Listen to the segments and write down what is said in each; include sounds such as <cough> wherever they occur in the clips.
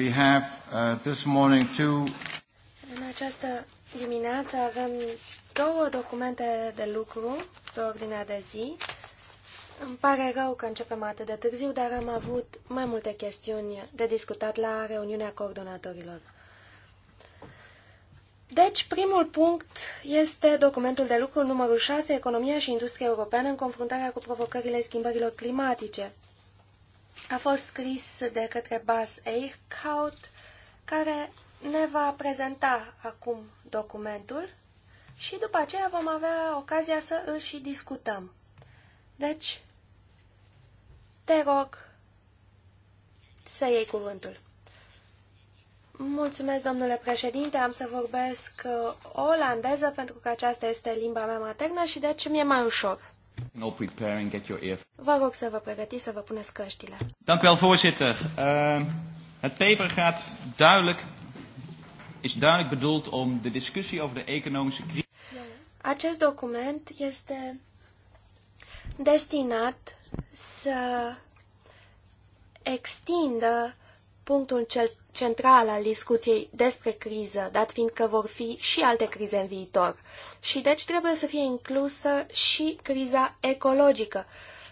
We have uh, this morning two... În această dimineață avem două documente de lucru pe ordinea de zi. Îmi pare rău că începem atât de târziu, dar am avut mai multe chestiuni de discutat la reuniunea coordonatorilor. Deci, primul punct este documentul de lucru numărul 6, Economia și Industria Europeană în confruntarea cu provocările schimbărilor climatice a fost scris de către Bas Eichhout, care ne va prezenta acum documentul și după aceea vom avea ocazia să îl și discutăm. Deci, te rog să iei cuvântul. Mulțumesc, domnule președinte, am să vorbesc uh, olandeză pentru că aceasta este limba mea maternă și deci mi-e mai ușor. Vă rog să vă pregătiți să vă puneți căștile. Dank wel, voorzitter. Uh, het paper gaat duidelijk, is duidelijk bedoeld om de discussie over de economische crisis... Acest document este destinat să extindă punctul cel central al discuției despre criză, dat fiind că vor fi și alte crize în viitor. Și deci trebuie să fie inclusă și criza ecologică,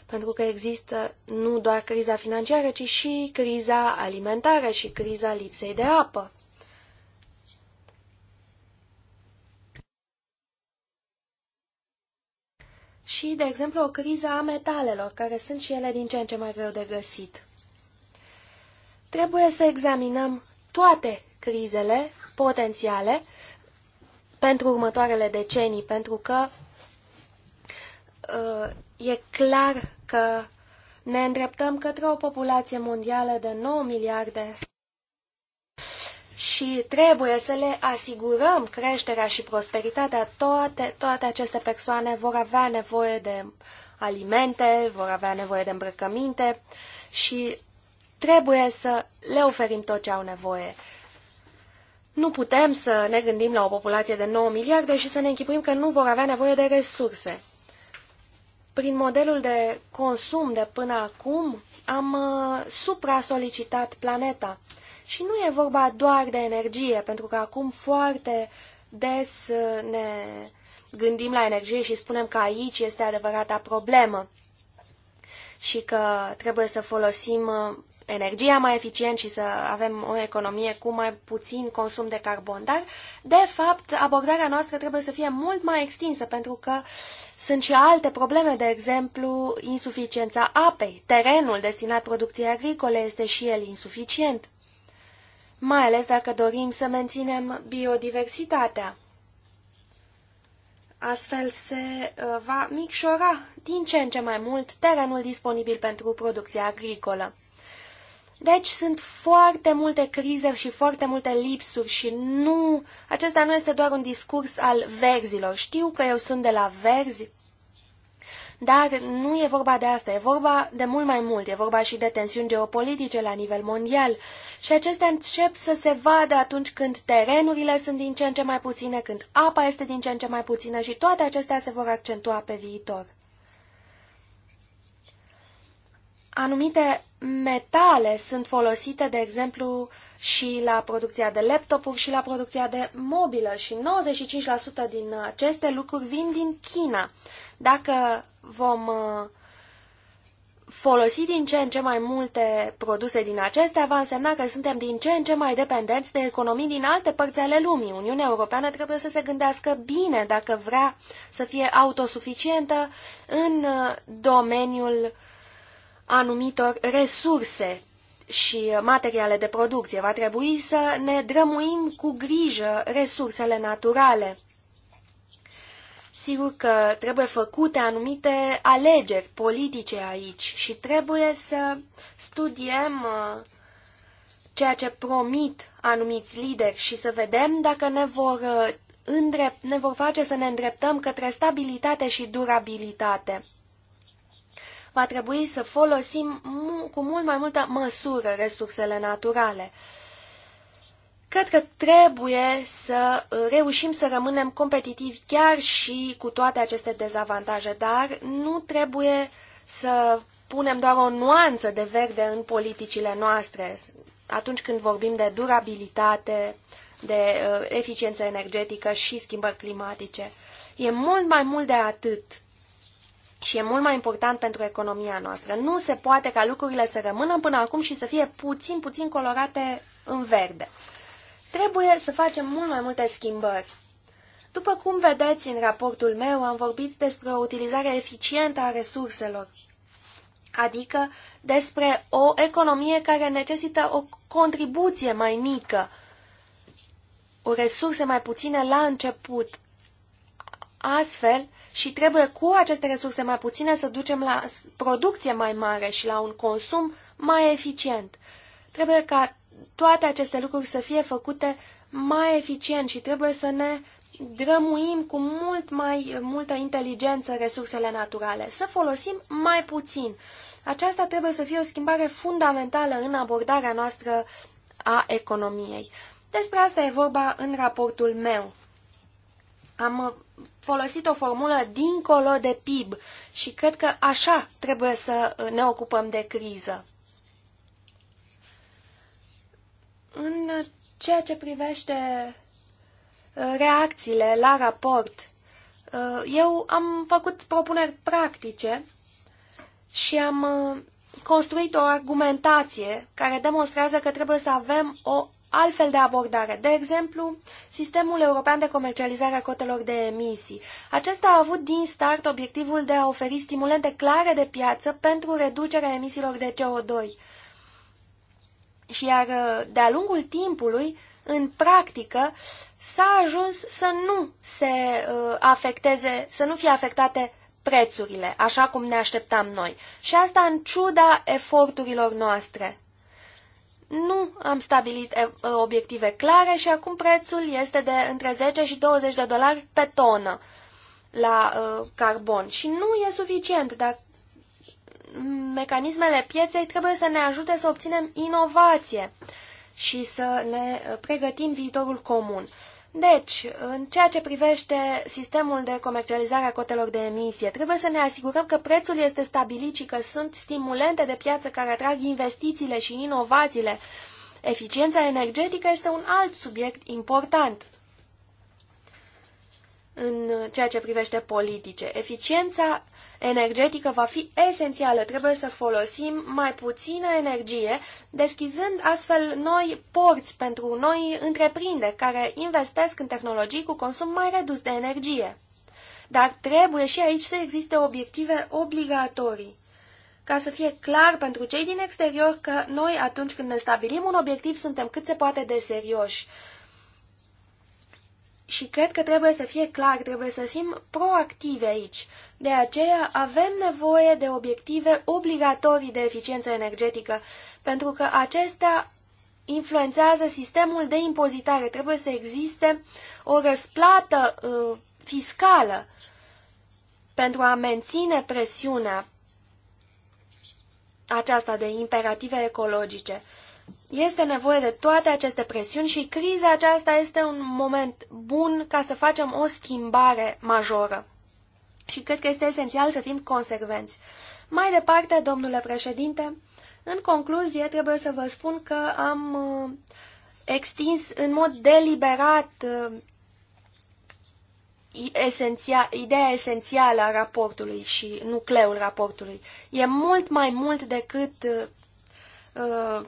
pentru că există nu doar criza financiară, ci și criza alimentară și criza lipsei de apă. Și, de exemplu, o criză a metalelor, care sunt și ele din ce în ce mai greu de găsit. Trebuie să examinăm toate crizele potențiale pentru următoarele decenii, pentru că uh, e clar că ne îndreptăm către o populație mondială de 9 miliarde și trebuie să le asigurăm creșterea și prosperitatea. Toate, toate aceste persoane vor avea nevoie de alimente, vor avea nevoie de îmbrăcăminte și Trebuie să le oferim tot ce au nevoie. Nu putem să ne gândim la o populație de 9 miliarde și să ne închipuim că nu vor avea nevoie de resurse. Prin modelul de consum de până acum am uh, supra-solicitat planeta. Și nu e vorba doar de energie, pentru că acum foarte des uh, ne gândim la energie și spunem că aici este adevărata problemă și că trebuie să folosim uh, energia mai eficient și să avem o economie cu mai puțin consum de carbon. Dar, de fapt, abordarea noastră trebuie să fie mult mai extinsă, pentru că sunt și alte probleme, de exemplu, insuficiența apei. Terenul destinat producției agricole este și el insuficient, mai ales dacă dorim să menținem biodiversitatea. Astfel se uh, va micșora din ce în ce mai mult terenul disponibil pentru producția agricolă. Deci sunt foarte multe crize și foarte multe lipsuri și nu, acesta nu este doar un discurs al verzilor. Știu că eu sunt de la verzi, dar nu e vorba de asta, e vorba de mult mai mult, e vorba și de tensiuni geopolitice la nivel mondial. Și acestea încep să se vadă atunci când terenurile sunt din ce în ce mai puține, când apa este din ce în ce mai puțină și toate acestea se vor accentua pe viitor. Anumite metale sunt folosite, de exemplu, și la producția de laptopuri și la producția de mobilă și 95% din aceste lucruri vin din China. Dacă vom uh, folosi din ce în ce mai multe produse din acestea, va însemna că suntem din ce în ce mai dependenți de economii din alte părți ale lumii. Uniunea Europeană trebuie să se gândească bine dacă vrea să fie autosuficientă în uh, domeniul uh, anumitor resurse și materiale de producție. Va trebui să ne drămuim cu grijă resursele naturale. Sigur că trebuie făcute anumite alegeri politice aici și trebuie să studiem uh, ceea ce promit anumiți lideri și să vedem dacă ne vor, uh, îndrept, ne vor face să ne îndreptăm către stabilitate și durabilitate va trebui să folosim cu mult mai multă măsură resursele naturale. Cred că trebuie să uh, reușim să rămânem competitivi chiar și cu toate aceste dezavantaje, dar nu trebuie să punem doar o nuanță de verde în politicile noastre atunci când vorbim de durabilitate, de uh, eficiență energetică și schimbări climatice. E mult mai mult de atât și e mult mai important pentru economia noastră. Nu se poate ca lucrurile să rămână până acum și să fie puțin, puțin colorate în verde. Trebuie să facem mult mai multe schimbări. După cum vedeți în raportul meu, am vorbit despre o utilizare eficientă a resurselor, adică despre o economie care necesită o contribuție mai mică, o resurse mai puține la început. Astfel, și trebuie cu aceste resurse mai puține să ducem la producție mai mare și la un consum mai eficient. Trebuie ca toate aceste lucruri să fie făcute mai eficient și trebuie să ne drămuim cu mult mai multă inteligență resursele naturale, să folosim mai puțin. Aceasta trebuie să fie o schimbare fundamentală în abordarea noastră a economiei. Despre asta e vorba în raportul meu. Am folosit o formulă dincolo de PIB și cred că așa trebuie să ne ocupăm de criză. În ceea ce privește uh, reacțiile la raport, uh, eu am făcut propuneri practice și am uh, construit o argumentație care demonstrează că trebuie să avem o altfel de abordare. De exemplu, Sistemul European de Comercializare a Cotelor de Emisii. Acesta a avut din start obiectivul de a oferi stimulente clare de piață pentru reducerea emisiilor de CO2. Și iar uh, de-a lungul timpului, în practică, s-a ajuns să nu se uh, afecteze, să nu fie afectate prețurile, așa cum ne așteptam noi. Și asta în ciuda eforturilor noastre nu am stabilit obiective clare și acum prețul este de între 10 și 20 de dolari pe tonă la uh, carbon și nu e suficient, dar mecanismele pieței trebuie să ne ajute să obținem inovație și să ne pregătim viitorul comun. Deci, în ceea ce privește sistemul de comercializare a cotelor de emisie, trebuie să ne asigurăm că prețul este stabilit și că sunt stimulente de piață care atrag investițiile și inovațiile. Eficiența energetică este un alt subiect important în ceea ce privește politice. Eficiența energetică va fi esențială. Trebuie să folosim mai puțină energie, deschizând astfel noi porți pentru noi întreprinderi care investesc în tehnologii cu consum mai redus de energie. Dar trebuie și aici să existe obiective obligatorii ca să fie clar pentru cei din exterior că noi, atunci când ne stabilim un obiectiv, suntem cât se poate de serioși și cred că trebuie să fie clar, trebuie să fim proactivi aici. De aceea avem nevoie de obiective obligatorii de eficiență energetică, pentru că acestea influențează sistemul de impozitare. Trebuie să existe o răsplată uh, fiscală pentru a menține presiunea aceasta de imperative ecologice. Este nevoie de toate aceste presiuni și criza aceasta este un moment bun ca să facem o schimbare majoră. Și cred că este esențial să fim consecvenți. Mai departe, domnule președinte, în concluzie trebuie să vă spun că am uh, extins în mod deliberat uh, esenția, ideea esențială a raportului și nucleul raportului. E mult mai mult decât uh, uh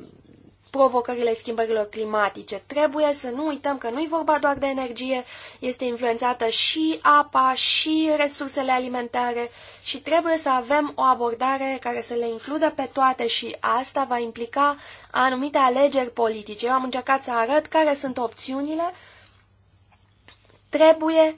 provocările schimbărilor climatice. Trebuie să nu uităm că nu-i vorba doar de energie, este influențată și apa, și resursele alimentare și trebuie să avem o abordare care să le includă pe toate și asta va implica anumite alegeri politice. Eu am încercat să arăt care sunt opțiunile. Trebuie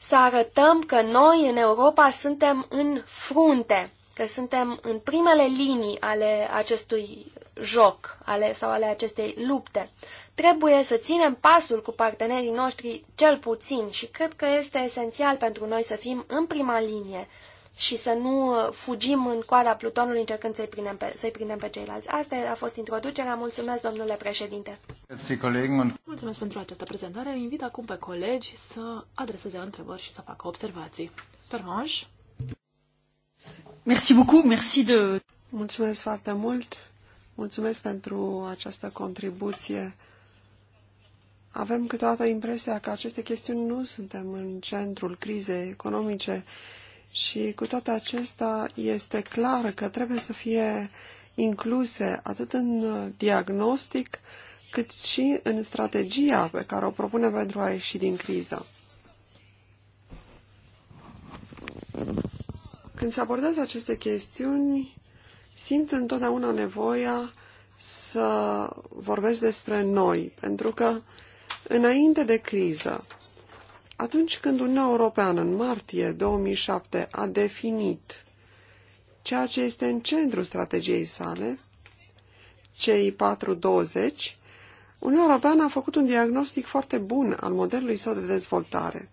să arătăm că noi în Europa suntem în frunte, că suntem în primele linii ale acestui joc ale, sau ale acestei lupte. Trebuie să ținem pasul cu partenerii noștri cel puțin și cred că este esențial pentru noi să fim în prima linie și să nu fugim în coada Plutonului încercând să-i prindem, să prindem pe ceilalți. Asta a fost introducerea. Mulțumesc, domnule președinte. Mulțumesc pentru această prezentare. invit acum pe colegi să adreseze întrebări și să facă observații. Pervanș. Merci beaucoup, merci de... Mulțumesc foarte mult. Mulțumesc pentru această contribuție. Avem câteodată impresia că aceste chestiuni nu suntem în centrul crizei economice și cu toate acestea este clar că trebuie să fie incluse atât în diagnostic cât și în strategia pe care o propune pentru a ieși din criză. Când se abordează aceste chestiuni, simt întotdeauna nevoia să vorbesc despre noi, pentru că înainte de criză, atunci când Uniunea Europeană în martie 2007 a definit ceea ce este în centrul strategiei sale, cei 420, Uniunea Europeană a făcut un diagnostic foarte bun al modelului său de dezvoltare.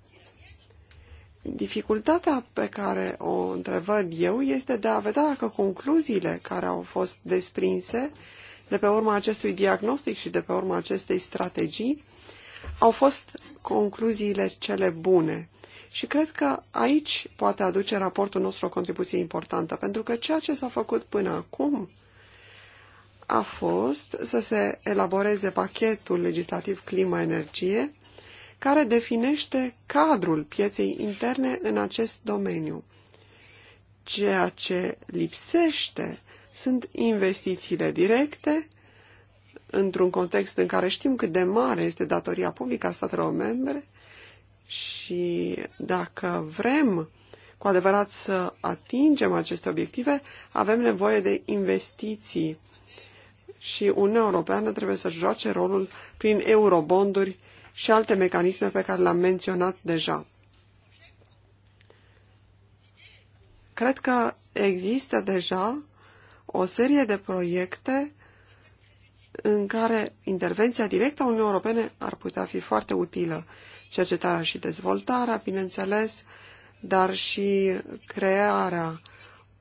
Dificultatea pe care o întrevăd eu este de a vedea dacă concluziile care au fost desprinse de pe urma acestui diagnostic și de pe urma acestei strategii au fost concluziile cele bune. Și cred că aici poate aduce raportul nostru o contribuție importantă, pentru că ceea ce s-a făcut până acum a fost să se elaboreze pachetul legislativ climă-energie, care definește cadrul pieței interne în acest domeniu. Ceea ce lipsește sunt investițiile directe, într-un context în care știm cât de mare este datoria publică a statelor membre și dacă vrem cu adevărat să atingem aceste obiective, avem nevoie de investiții și Uniunea Europeană trebuie să joace rolul prin eurobonduri și alte mecanisme pe care le-am menționat deja. Cred că există deja o serie de proiecte în care intervenția directă a Uniunii Europene ar putea fi foarte utilă. Cercetarea și dezvoltarea, bineînțeles, dar și crearea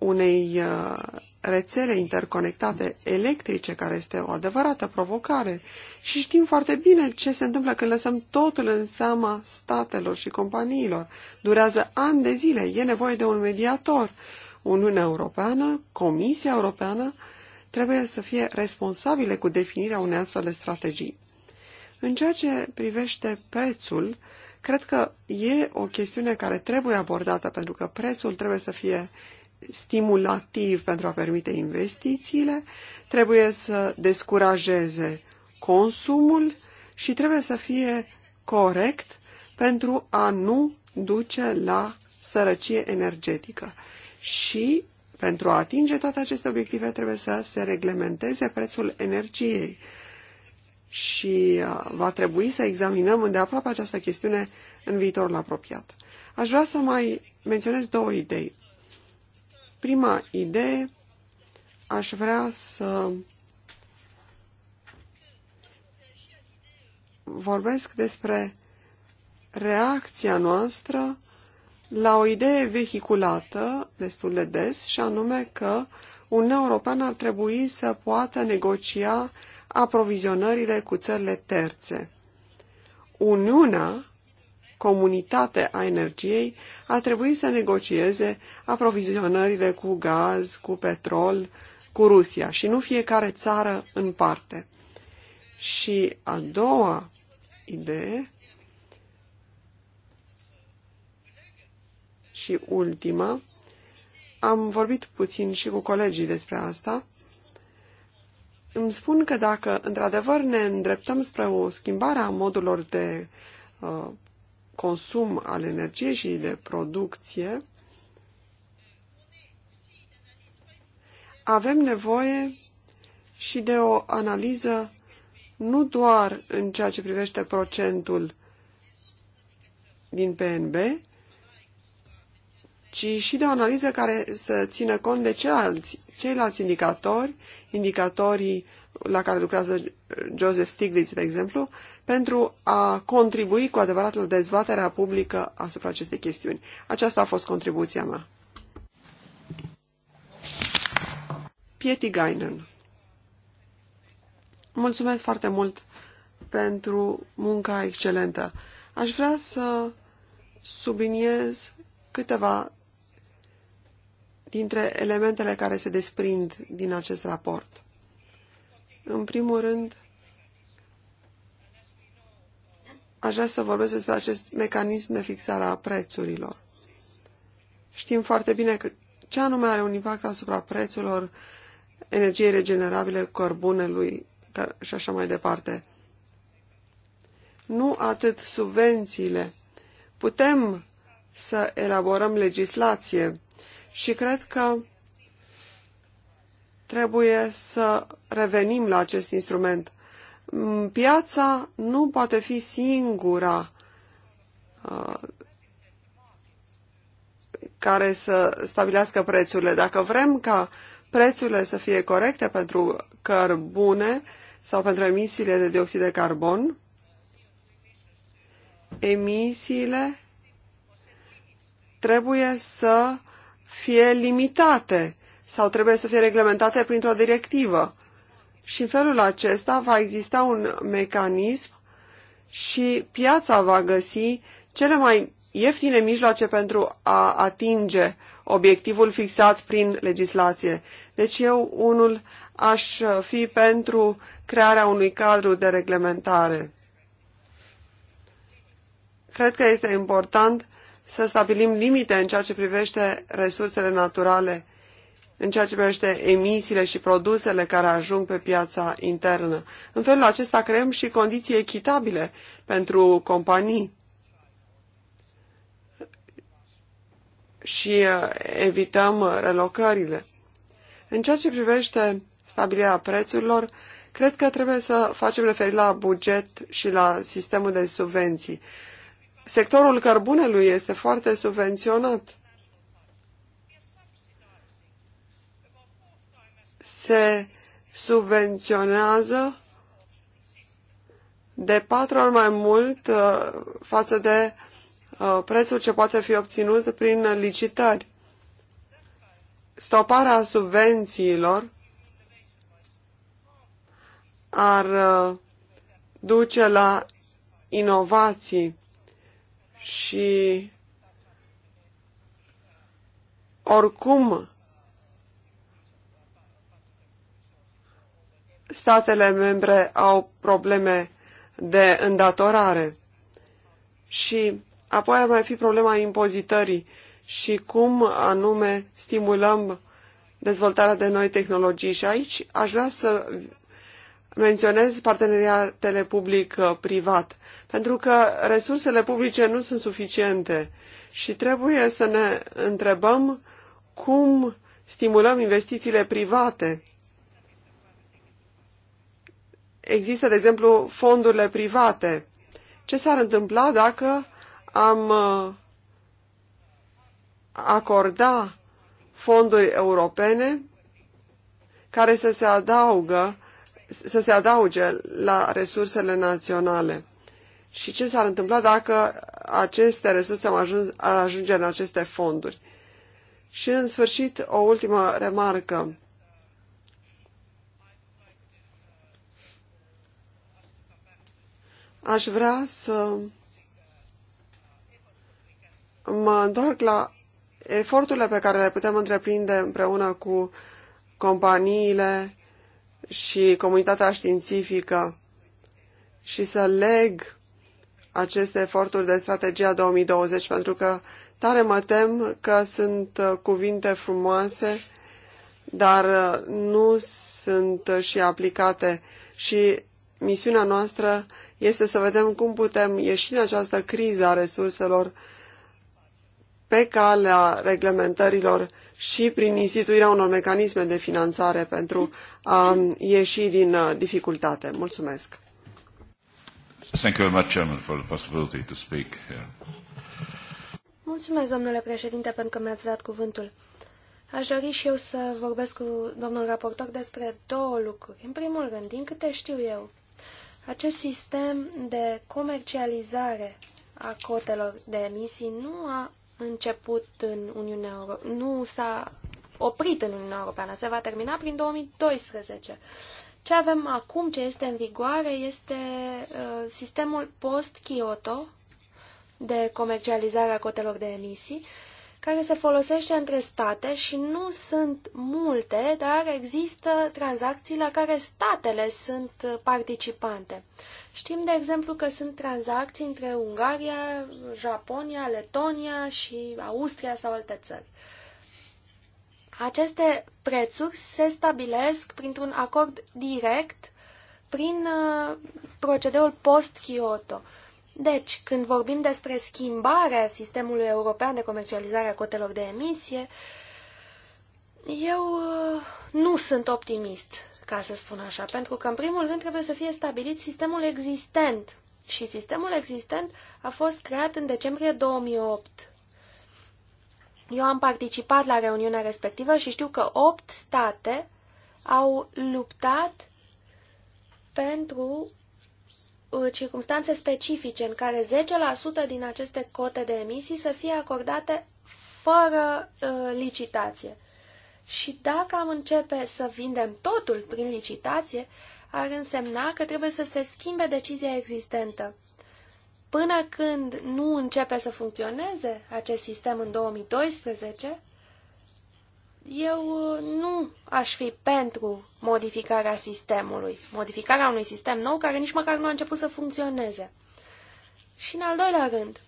unei uh, rețele interconectate electrice, care este o adevărată provocare. Și știm foarte bine ce se întâmplă când lăsăm totul în seama statelor și companiilor. Durează ani de zile, e nevoie de un mediator. Uniunea Europeană, Comisia Europeană, trebuie să fie responsabile cu definirea unei astfel de strategii. În ceea ce privește prețul, cred că e o chestiune care trebuie abordată, pentru că prețul trebuie să fie stimulativ pentru a permite investițiile, trebuie să descurajeze consumul și trebuie să fie corect pentru a nu duce la sărăcie energetică. Și pentru a atinge toate aceste obiective trebuie să se reglementeze prețul energiei. Și uh, va trebui să examinăm îndeaproape această chestiune în viitorul apropiat. Aș vrea să mai menționez două idei prima idee, aș vrea să vorbesc despre reacția noastră la o idee vehiculată destul de des și anume că un european ar trebui să poată negocia aprovizionările cu țările terțe. Uniunea comunitate a energiei a trebuit să negocieze aprovizionările cu gaz, cu petrol, cu Rusia și nu fiecare țară în parte. Și a doua idee și ultima, am vorbit puțin și cu colegii despre asta, îmi spun că dacă într-adevăr ne îndreptăm spre o schimbare a modurilor de uh, consum al energiei și de producție, avem nevoie și de o analiză nu doar în ceea ce privește procentul din PNB, ci și de o analiză care să țină cont de ceilalți, ceilalți indicatori, indicatorii la care lucrează Joseph Stiglitz, de exemplu, pentru a contribui cu adevărat la dezbaterea publică asupra acestei chestiuni. Aceasta a fost contribuția mea. Pieti Gainen. Mulțumesc foarte mult pentru munca excelentă. Aș vrea să subliniez câteva dintre elementele care se desprind din acest raport. În primul rând, aș vrea să vorbesc despre acest mecanism de fixare a prețurilor. Știm foarte bine că ce anume are un impact asupra prețurilor energiei regenerabile, corbunelui și așa mai departe. Nu atât subvențiile. Putem să elaborăm legislație și cred că trebuie să revenim la acest instrument. Mm, piața nu poate fi singura uh, care să stabilească prețurile. Dacă vrem ca prețurile să fie corecte pentru cărbune sau pentru emisiile de dioxid de carbon, emisiile trebuie să fie limitate sau trebuie să fie reglementate printr-o directivă. Și în felul acesta va exista un mecanism și piața va găsi cele mai ieftine mijloace pentru a atinge obiectivul fixat prin legislație. Deci eu, unul, aș fi pentru crearea unui cadru de reglementare. Cred că este important să stabilim limite în ceea ce privește resursele naturale în ceea ce privește emisiile și produsele care ajung pe piața internă. În felul acesta creăm și condiții echitabile pentru companii. și uh, evităm relocările. În ceea ce privește stabilirea prețurilor, cred că trebuie să facem referire la buget și la sistemul de subvenții. Sectorul cărbunelui este foarte subvenționat. se subvenționează de patru ori mai mult uh, față de uh, prețul ce poate fi obținut prin licitări. Stoparea subvențiilor ar uh, duce la inovații și oricum statele membre au probleme de îndatorare. Și apoi ar mai fi problema impozitării și cum anume stimulăm dezvoltarea de noi tehnologii. Și aici aș vrea să menționez parteneriatele public-privat, pentru că resursele publice nu sunt suficiente și trebuie să ne întrebăm cum stimulăm investițiile private există, de exemplu, fondurile private. Ce s-ar întâmpla dacă am uh, acorda fonduri europene care să se adaugă să se adauge la resursele naționale. Și ce s-ar întâmpla dacă aceste resurse ar, ajuns, ar ajunge în aceste fonduri? Și, în sfârșit, o ultimă remarcă. Aș vrea să mă întorc la eforturile pe care le putem întreprinde împreună cu companiile și comunitatea științifică și să leg aceste eforturi de strategia 2020, pentru că tare mă tem că sunt cuvinte frumoase, dar nu sunt și aplicate și Misiunea noastră este să vedem cum putem ieși din această criză a resurselor pe calea reglementărilor și prin instituirea unor mecanisme de finanțare pentru a ieși din uh, dificultate. Mulțumesc! Thank you very much, Chairman, for the possibility to speak here. Mulțumesc, domnule președinte, pentru că mi-ați dat cuvântul. Aș dori și eu să vorbesc cu domnul raportor despre două lucruri. În primul rând, din câte știu eu, acest sistem de comercializare a cotelor de emisii nu a început în Uniunea Europeană, nu s-a oprit în Uniunea Europeană, se va termina prin 2012. Ce avem acum, ce este în vigoare, este uh, sistemul post-Kyoto de comercializare a cotelor de emisii, uh, care se folosește între state și nu sunt multe, dar există tranzacții la care statele sunt participante. Știm, de exemplu, că sunt tranzacții între Ungaria, Japonia, Letonia și Austria sau alte țări. Aceste prețuri se stabilesc printr-un acord direct prin uh, procedeul post-Kyoto. Deci, când vorbim despre schimbarea sistemului european de comercializare a cotelor de emisie, eu uh, nu sunt optimist, ca să spun așa, pentru că, în primul rând, trebuie să fie stabilit sistemul existent. Și sistemul existent a fost creat în decembrie 2008. Eu am participat la reuniunea respectivă și știu că opt state au luptat pentru Uh, circunstanțe specifice în care 10% din aceste cote de emisii să fie acordate fără uh, licitație. Și dacă am începe să vindem totul prin licitație, ar însemna că trebuie să se schimbe decizia existentă. Până când nu începe să funcționeze acest sistem în 2012, eu uh, nu aș fi pentru modificarea sistemului, modificarea unui sistem nou care nici măcar nu a început să funcționeze. Și în al doilea rând,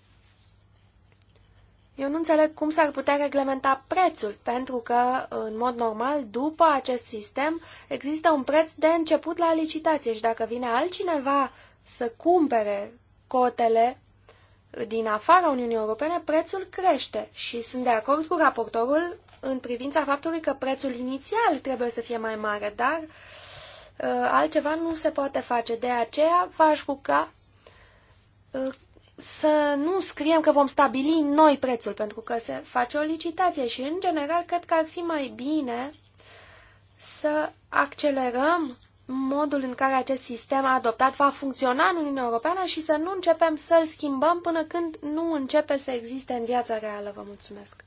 eu nu înțeleg cum s-ar putea reglementa prețul, pentru că, în mod normal, după acest sistem, există un preț de început la licitație și dacă vine altcineva să cumpere cotele din afara Uniunii Europene, prețul crește și sunt de acord cu raportorul în privința faptului că prețul inițial trebuie să fie mai mare, dar uh, altceva nu se poate face. De aceea v-aș ruga uh, să nu scriem că vom stabili noi prețul, pentru că se face o licitație și, în general, cred că ar fi mai bine să accelerăm modul în care acest sistem adoptat va funcționa în Uniunea Europeană și să nu începem să-l schimbăm până când nu începe să existe în viața reală. Vă mulțumesc.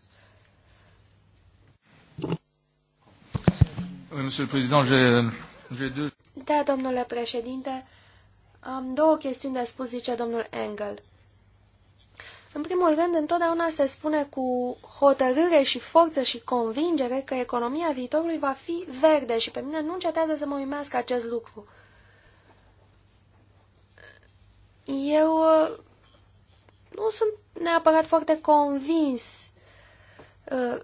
Da, domnule președinte, am două chestiuni de spus, zice domnul Engel. În primul rând, întotdeauna se spune cu hotărâre și forță și convingere că economia viitorului va fi verde și pe mine nu încetează să mă uimească acest lucru. Eu uh, nu sunt neapărat foarte convins. Uh,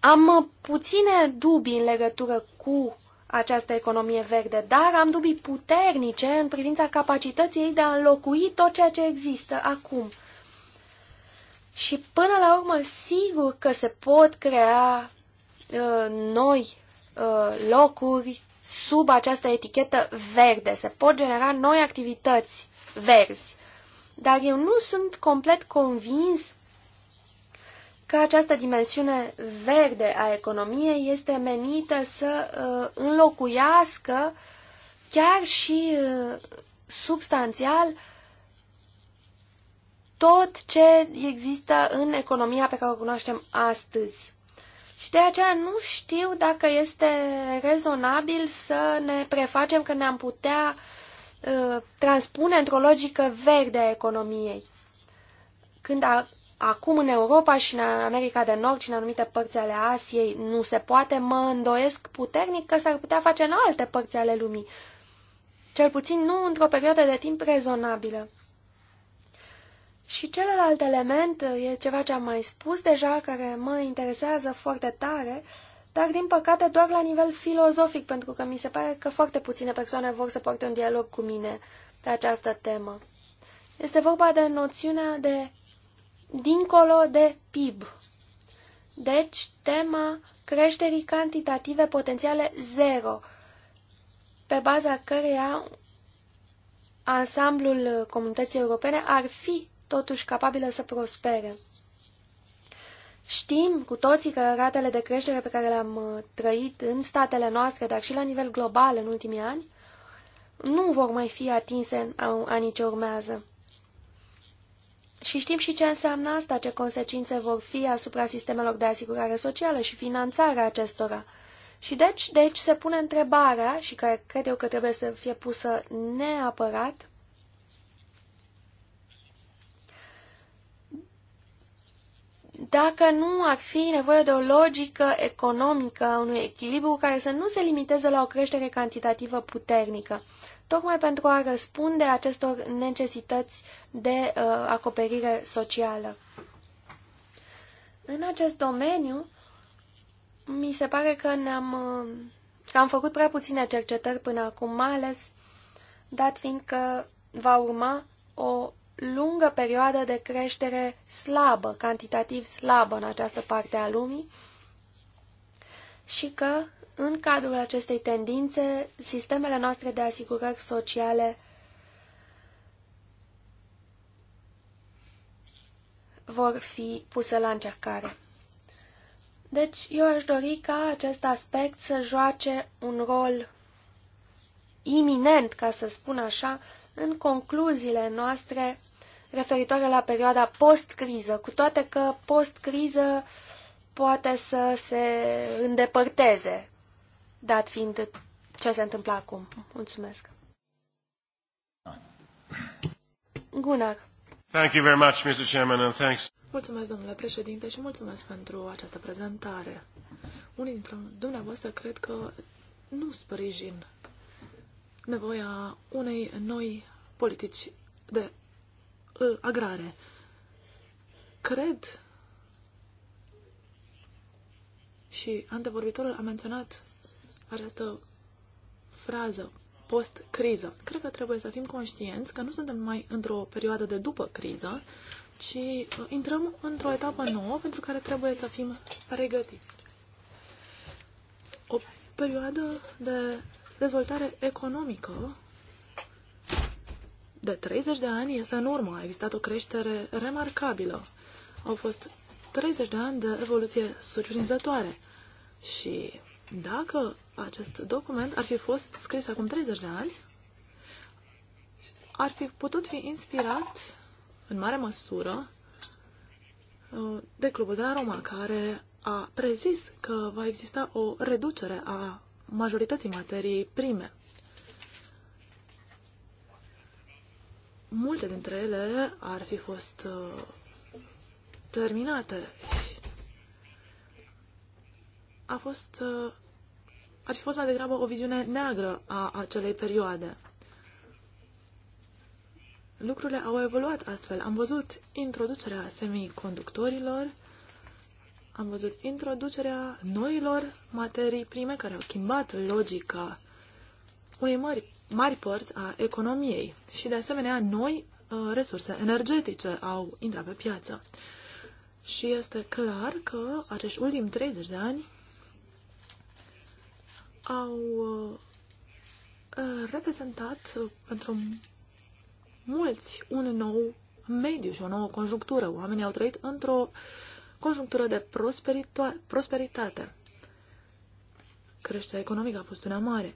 am puține dubii în legătură cu această economie verde, dar am dubii puternice în privința capacității ei de a înlocui tot ceea ce există acum – și până la urmă, sigur că se pot crea uh, noi uh, locuri sub această etichetă verde, se pot genera noi activități verzi. Dar eu nu sunt complet convins că această dimensiune verde a economiei este menită să uh, înlocuiască chiar și uh, substanțial uh, tot ce există în economia pe care o cunoaștem astăzi. Și de aceea nu știu dacă este rezonabil să ne prefacem că ne-am putea uh, transpune într-o logică verde a economiei. Când a, acum în Europa și în America de Nord și în anumite părți ale Asiei nu se poate, mă îndoiesc puternic că s-ar putea face în alte părți ale lumii. Cel puțin nu într-o perioadă de timp rezonabilă. Și celălalt element e ceva ce am mai spus deja, care mă interesează foarte tare, dar din păcate doar la nivel filozofic, pentru că mi se pare că foarte puține persoane vor să poarte un dialog cu mine pe această temă. Este vorba de noțiunea de dincolo de PIB. Deci, tema creșterii cantitative potențiale zero, pe baza căreia ansamblul comunității europene ar fi totuși capabilă să prospere. Știm cu toții că ratele de creștere pe care le-am uh, trăit în statele noastre, dar și la nivel global în ultimii ani, nu vor mai fi atinse în anii ce urmează. Și știm și ce înseamnă asta, ce consecințe vor fi asupra sistemelor de asigurare socială și finanțarea acestora. Și deci, de aici se pune întrebarea, și care cred eu că trebuie să fie pusă neapărat, dacă nu ar fi nevoie de o logică economică, unui echilibru care să nu se limiteze la o creștere cantitativă puternică, tocmai pentru a răspunde acestor necesități de uh, acoperire socială. În acest domeniu, mi se pare că ne-am uh, că am făcut prea puține cercetări până acum, mai ales dat fiind că va urma o lungă perioadă de creștere slabă, cantitativ slabă în această parte a lumii și că, în cadrul acestei tendințe, sistemele noastre de asigurări sociale vor fi puse la încercare. Deci, eu aș dori ca acest aspect să joace un rol iminent, ca să spun așa, în concluziile noastre referitoare la perioada post-criză, cu toate că post-criză poate să se îndepărteze, dat fiind ce se întâmplă acum. Mulțumesc. Gunnar. Thank you very much, Mr. Chairman, and thanks. Mulțumesc, domnule președinte, și mulțumesc pentru această prezentare. Unii dintre dumneavoastră cred că nu sprijin nevoia unei noi politici de uh, agrare. Cred și antevorbitorul a menționat această frază post-criză. Cred că trebuie să fim conștienți că nu suntem mai într-o perioadă de după criză, ci ă, intrăm într-o etapă nouă pentru care trebuie să fim pregătiți. O perioadă de dezvoltare economică de 30 de ani este în urmă. A existat o creștere remarcabilă. Au fost 30 de ani de evoluție surprinzătoare. Și dacă acest document ar fi fost scris acum 30 de ani, ar fi putut fi inspirat în mare măsură uh, de Clubul de la Roma, care a prezis că va exista o reducere a majorității materiei prime. Multe dintre ele ar fi fost uh, terminate. A fost, uh, ar fi fost mai degrabă o viziune neagră a acelei perioade. Lucrurile au evoluat astfel. Am văzut introducerea semiconductorilor, am văzut introducerea noilor materii prime care au schimbat logica unei mari, mari părți a economiei și, de asemenea, noi uh, resurse energetice au intrat pe piață. Și este clar că acești ultimi 30 de ani au uh, reprezentat pentru uh, mulți un nou mediu și o nouă conjunctură. Oamenii au trăit într-o uh, conjunctură de prosperitate. Creșterea economică a fost una mare.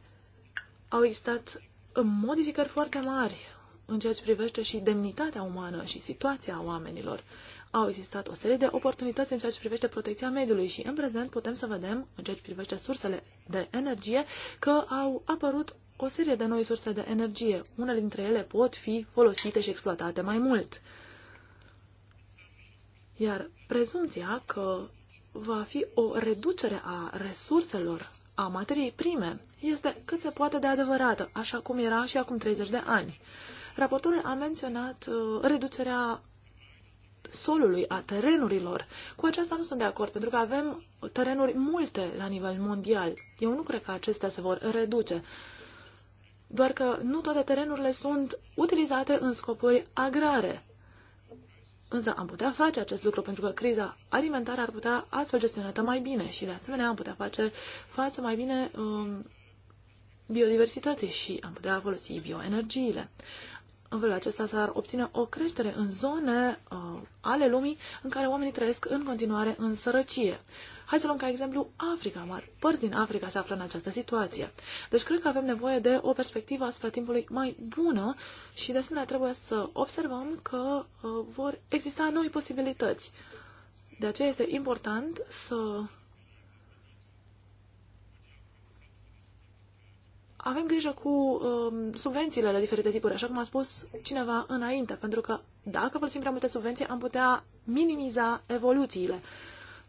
Au existat modificări foarte mari în ceea ce privește și demnitatea umană și situația oamenilor. Au existat o serie de oportunități în ceea ce privește protecția mediului și în prezent putem să vedem, în ceea ce privește sursele de energie, că au apărut o serie de noi surse de energie. Unele dintre ele pot fi folosite și exploatate mai mult. Iar prezumția că va fi o reducere a resurselor, a materiei prime, este cât se poate de adevărată, așa cum era și acum 30 de ani. Raportorul a menționat uh, reducerea solului, a terenurilor. Cu aceasta nu sunt de acord, pentru că avem terenuri multe la nivel mondial. Eu nu cred că acestea se vor reduce. Doar că nu toate terenurile sunt utilizate în scopuri agrare. Însă am putea face acest lucru pentru că criza alimentară ar putea astfel gestionată mai bine și de asemenea am putea face față mai bine um, biodiversității și am putea folosi bioenergiile. În felul acesta s-ar obține o creștere în zone uh, ale lumii în care oamenii trăiesc în continuare în sărăcie. Hai să luăm ca exemplu Africa, mari părți din Africa se află în această situație. Deci cred că avem nevoie de o perspectivă asupra timpului mai bună și de asemenea trebuie să observăm că uh, vor exista noi posibilități. De aceea este important să avem grijă cu um, subvențiile la diferite tipuri, așa cum a spus cineva înainte, pentru că dacă folosim prea multe subvenții, am putea minimiza evoluțiile.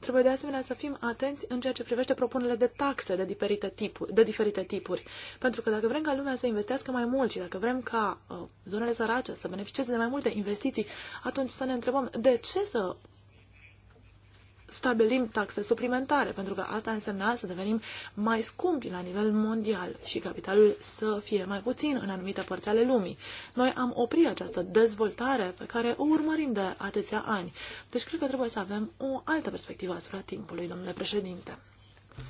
Trebuie de asemenea să fim atenți în ceea ce privește propunerile de taxe de diferite, tipuri, de diferite tipuri. Pentru că dacă vrem ca lumea să investească mai mult și dacă vrem ca uh, zonele sărace să beneficieze de mai multe investiții, atunci să ne întrebăm de ce să stabilim taxe suplimentare, pentru că asta însemna să devenim mai scumpi la nivel mondial și capitalul să fie mai puțin în anumite părți ale lumii. Noi am oprit această dezvoltare pe care o urmărim de atâția ani. Deci cred că trebuie să avem o altă perspectivă asupra timpului, domnule președinte.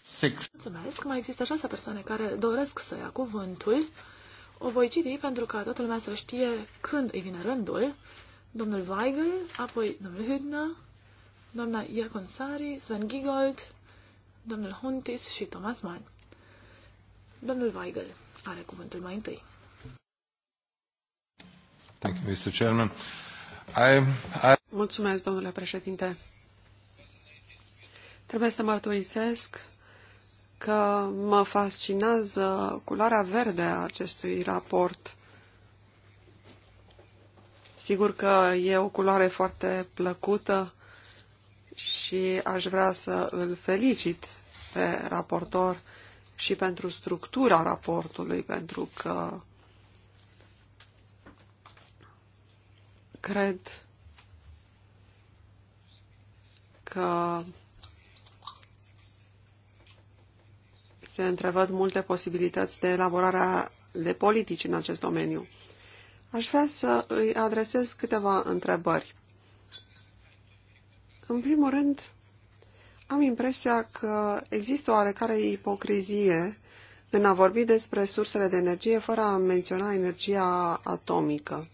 Six. Mulțumesc. Mai există șase persoane care doresc să ia cuvântul. O voi citi pentru ca toată lumea să știe când îi vine rândul. Domnul Weigel, apoi domnul Hübner, doamna Sari, Sven Giegold, domnul Huntis și Thomas Mann. Domnul Weigel are cuvântul mai întâi. Thank you, Mr. Chairman. I, I... Mulțumesc, domnule președinte. Trebuie să mărturisesc că mă fascinează culoarea verde a acestui raport. Sigur că e o culoare foarte plăcută și aș vrea să îl felicit pe raportor și pentru structura raportului, pentru că cred că se întrevăd multe posibilități de elaborare de politici în acest domeniu. Aș vrea să îi adresez câteva întrebări. În primul rând, am impresia că există oarecare ipocrizie în a vorbi despre sursele de energie fără a menționa energia atomică.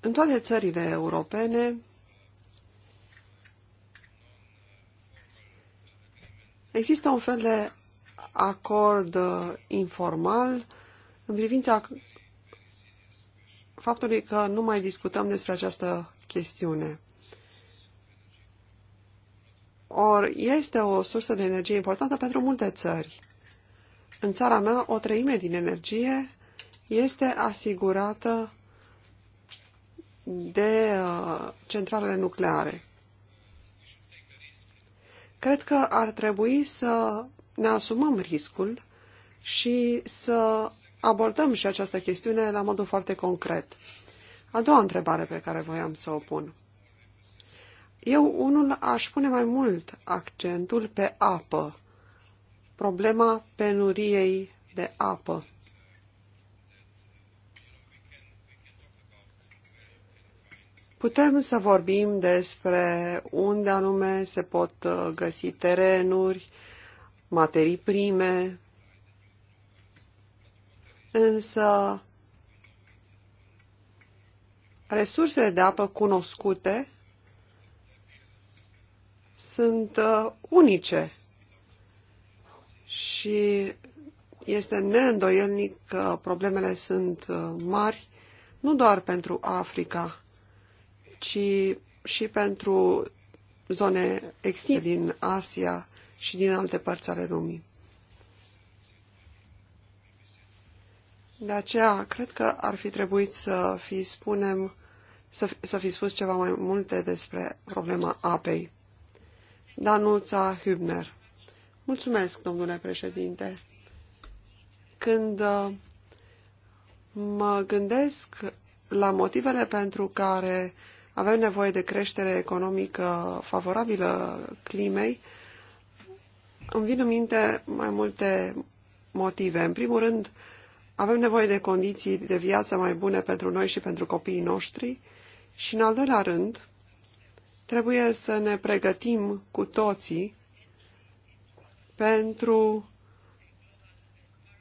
În toate țările europene există un fel de acord uh, informal în privința faptului că nu mai discutăm despre această chestiune. Or, este o sursă de energie importantă pentru multe țări. În țara mea, o treime din energie este asigurată de uh, centralele nucleare. Cred că ar trebui să ne asumăm riscul și să abordăm și această chestiune la modul foarte concret. A doua întrebare pe care voiam să o pun. Eu, unul, aș pune mai mult accentul pe apă, problema penuriei de apă. Putem să vorbim despre unde anume se pot uh, găsi terenuri, materii prime, însă resursele de apă cunoscute sunt uh, unice și este neîndoielnic că problemele sunt uh, mari nu doar pentru Africa, ci și pentru zone extinse din Asia și din alte părți ale lumii. De aceea, cred că ar fi trebuit să fi spunem, să, să fi spus ceva mai multe despre problema apei. Danuța Hübner. Mulțumesc, domnule președinte. Când mă gândesc la motivele pentru care avem nevoie de creștere economică favorabilă climei, îmi vin în minte mai multe motive. În primul rând, avem nevoie de condiții de viață mai bune pentru noi și pentru copiii noștri și, în al doilea rând, trebuie să ne pregătim cu toții pentru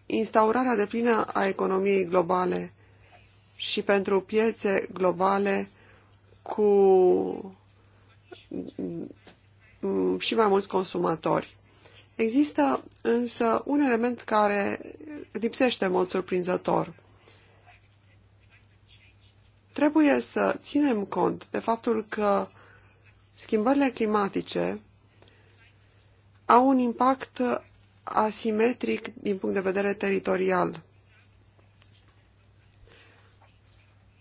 instaurarea deplină a economiei globale și pentru piețe globale cu mm, și mai mulți consumatori. Există însă un element care lipsește în mod surprinzător. Trebuie să ținem cont de faptul că schimbările climatice au un impact asimetric din punct de vedere teritorial.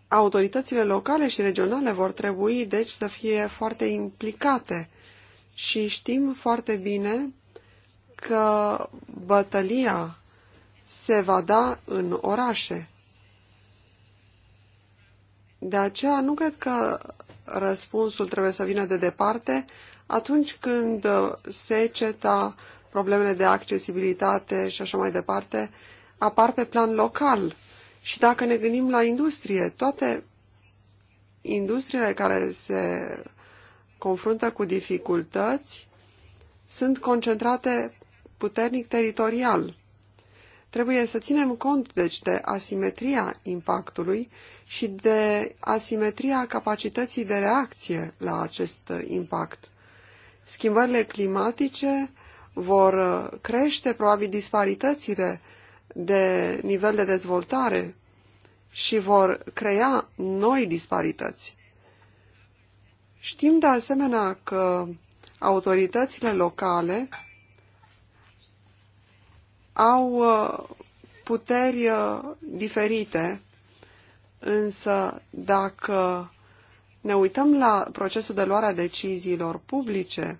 Autoritățile locale și regionale vor trebui, deci, să fie foarte implicate și știm foarte bine că bătălia se va da în orașe. De aceea nu cred că răspunsul trebuie să vină de departe atunci când uh, seceta, problemele de accesibilitate și așa mai departe apar pe plan local. Și dacă ne gândim la industrie, toate industriile care se confruntă cu dificultăți sunt concentrate puternic teritorial. Trebuie să ținem cont, deci, de asimetria impactului și de asimetria capacității de reacție la acest impact. Schimbările climatice vor uh, crește probabil disparitățile de nivel de dezvoltare și vor crea noi disparități. Știm de asemenea că autoritățile locale au uh, puteri uh, diferite, însă dacă ne uităm la procesul de luare a deciziilor publice,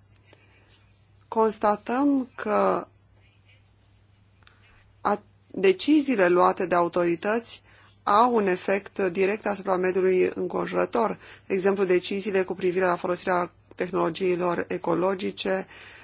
constatăm că deciziile luate de autorități au un efect direct asupra mediului înconjurător. De exemplu, deciziile cu privire la folosirea tehnologiilor ecologice, uh,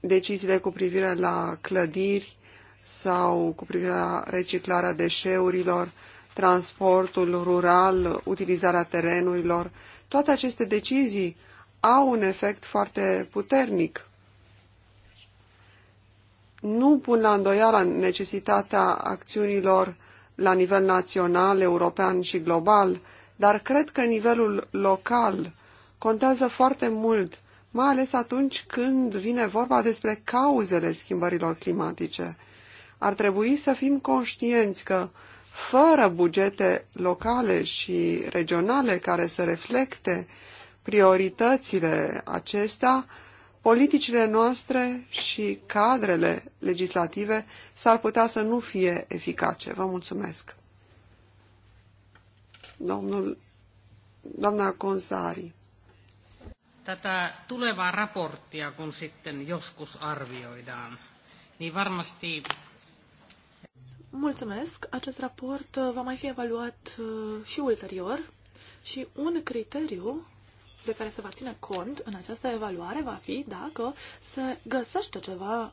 deciziile cu privire la clădiri sau cu privire la reciclarea deșeurilor, transportul rural, utilizarea terenurilor, toate aceste decizii au un efect foarte puternic. Nu pun la îndoială necesitatea acțiunilor la nivel național, european și global, dar cred că nivelul local contează foarte mult mai ales atunci când vine vorba despre cauzele schimbărilor climatice. Ar trebui să fim conștienți că fără bugete locale și regionale care să reflecte prioritățile acestea, politicile noastre și cadrele legislative s-ar putea să nu fie eficace. Vă mulțumesc. Domnul, doamna Consari tätä tulevaa raporttia, kun sitten joskus arvioidaan, niin varmasti... Mulțumesc! Acest raport uh, va mai fi evaluat uh, și ulterior și un criteriu de care se va ține cont în această evaluare va fi dacă se găsește ceva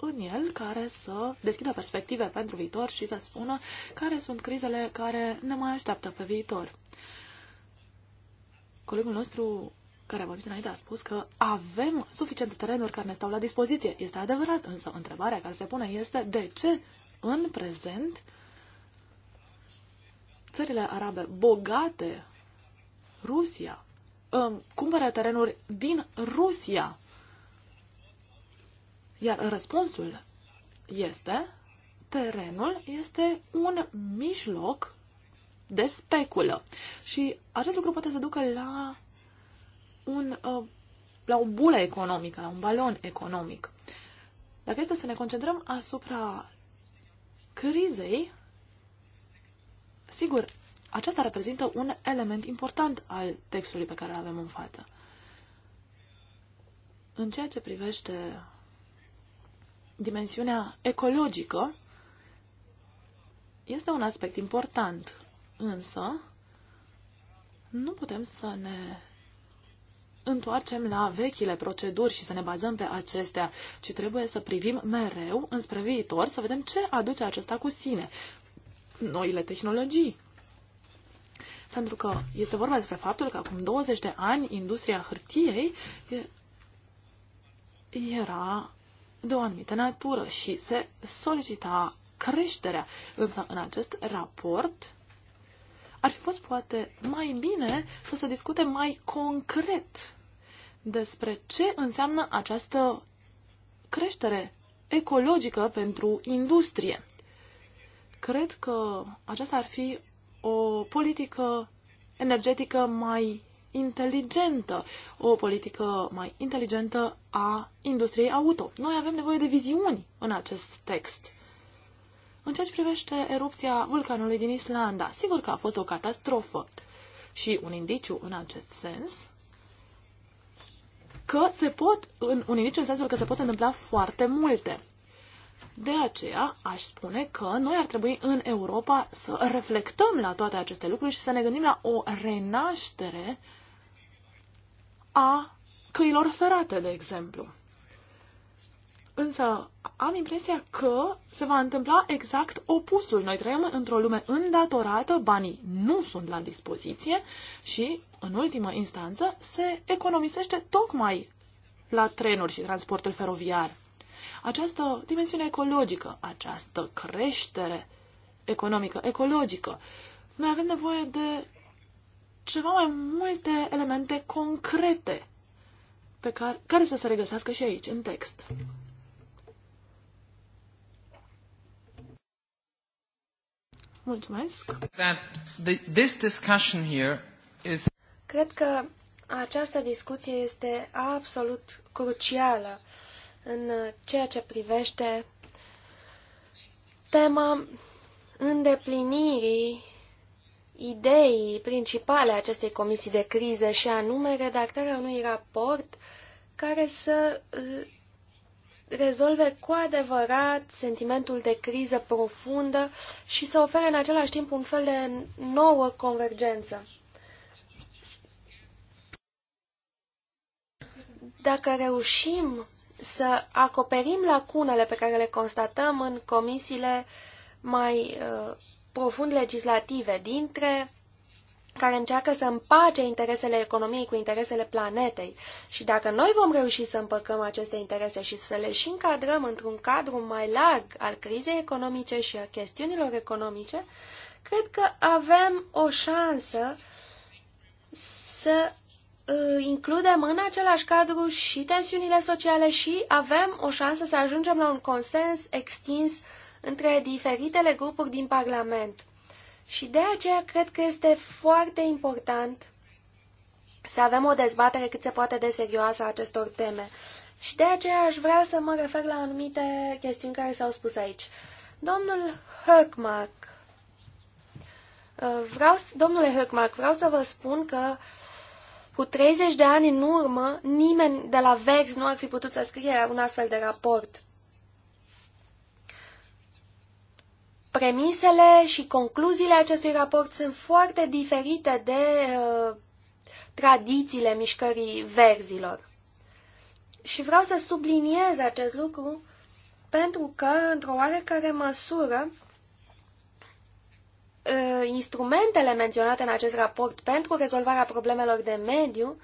în el care să deschidă perspective pentru viitor și să spună care sunt crizele care ne mai așteaptă pe viitor. Colegul nostru care a vorbit înainte a spus că avem suficiente terenuri care ne stau la dispoziție. Este adevărat, însă întrebarea care se pune este de ce în prezent țările arabe bogate, Rusia, cumpără terenuri din Rusia. Iar răspunsul este terenul este un mijloc de speculă. Și acest lucru poate să ducă la un, uh, la o bulă economică, la un balon economic. Dacă este să ne concentrăm asupra crizei, sigur, aceasta reprezintă un element important al textului pe care îl avem în față. În ceea ce privește dimensiunea ecologică, este un aspect important, însă nu putem să ne întoarcem la vechile proceduri și să ne bazăm pe acestea, ci trebuie să privim mereu înspre viitor, să vedem ce aduce acesta cu sine. Noile tehnologii. Pentru că este vorba despre faptul că acum 20 de ani industria hârtiei era de o anumită natură și se solicita creșterea. Însă în acest raport ar fi fost poate mai bine să se discute mai concret despre ce înseamnă această creștere ecologică pentru industrie. Cred că aceasta ar fi o politică energetică mai inteligentă, o politică mai inteligentă a industriei auto. Noi avem nevoie de viziuni în acest text. În ceea ce privește erupția vulcanului din Islanda, sigur că a fost o catastrofă și un indiciu în acest sens că se pot, în, un indiciu în sensul că se pot întâmpla foarte multe. De aceea aș spune că noi ar trebui în Europa să reflectăm la toate aceste lucruri și să ne gândim la o renaștere a căilor ferate, de exemplu. Însă am impresia că se va întâmpla exact opusul. Noi trăim într-o lume îndatorată, banii nu sunt la dispoziție și, în ultimă instanță, se economisește tocmai la trenuri și transportul feroviar. Această dimensiune ecologică, această creștere economică, ecologică, noi avem nevoie de ceva mai multe elemente concrete pe care, care să se regăsească și aici, în text. Mulțumesc. this discussion here is... Cred că această discuție este absolut crucială în ceea ce privește tema îndeplinirii ideii principale a acestei comisii de criză și anume redactarea unui raport care să rezolve cu adevărat sentimentul de criză profundă și să ofere în același timp un fel de nouă convergență. Dacă reușim să acoperim lacunele pe care le constatăm în comisiile mai uh, profund legislative dintre care încearcă să împace interesele economiei cu interesele planetei. Și dacă noi vom reuși să împăcăm aceste interese și să le și încadrăm într-un cadru mai larg al crizei economice și a chestiunilor economice, cred că avem o șansă să uh, includem în același cadru și tensiunile sociale și avem o șansă să ajungem la un consens extins între diferitele grupuri din Parlament. Și de aceea cred că este foarte important să avem o dezbatere cât se poate de serioasă a acestor teme. Și de aceea aș vrea să mă refer la anumite chestiuni care s-au spus aici. Domnul Hökmark uh, vreau, domnule Hökmark, vreau să vă spun că cu 30 de ani în urmă, nimeni de la Vex nu ar fi putut să scrie un astfel de raport. premisele și concluziile acestui raport sunt foarte diferite de uh, tradițiile mișcării verzilor. Și vreau să subliniez acest lucru pentru că, într-o oarecare măsură, uh, instrumentele menționate în acest raport pentru rezolvarea problemelor de mediu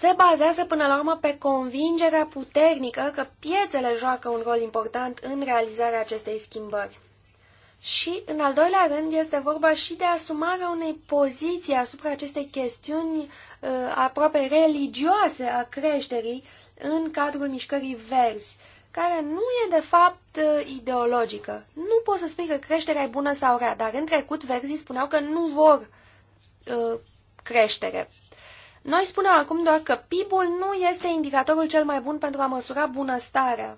se bazează până la urmă pe convingerea puternică că piețele joacă un rol important în realizarea acestei schimbări. Și, în al doilea rând, este vorba și de asumarea unei poziții asupra acestei chestiuni uh, aproape religioase a creșterii în cadrul mișcării verzi, care nu e de fapt uh, ideologică. Nu poți să spui că creșterea e bună sau rea, dar în trecut verzii spuneau că nu vor uh, creștere. Noi spunem acum doar că PIB-ul nu este indicatorul cel mai bun pentru a măsura bunăstarea.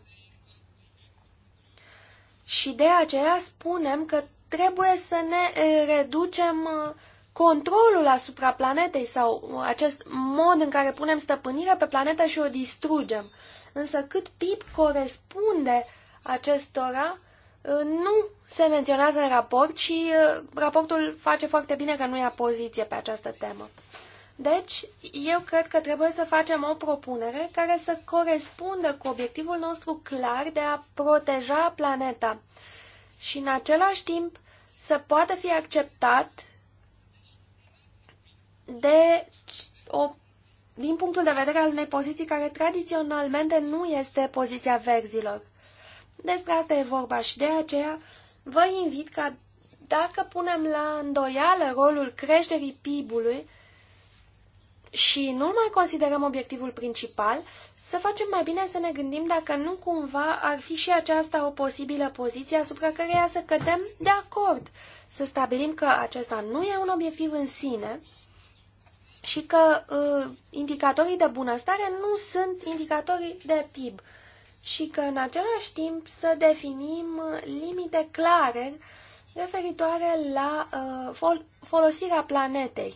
Și de aceea spunem că trebuie să ne reducem uh, controlul asupra planetei sau uh, acest mod în care punem stăpânire pe planetă și o distrugem. Însă cât PIB corespunde acestora, uh, nu se menționează în raport și raportul face foarte bine că nu ia poziție pe această temă. Deci, eu cred că trebuie să facem o propunere care să corespundă cu obiectivul nostru clar de a proteja planeta și, în același timp, să poată fi acceptat de o, din punctul de vedere al unei poziții care tradiționalmente nu este poziția verzilor. Despre asta e vorba și de aceea vă invit ca dacă punem la îndoială rolul creșterii PIB-ului, și nu mai considerăm obiectivul principal, să facem mai bine să ne gândim dacă nu cumva ar fi și aceasta o posibilă poziție asupra căreia să cădem de acord, să stabilim că acesta nu e un obiectiv în sine și că uh, indicatorii de bunăstare nu sunt indicatorii de PIB și că în același timp să definim limite clare referitoare la uh, fol folosirea planetei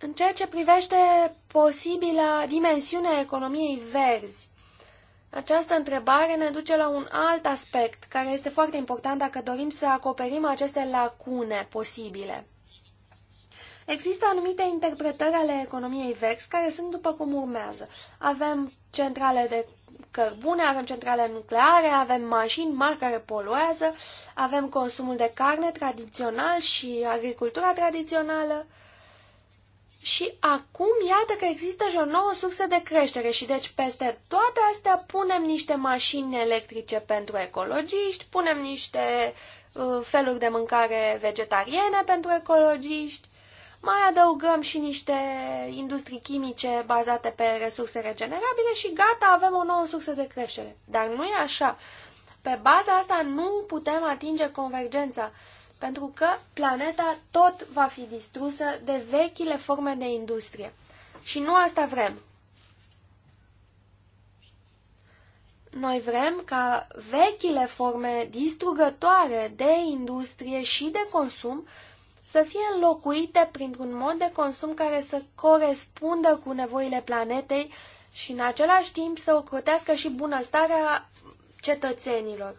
în ceea ce privește posibilă dimensiunea economiei verzi, această întrebare ne duce la un alt aspect care este foarte important dacă dorim să acoperim aceste lacune posibile. Există anumite interpretări ale economiei verzi care sunt după cum urmează. Avem centrale de cărbune, avem centrale nucleare, avem mașini mari care poluează, avem consumul de carne tradițional și agricultura tradițională, și acum iată că există și o nouă sursă de creștere și deci peste toate astea punem niște mașini electrice pentru ecologiști, punem niște uh, feluri de mâncare vegetariene pentru ecologiști, mai adăugăm și niște industrii chimice bazate pe resurse regenerabile și gata, avem o nouă sursă de creștere. Dar nu e așa. Pe baza asta nu putem atinge convergența pentru că planeta tot va fi distrusă de vechile forme de industrie. Și nu asta vrem. Noi vrem ca vechile forme distrugătoare de industrie și de consum să fie înlocuite printr-un mod de consum care să corespundă cu nevoile planetei și în același timp să ocrotească și bunăstarea cetățenilor.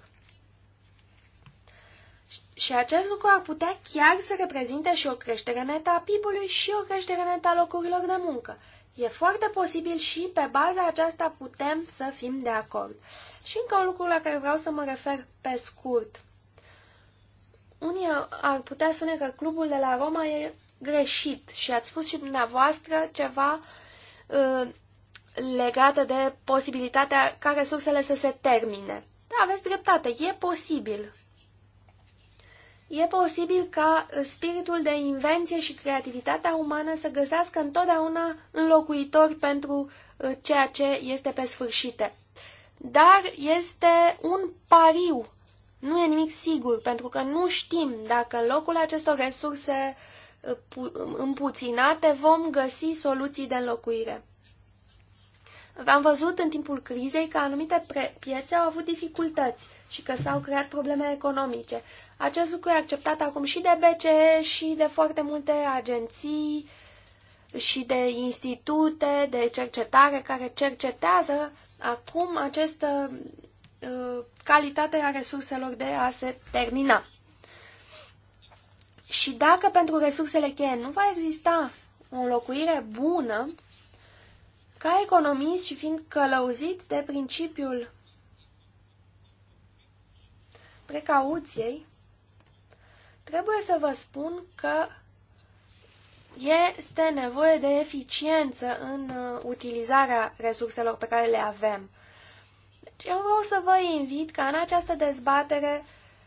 Și acest lucru ar putea chiar să reprezinte și o creștere netă a PIB-ului și o creștere netă a locurilor de muncă. E foarte posibil și pe baza aceasta putem să fim de acord. Și încă un lucru la care vreau să mă refer pe scurt. Unii ar putea spune că clubul de la Roma e greșit și ați spus și dumneavoastră ceva uh, legată de posibilitatea ca resursele să se termine. Da, aveți dreptate, e posibil. E posibil ca spiritul de invenție și creativitatea umană să găsească întotdeauna înlocuitori pentru uh, ceea ce este pe sfârșite. Dar este un pariu, nu e nimic sigur, pentru că nu știm dacă în locul acestor resurse uh, împuținate vom găsi soluții de înlocuire. Am văzut în timpul crizei că anumite piețe au avut dificultăți și că s-au creat probleme economice. Acest lucru e acceptat acum și de BCE și de foarte multe agenții și de institute de cercetare care cercetează acum această uh, calitate a resurselor de a se termina. Și dacă pentru resursele cheie nu va exista o înlocuire bună, ca economist și fiind călăuzit de principiul precauției, Trebuie să vă spun că este nevoie de eficiență în uh, utilizarea resurselor pe care le avem. Deci eu vreau să vă invit ca în această dezbatere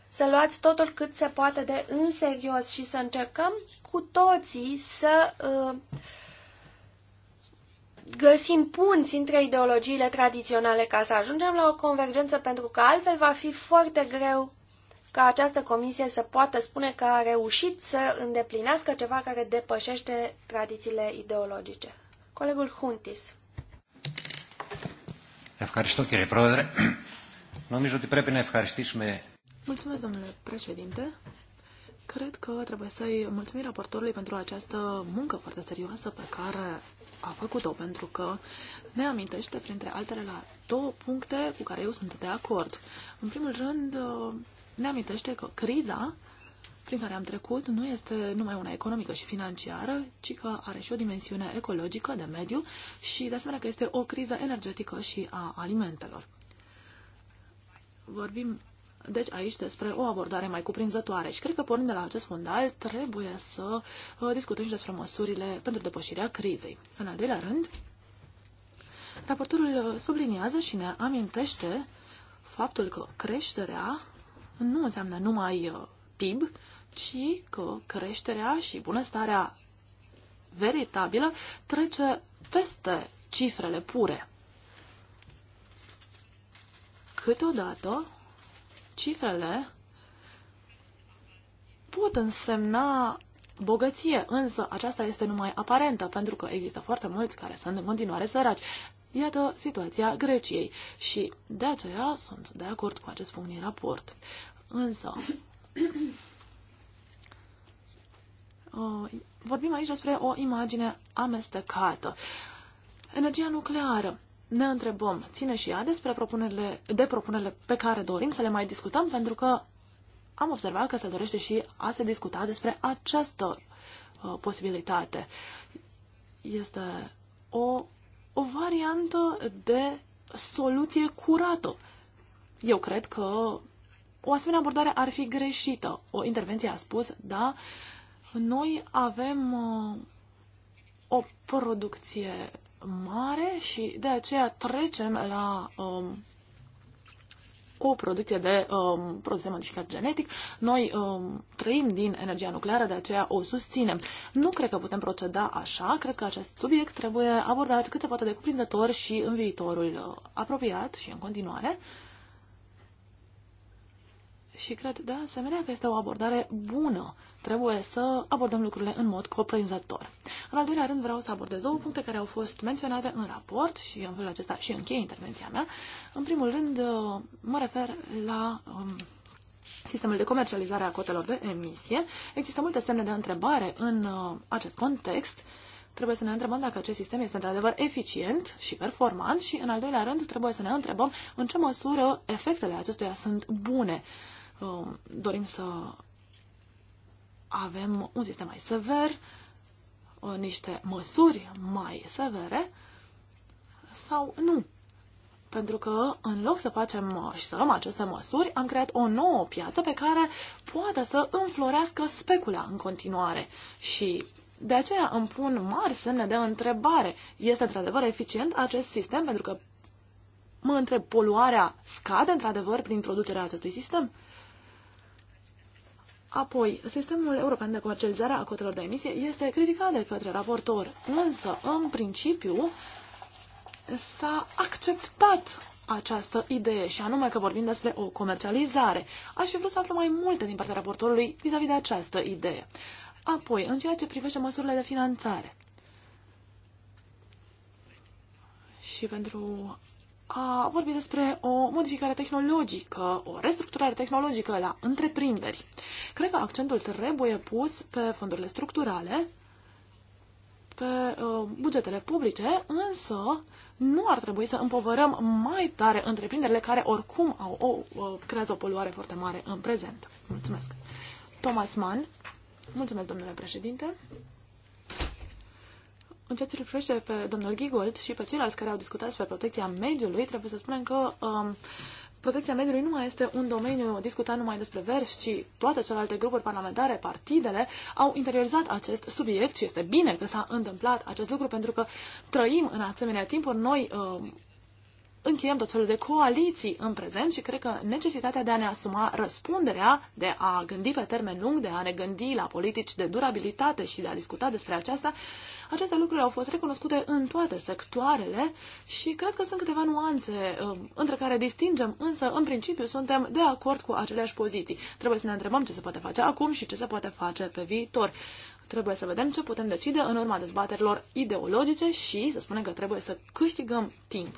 să luați totul cât se poate de în serios și să încercăm cu toții să uh, găsim punți între ideologiile tradiționale ca să ajungem la o convergență, pentru că altfel va fi foarte greu ca această comisie să poată spune că a reușit să îndeplinească ceva care depășește tradițiile ideologice. Colegul Huntis. Mulțumesc, domnule președinte. Cred că trebuie să-i mulțumim raportorului pentru această muncă foarte serioasă pe care a făcut-o, pentru că ne amintește, printre altele, la două puncte cu care eu sunt de acord. În primul rând, ne amintește că criza prin care am trecut nu este numai una economică și financiară, ci că are și o dimensiune ecologică, de mediu și, de asemenea, că este o criză energetică și a alimentelor. Vorbim, deci, aici despre o abordare mai cuprinzătoare și cred că, pornind de la acest fundal, trebuie să uh, discutăm și despre măsurile pentru depășirea crizei. În al doilea rând, raportorul uh, subliniază și ne amintește faptul că creșterea nu înseamnă numai uh, PIB, ci că creșterea și bunăstarea veritabilă trece peste cifrele pure. Câteodată, cifrele pot însemna bogăție, însă aceasta este numai aparentă, pentru că există foarte mulți care sunt în continuare săraci. Iată situația Greciei și de aceea sunt de acord cu acest punct din raport. Însă, <clears throat> uh, vorbim aici despre o imagine amestecată. Energia nucleară. Ne întrebăm, ține și ea despre propunerile, de propunerile pe care dorim să le mai discutăm, pentru că am observat că se dorește și a se discuta despre această uh, posibilitate. Este o o variantă de soluție curată. Eu cred că o asemenea abordare ar fi greșită. O intervenție a spus, da, noi avem uh, o producție mare și de aceea trecem la um, cu producție de um, produse modificat genetic. Noi um, trăim din energia nucleară, de aceea o susținem. Nu cred că putem proceda așa. Cred că acest subiect trebuie abordat cât se poate de cuprinzător și în viitorul uh, apropiat și în continuare. Și cred de asemenea că este o abordare bună. Trebuie să abordăm lucrurile în mod coprinzător. În al doilea rând vreau să abordez două puncte care au fost menționate în raport și în felul acesta și închei intervenția mea. În primul rând uh, mă refer la um, sistemul de comercializare a cotelor de emisie. Există multe semne de întrebare în uh, acest context trebuie să ne întrebăm dacă acest sistem este într-adevăr eficient și performant și, în al doilea rând, trebuie să ne întrebăm în ce măsură efectele acestuia sunt bune. Um, dorim să avem un sistem mai sever, uh, niște măsuri mai severe sau nu. Pentru că în loc să facem uh, și să luăm aceste măsuri, am creat o nouă piață pe care poate să înflorească specula în continuare. Și de aceea îmi pun mari semne de întrebare. Este într-adevăr eficient acest sistem? Pentru că mă întreb, poluarea scade într-adevăr prin introducerea acestui sistem? Apoi, sistemul european de comercializare a cotelor de emisie este criticat de către raportor, însă, în principiu, s-a acceptat această idee și anume că vorbim despre o comercializare. Aș fi vrut să aflu mai multe din partea raportorului vis-a-vis -vis de această idee. Apoi, în ceea ce privește măsurile de finanțare. Și pentru a vorbit despre o modificare tehnologică, o restructurare tehnologică la întreprinderi. Cred că accentul trebuie pus pe fondurile structurale, pe uh, bugetele publice, însă nu ar trebui să împovărăm mai tare întreprinderile care oricum au o, o, uh, creează o poluare foarte mare în prezent. Mulțumesc. Thomas Mann. Mulțumesc, domnule președinte. În ceea ce privește pe domnul Gigold și pe ceilalți care au discutat despre protecția mediului, trebuie să spunem că um, protecția mediului nu mai este un domeniu discutat numai despre vers ci toate celelalte grupuri parlamentare, partidele, au interiorizat acest subiect și este bine că s-a întâmplat acest lucru pentru că trăim în asemenea timpuri. Noi um, încheiem tot felul de coaliții în prezent și cred că necesitatea de a ne asuma răspunderea, de a gândi pe termen lung, de a ne gândi la politici de durabilitate și de a discuta despre aceasta, aceste lucruri au fost recunoscute în toate sectoarele și cred că sunt câteva nuanțe um, între care distingem, însă în principiu suntem de acord cu aceleași poziții. Trebuie să ne întrebăm ce se poate face acum și ce se poate face pe viitor trebuie să vedem ce putem decide în urma dezbaterilor ideologice și să spunem că trebuie să câștigăm timp.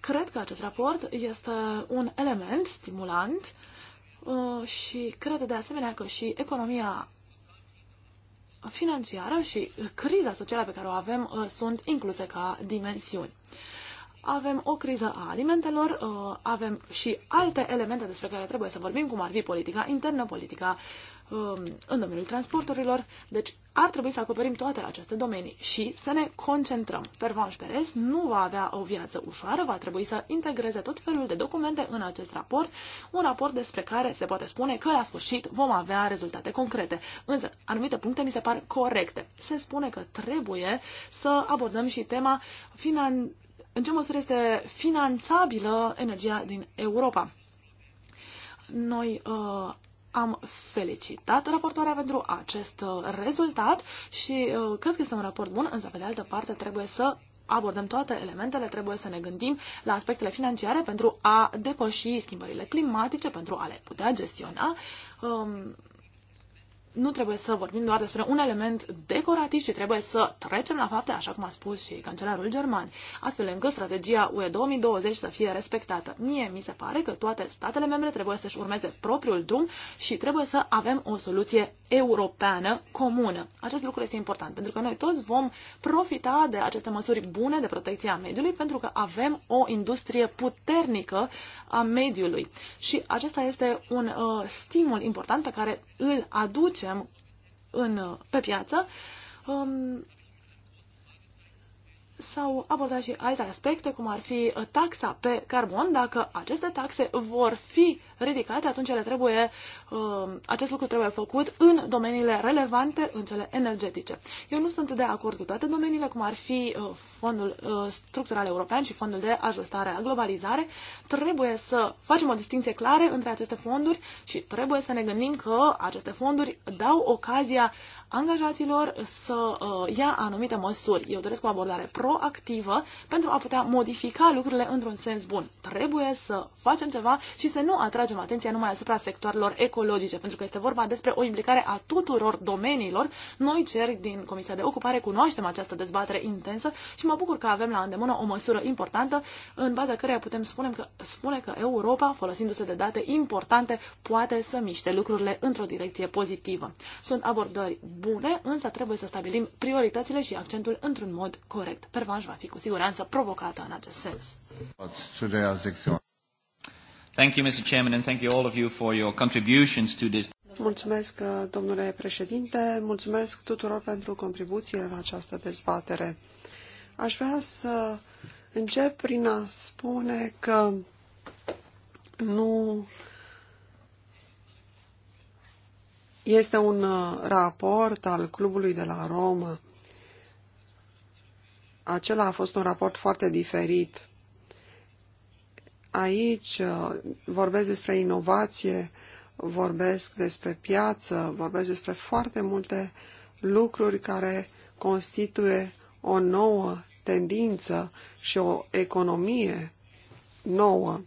Cred că acest raport este un element stimulant uh, și cred de asemenea că și economia financiară și criza socială pe care o avem uh, sunt incluse ca dimensiuni. Avem o criză a alimentelor, uh, avem și alte elemente despre care trebuie să vorbim, cum ar fi politica internă, politica Um, în domeniul transporturilor, deci ar trebui să acoperim toate aceste domenii și să ne concentrăm. Pervanș Perez nu va avea o viață ușoară, va trebui să integreze tot felul de documente în acest raport, un raport despre care se poate spune că la sfârșit vom avea rezultate concrete. Însă, anumite puncte mi se par corecte. Se spune că trebuie să abordăm și tema finan... în ce măsură este finanțabilă energia din Europa. Noi uh, am felicitat raportoarea pentru acest uh, rezultat și uh, cred că este un raport bun, însă pe de altă parte trebuie să abordăm toate elementele, trebuie să ne gândim la aspectele financiare pentru a depăși schimbările climatice, pentru a le putea gestiona. Um, nu trebuie să vorbim doar despre un element decorativ, ci trebuie să trecem la fapte, așa cum a spus și cancelarul german, astfel încât strategia UE 2020 să fie respectată. Mie mi se pare că toate statele membre trebuie să-și urmeze propriul drum și trebuie să avem o soluție europeană comună. Acest lucru este important, pentru că noi toți vom profita de aceste măsuri bune de protecție a mediului, pentru că avem o industrie puternică a mediului. Și acesta este un uh, stimul important pe care îl aducem în, pe piață, um, sau au și alte aspecte, cum ar fi taxa pe carbon, dacă aceste taxe vor fi ridicate, atunci ele trebuie, uh, acest lucru trebuie făcut în domeniile relevante, în cele energetice. Eu nu sunt de acord cu toate domeniile, cum ar fi uh, Fondul uh, Structural European și Fondul de Ajustare a Globalizare. Trebuie să facem o distinție clară între aceste fonduri și trebuie să ne gândim că aceste fonduri dau ocazia angajaților să ia anumite măsuri. Eu doresc o abordare proactivă pentru a putea modifica lucrurile într-un sens bun. Trebuie să facem ceva și să nu atragem atragem atenția numai asupra sectoarelor ecologice, pentru că este vorba despre o implicare a tuturor domeniilor. Noi cer din Comisia de Ocupare cunoaștem această dezbatere intensă și mă bucur că avem la îndemână o măsură importantă în baza căreia putem spune că, spune că Europa, folosindu-se de date importante, poate să miște lucrurile într-o direcție pozitivă. Sunt abordări bune, însă trebuie să stabilim prioritățile și accentul într-un mod corect. Pervanș va fi cu siguranță provocată în acest sens. Thank you, Mr. Chairman, and thank you all of you for your contributions to this. Mulțumesc, uh, domnule președinte, mulțumesc tuturor pentru contribuțiile la această dezbatere. Aș vrea să încep prin a spune că nu este un uh, raport al clubului de la Roma. Acela a fost un raport foarte diferit Aici uh, vorbesc despre inovație, vorbesc despre piață, vorbesc despre foarte multe lucruri care constituie o nouă tendință și o economie nouă.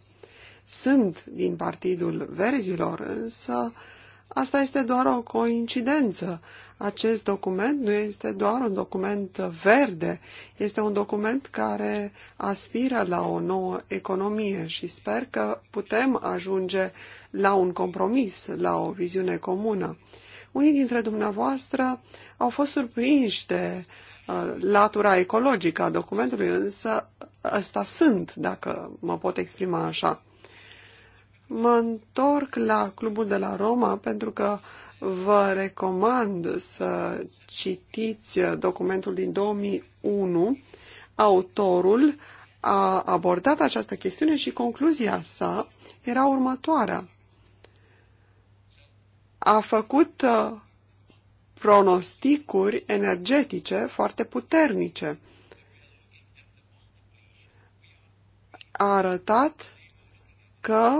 Sunt din Partidul Verzilor, însă uh, Asta este doar o coincidență. Acest document nu este doar un document verde, este un document care aspiră la o nouă economie și sper că putem ajunge la un compromis, la o viziune comună. Unii dintre dumneavoastră au fost surprinși de uh, latura ecologică a documentului, însă ăsta sunt, dacă mă pot exprima așa. Mă întorc la Clubul de la Roma pentru că vă recomand să citiți documentul din 2001. Autorul a abordat această chestiune și concluzia sa era următoarea. A făcut uh, pronosticuri energetice foarte puternice. A arătat că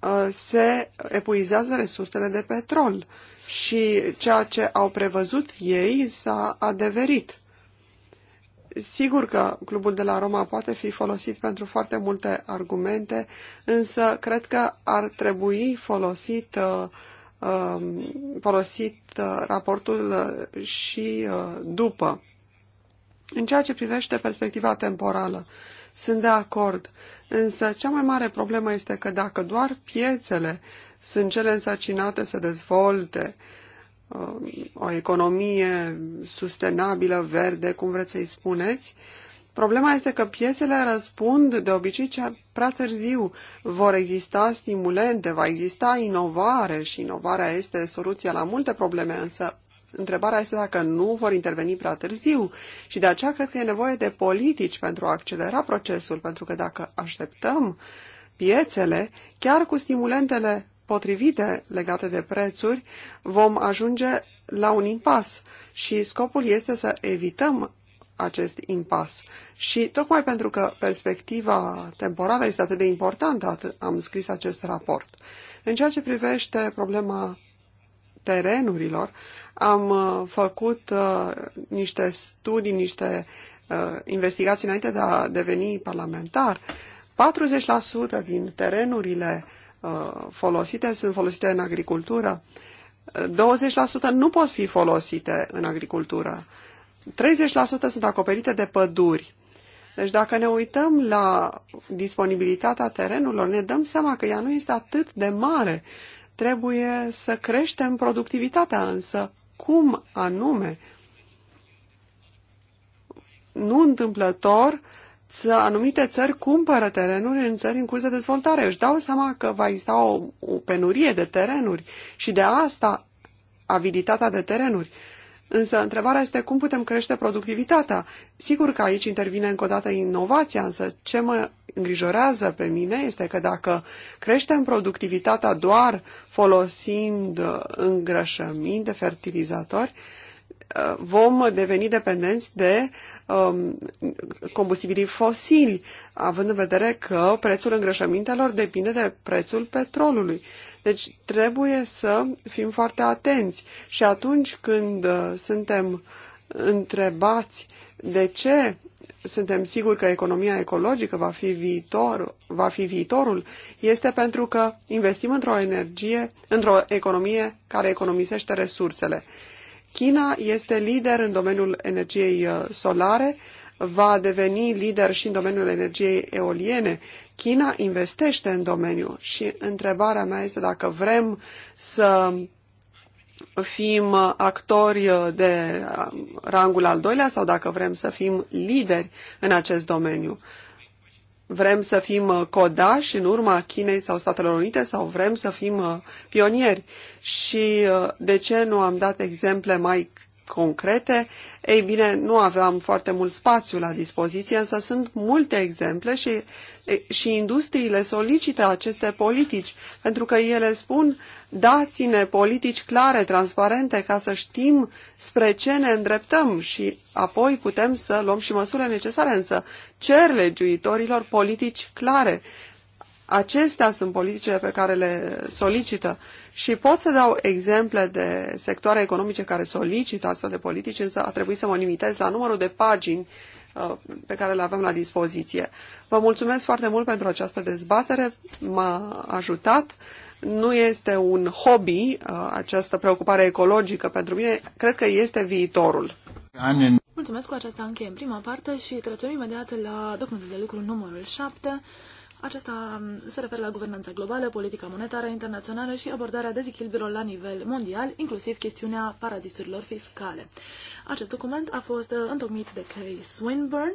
Uh, se epuizează resursele de petrol și ceea ce au prevăzut ei s-a adeverit. Sigur că clubul de la Roma poate fi folosit pentru foarte multe argumente, însă cred că ar trebui folosit, uh, um, folosit uh, raportul și după. În ceea ce privește perspectiva temporală, sunt de acord. Însă cea mai mare problemă este că dacă doar piețele sunt cele însăcinate să dezvolte um, o economie sustenabilă, verde, cum vreți să-i spuneți, Problema este că piețele răspund de obicei cea prea târziu. Vor exista stimulente, va exista inovare și inovarea este soluția la multe probleme, însă întrebarea este dacă nu vor interveni prea târziu și de aceea cred că e nevoie de politici pentru a accelera procesul, pentru că dacă așteptăm piețele, chiar cu stimulentele potrivite legate de prețuri, vom ajunge la un impas și scopul este să evităm acest impas. Și tocmai pentru că perspectiva temporală este atât de importantă, am scris acest raport. În ceea ce privește problema terenurilor, am uh, făcut uh, niște studii, niște uh, investigații înainte de a deveni parlamentar. 40% din terenurile folosite sunt folosite în agricultură. 20% nu pot fi folosite în agricultură. 30% sunt acoperite de păduri. Deci dacă ne uităm la disponibilitatea terenurilor, ne dăm seama că ea nu este atât de mare. Trebuie să creștem productivitatea, însă cum anume? Nu întâmplător, anumite țări cumpără terenuri în țări în curs de dezvoltare. Își dau seama că va exista o, o penurie de terenuri și de asta aviditatea de terenuri. Însă întrebarea este cum putem crește productivitatea. Sigur că aici intervine încă o dată inovația, însă ce mă îngrijorează pe mine este că dacă creștem productivitatea doar folosind uh, îngrășăminte, fertilizatori, Uh, vom deveni dependenți de um, combustibilii fosili, având în vedere că prețul îngrășămintelor depinde de prețul petrolului. Deci trebuie să fim foarte atenți și atunci când uh, suntem întrebați de ce suntem siguri că economia ecologică va fi, viitor, va fi viitorul, este pentru că investim într-o energie, într-o economie care economisește resursele. China este lider în domeniul energiei uh, solare, va deveni lider și în domeniul energiei eoliene. China investește în domeniu și întrebarea mea este dacă vrem să fim uh, actori uh, de rangul al doilea sau dacă vrem să fim lideri în acest domeniu. Vrem să fim uh, codași în urma Chinei sau Statelor Unite sau vrem să fim uh, pionieri? Și uh, de ce nu am dat exemple mai concrete, ei bine, nu aveam foarte mult spațiu la dispoziție, însă sunt multe exemple și, și industriile solicită aceste politici, pentru că ele spun, dați-ne politici clare, transparente, ca să știm spre ce ne îndreptăm și apoi putem să luăm și măsurile necesare, însă cer legiuitorilor politici clare. Acestea sunt politicile pe care le solicită și pot să dau exemple de sectoare economice care solicită astfel de politici, însă a trebuit să mă limitez la numărul de pagini uh, pe care le avem la dispoziție. Vă mulțumesc foarte mult pentru această dezbatere, m-a ajutat. Nu este un hobby uh, această preocupare ecologică pentru mine, cred că este viitorul. Mulțumesc cu aceasta încheiem prima parte și trecem imediat la documentul de lucru numărul 7, aceasta mm, se referă la guvernanța globală, politica monetară internațională și abordarea dezechilibrilor la nivel mondial, inclusiv chestiunea paradisurilor fiscale. Acest document a fost uh, întocmit de Kay Swinburne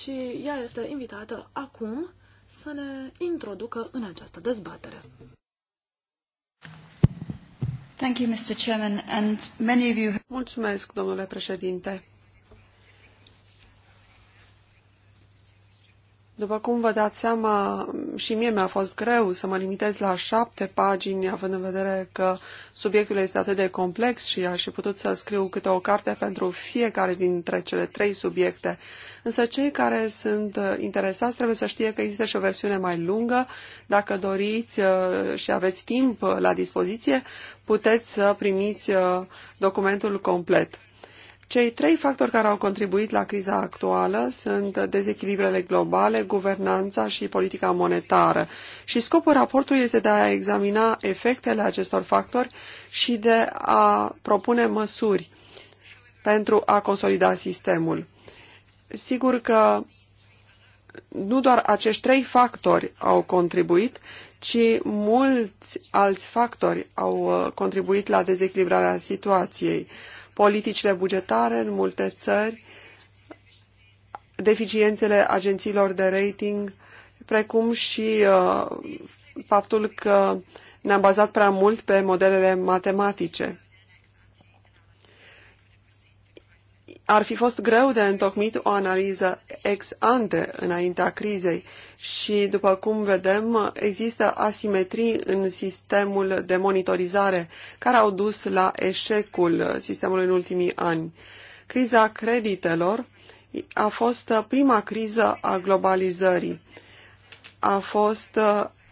și ea este invitată acum să ne introducă în această dezbatere. Thank you, Mr. Chairman, and many of you... Mulțumesc, domnule președinte. După cum vă dați seama, și mie mi-a fost greu să mă limitez la șapte pagini, având în vedere că subiectul este atât de complex și aș fi putut să scriu câte o carte pentru fiecare dintre cele trei subiecte. Însă cei care sunt uh, interesați trebuie să știe că există și o versiune mai lungă. Dacă doriți uh, și aveți timp uh, la dispoziție, puteți să primiți documentul complet. Cei trei factori care au contribuit la criza actuală sunt dezechilibrele globale, guvernanța și politica monetară. Și scopul raportului este de a examina efectele acestor factori și de a propune măsuri pentru a consolida sistemul. Sigur că nu doar acești trei factori au contribuit, ci mulți alți factori au uh, contribuit la dezechilibrarea situației politicile bugetare în multe țări, deficiențele agențiilor de rating, precum și uh, faptul că ne-am bazat prea mult pe modelele matematice. ar fi fost greu de întocmit o analiză ex ante înaintea crizei și, după cum vedem, există asimetrii în sistemul de monitorizare care au dus la eșecul sistemului în ultimii ani. Criza creditelor a fost prima criză a globalizării. A fost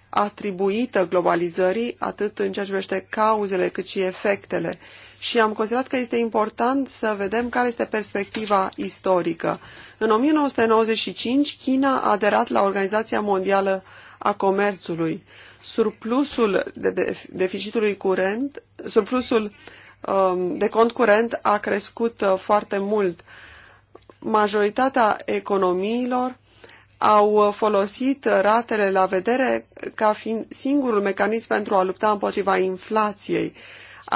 atribuită globalizării atât în ceea ce privește cauzele cât și efectele și am considerat că este important să vedem care este perspectiva istorică. În 1995, China a aderat la Organizația Mondială a Comerțului. Surplusul de deficitului curent, surplusul um, de cont curent a crescut uh, foarte mult. Majoritatea economiilor au uh, folosit ratele la vedere ca fiind singurul mecanism pentru a lupta împotriva inflației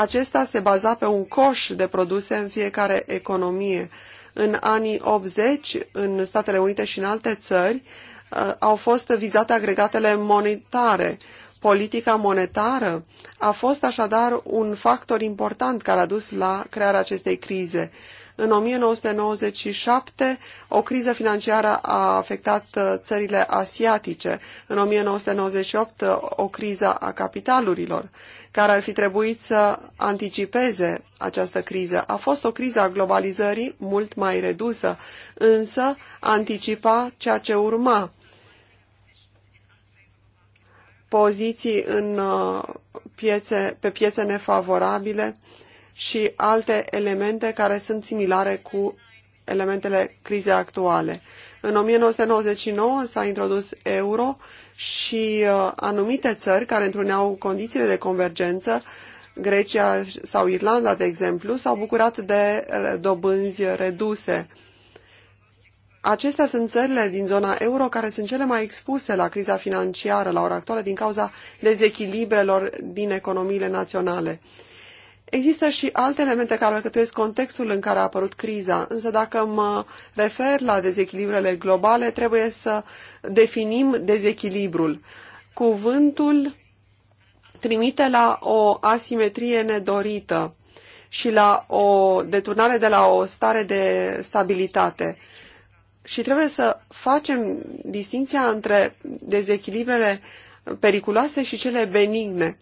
acesta se baza pe un coș de produse în fiecare economie. În anii 80, în Statele Unite și în alte țări, uh, au fost vizate agregatele monetare. Politica monetară a fost așadar un factor important care a dus la crearea acestei crize. În 1997, o criză financiară a afectat uh, țările asiatice. În 1998, uh, o criză a capitalurilor, care ar fi trebuit să anticipeze această criză. A fost o criză a globalizării mult mai redusă, însă anticipa ceea ce urma poziții în uh, piețe, pe piețe nefavorabile, și alte elemente care sunt similare cu elementele crizei actuale. În 1999 s-a introdus euro și uh, anumite țări care întruneau condițiile de convergență, Grecia sau Irlanda, de exemplu, s-au bucurat de uh, dobânzi reduse. Acestea sunt țările din zona euro care sunt cele mai expuse la criza financiară la ora actuală din cauza dezechilibrelor din economiile naționale. Există și alte elemente care alcătuiesc contextul în care a apărut criza, însă dacă mă refer la dezechilibrele globale, trebuie să definim dezechilibrul. Cuvântul trimite la o asimetrie nedorită și la o deturnare de la o stare de stabilitate. Și trebuie să facem distinția între dezechilibrele periculoase și cele benigne.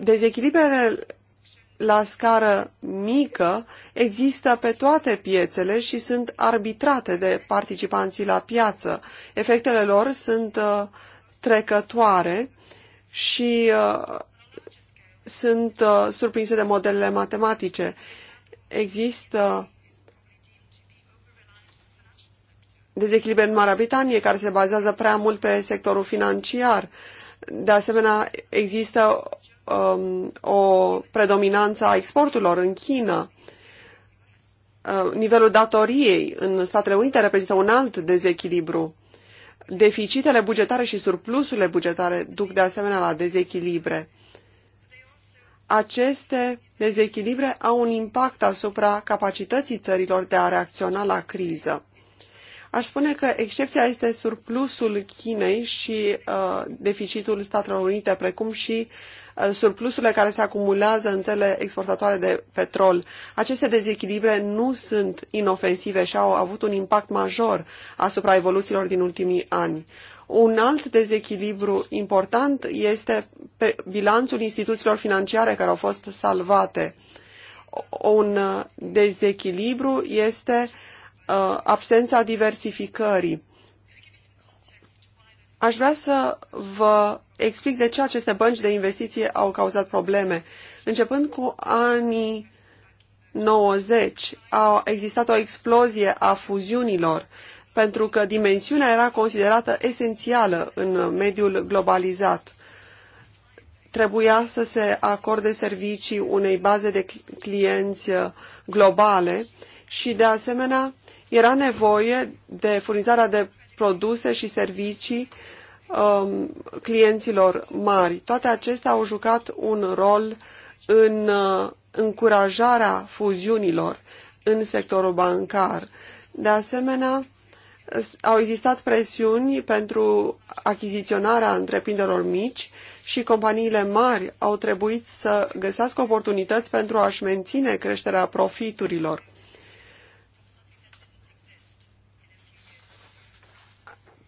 Dezechilibrele la scară mică există pe toate piețele și sunt arbitrate de participanții la piață. Efectele lor sunt uh, trecătoare și uh, sunt uh, surprinse de modelele matematice. Există dezechilibre în Marea Britanie care se bazează prea mult pe sectorul financiar. De asemenea, există um, o predominanță a exporturilor în China. Uh, nivelul datoriei în Statele Unite reprezintă un alt dezechilibru. Deficitele bugetare și surplusurile bugetare duc de asemenea la dezechilibre. Aceste dezechilibre au un impact asupra capacității țărilor de a reacționa la criză. Aș spune că excepția este surplusul Chinei și uh, deficitul Statelor Unite, precum și Uh, surplusurile care se acumulează în țările exportatoare de petrol. Aceste dezechilibre nu sunt inofensive și au avut un impact major asupra evoluțiilor din ultimii ani. Un alt dezechilibru important este pe bilanțul instituțiilor financiare care au fost salvate. Un uh, dezechilibru este uh, absența diversificării Aș vrea să vă explic de ce aceste bănci de investiție au cauzat probleme. Începând cu anii 90, a existat o explozie a fuziunilor, pentru că dimensiunea era considerată esențială în mediul globalizat. Trebuia să se acorde servicii unei baze de clienți uh, globale și, de asemenea, era nevoie de furnizarea de produse și servicii uh, Um, clienților mari. Toate acestea au jucat un rol în uh, încurajarea fuziunilor în sectorul bancar. De asemenea, au existat presiuni pentru achiziționarea întreprinderilor mici și companiile mari au trebuit să găsească oportunități pentru a-și menține creșterea profiturilor.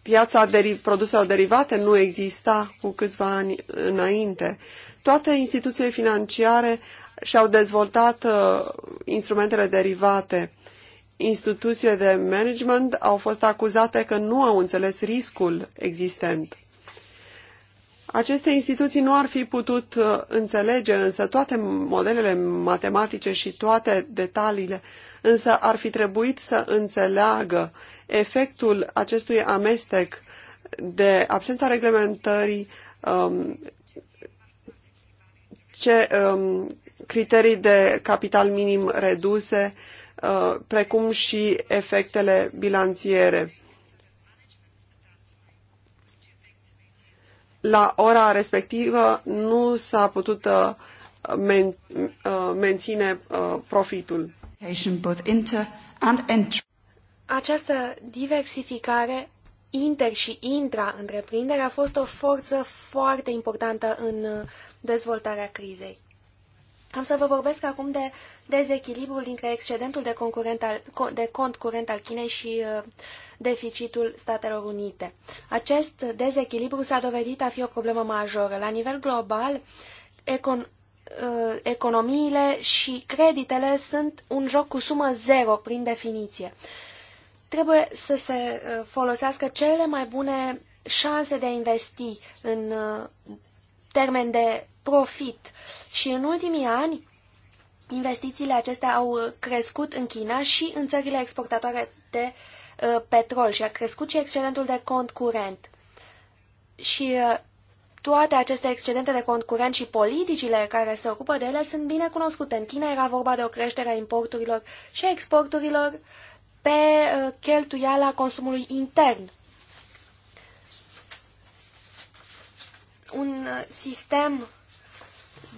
Piața deri produselor derivate nu exista cu câțiva ani înainte. Toate instituțiile financiare și-au dezvoltat uh, instrumentele derivate. Instituțiile de management au fost acuzate că nu au înțeles riscul existent. Aceste instituții nu ar fi putut uh, înțelege însă toate modelele matematice și toate detaliile, însă ar fi trebuit să înțeleagă efectul acestui amestec de absența reglementării, um, ce, um, criterii de capital minim reduse, uh, precum și efectele bilanțiere. la ora respectivă nu s-a putut uh, men, uh, menține uh, profitul. Această diversificare inter și intra-întreprindere a fost o forță foarte importantă în dezvoltarea crizei. Am să vă vorbesc acum de dezechilibrul dintre excedentul de, concurent al, de cont curent al Chinei și uh, deficitul Statelor Unite. Acest dezechilibru s-a dovedit a fi o problemă majoră. La nivel global, econ, uh, economiile și creditele sunt un joc cu sumă zero, prin definiție. Trebuie să se uh, folosească cele mai bune șanse de a investi în termen de profit și în ultimii ani, investițiile acestea au uh, crescut în China și în țările exportatoare de uh, petrol și a crescut și excedentul de cont curent. Și uh, toate aceste excedente de cont curent și politicile care se ocupă de ele sunt bine cunoscute. În China era vorba de o creștere a importurilor și a exporturilor pe cheltuiala consumului intern. Un sistem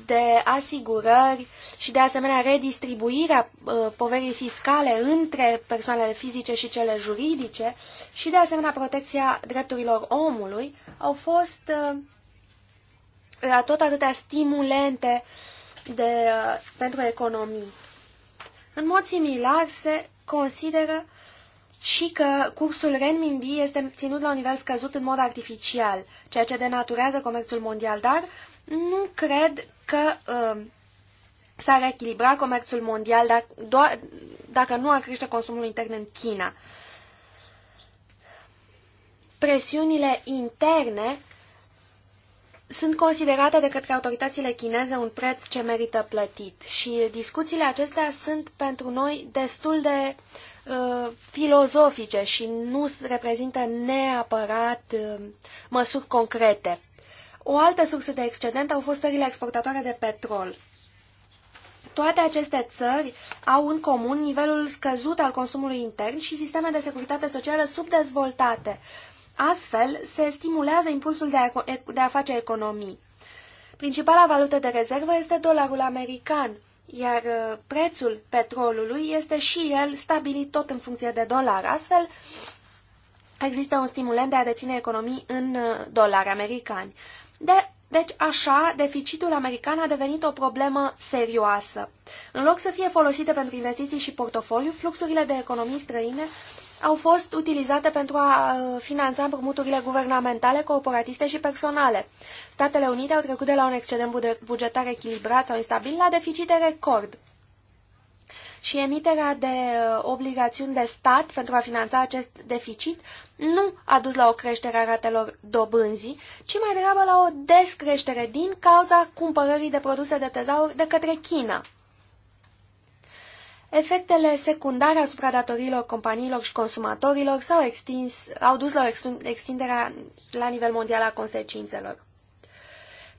de asigurări și de asemenea redistribuirea uh, poverii fiscale între persoanele fizice și cele juridice și de asemenea protecția drepturilor omului au fost uh, tot atâtea stimulente de, uh, pentru economii. În mod similar se consideră și că cursul renminbi este ținut la un nivel scăzut în mod artificial, ceea ce denaturează comerțul mondial, dar nu cred că uh, s-ar echilibra comerțul mondial dacă, doar, dacă nu ar crește consumul intern în China. Presiunile interne sunt considerate de către autoritățile chineze un preț ce merită plătit și discuțiile acestea sunt pentru noi destul de uh, filozofice și nu reprezintă neapărat uh, măsuri concrete. O altă sursă de excedent au fost țările exportatoare de petrol. Toate aceste țări au în comun nivelul scăzut al consumului intern și sisteme de securitate socială subdezvoltate. Astfel, se stimulează impulsul de a, de a face economii. Principala valută de rezervă este dolarul american, iar uh, prețul petrolului este și el stabilit tot în funcție de dolar. Astfel, există un stimulent de a deține economii în uh, dolari americani. De, deci așa, deficitul american a devenit o problemă serioasă. În loc să fie folosite pentru investiții și portofoliu, fluxurile de economii străine au fost utilizate pentru a uh, finanța împrumuturile guvernamentale, corporatiste și personale. Statele Unite au trecut de la un excedent bugetar echilibrat sau instabil la deficite record. Și emiterea de uh, obligațiuni de stat pentru a finanța acest deficit nu a dus la o creștere a ratelor dobânzii, ci mai degrabă la o descreștere din cauza cumpărării de produse de tezaur de către China. Efectele secundare asupra datorilor companiilor și consumatorilor s-au extins, au dus la o la nivel mondial a consecințelor.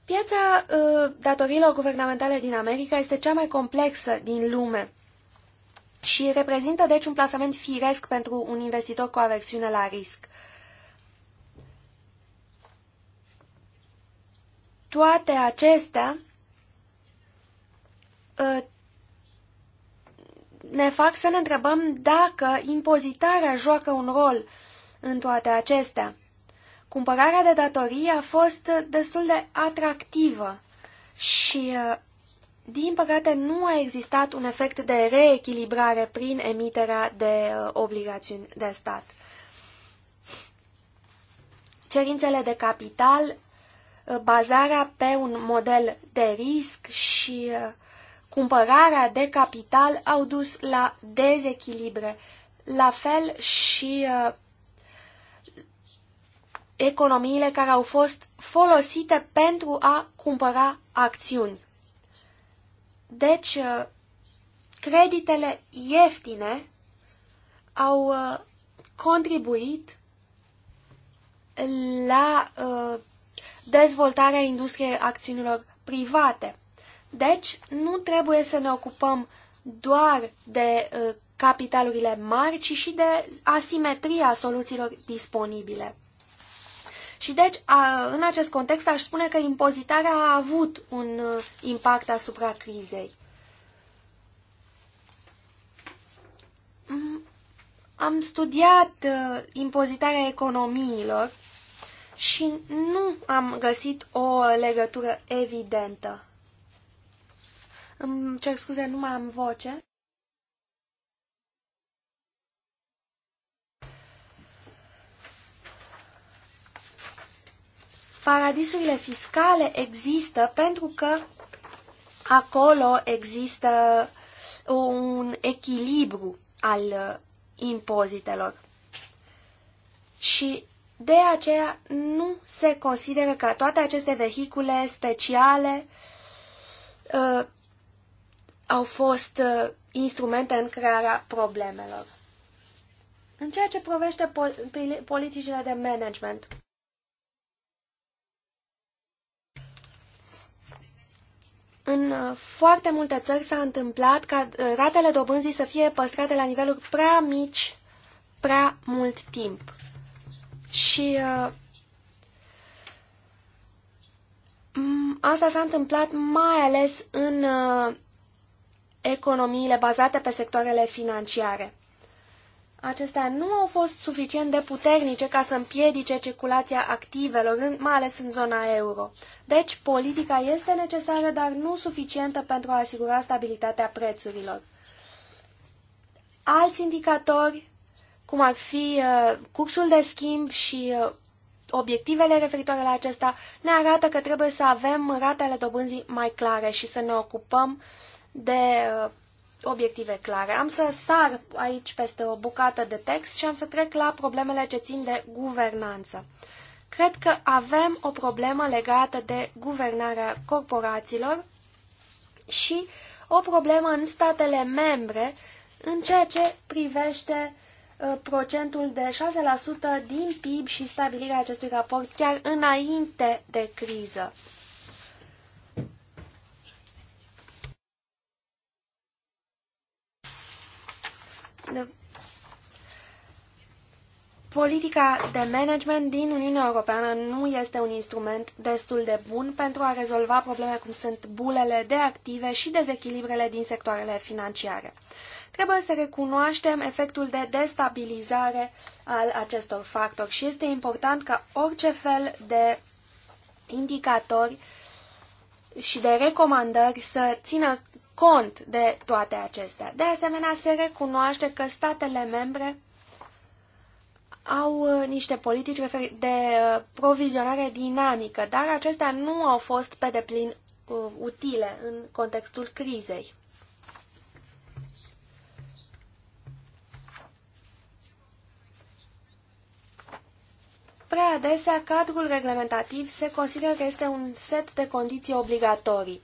Piața uh, datorilor guvernamentale din America este cea mai complexă din lume și reprezintă deci un plasament firesc pentru un investitor cu aversiune la risc. Toate acestea ă, ne fac să ne întrebăm dacă impozitarea joacă un rol în toate acestea. Cumpărarea de datorii a fost destul de atractivă și ă, din păcate, nu a existat un efect de reechilibrare prin emiterea de uh, obligațiuni de stat. Cerințele de capital, uh, bazarea pe un model de risc și uh, cumpărarea de capital au dus la dezechilibre. La fel și economiile care au fost folosite pentru a cumpăra acțiuni. Deci, uh, creditele ieftine au uh, contribuit la uh, dezvoltarea industriei acțiunilor private. Deci, nu trebuie să ne ocupăm doar de capitalurile mari, ci și de asimetria soluțiilor disponibile. Și deci, a, în acest context, aș spune că impozitarea a avut un uh, impact asupra crizei. Mm, am studiat uh, impozitarea economiilor și nu am găsit o legătură evidentă. Îmi cer scuze, nu mai am voce. Paradisurile fiscale există pentru că acolo există un echilibru al uh, impozitelor. Și de aceea nu se consideră că toate aceste vehicule speciale uh, au fost uh, instrumente în crearea problemelor. În ceea ce privește politicile de management, În uh, foarte multe țări s-a întâmplat ca uh, ratele dobânzii să fie păstrate la niveluri prea mici, prea mult timp. Și uh, asta s-a întâmplat mai ales în uh, economiile bazate pe sectoarele financiare acestea nu au fost suficient de puternice ca să împiedice circulația activelor, mai ales în zona euro. Deci, politica este necesară, dar nu suficientă pentru a asigura stabilitatea prețurilor. Alți indicatori, cum ar fi uh, cursul de schimb și uh, obiectivele referitoare la acesta, ne arată că trebuie să avem ratele dobânzii mai clare și să ne ocupăm de uh, obiective clare. Am să sar aici peste o bucată de text și am să trec la problemele ce țin de guvernanță. Cred că avem o problemă legată de guvernarea corporațiilor și o problemă în statele membre în ceea ce privește ă, procentul de 6% din PIB și stabilirea acestui raport chiar înainte de criză. Politica de management din Uniunea Europeană nu este un instrument destul de bun pentru a rezolva probleme cum sunt bulele de active și dezechilibrele din sectoarele financiare. Trebuie să recunoaștem efectul de destabilizare al acestor factori și este important ca orice fel de indicatori și de recomandări să țină cont de toate acestea. De asemenea, se recunoaște că statele membre au uh, niște politici de uh, provizionare dinamică, dar acestea nu au fost pe deplin uh, utile în contextul crizei. Prea adesea, cadrul reglementativ se consideră că este un set de condiții obligatorii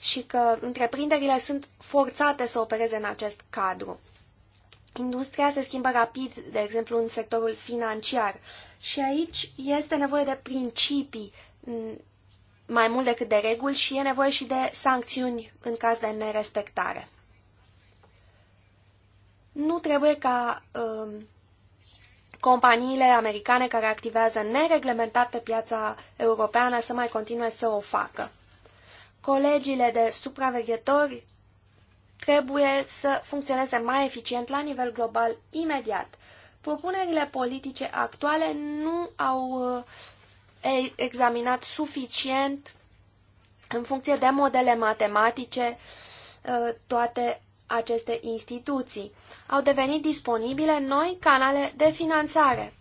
și că întreprinderile sunt forțate să opereze în acest cadru. Industria se schimbă rapid, de exemplu, în sectorul financiar și aici este nevoie de principii mai mult decât de reguli și e nevoie și de sancțiuni în caz de nerespectare. Nu trebuie ca um, companiile americane care activează nereglementat pe piața europeană să mai continue să o facă. Colegiile de supraveghetori trebuie să funcționeze mai eficient la nivel global imediat. Propunerile politice actuale nu au uh, examinat suficient în funcție de modele matematice uh, toate aceste instituții. Au devenit disponibile noi canale de finanțare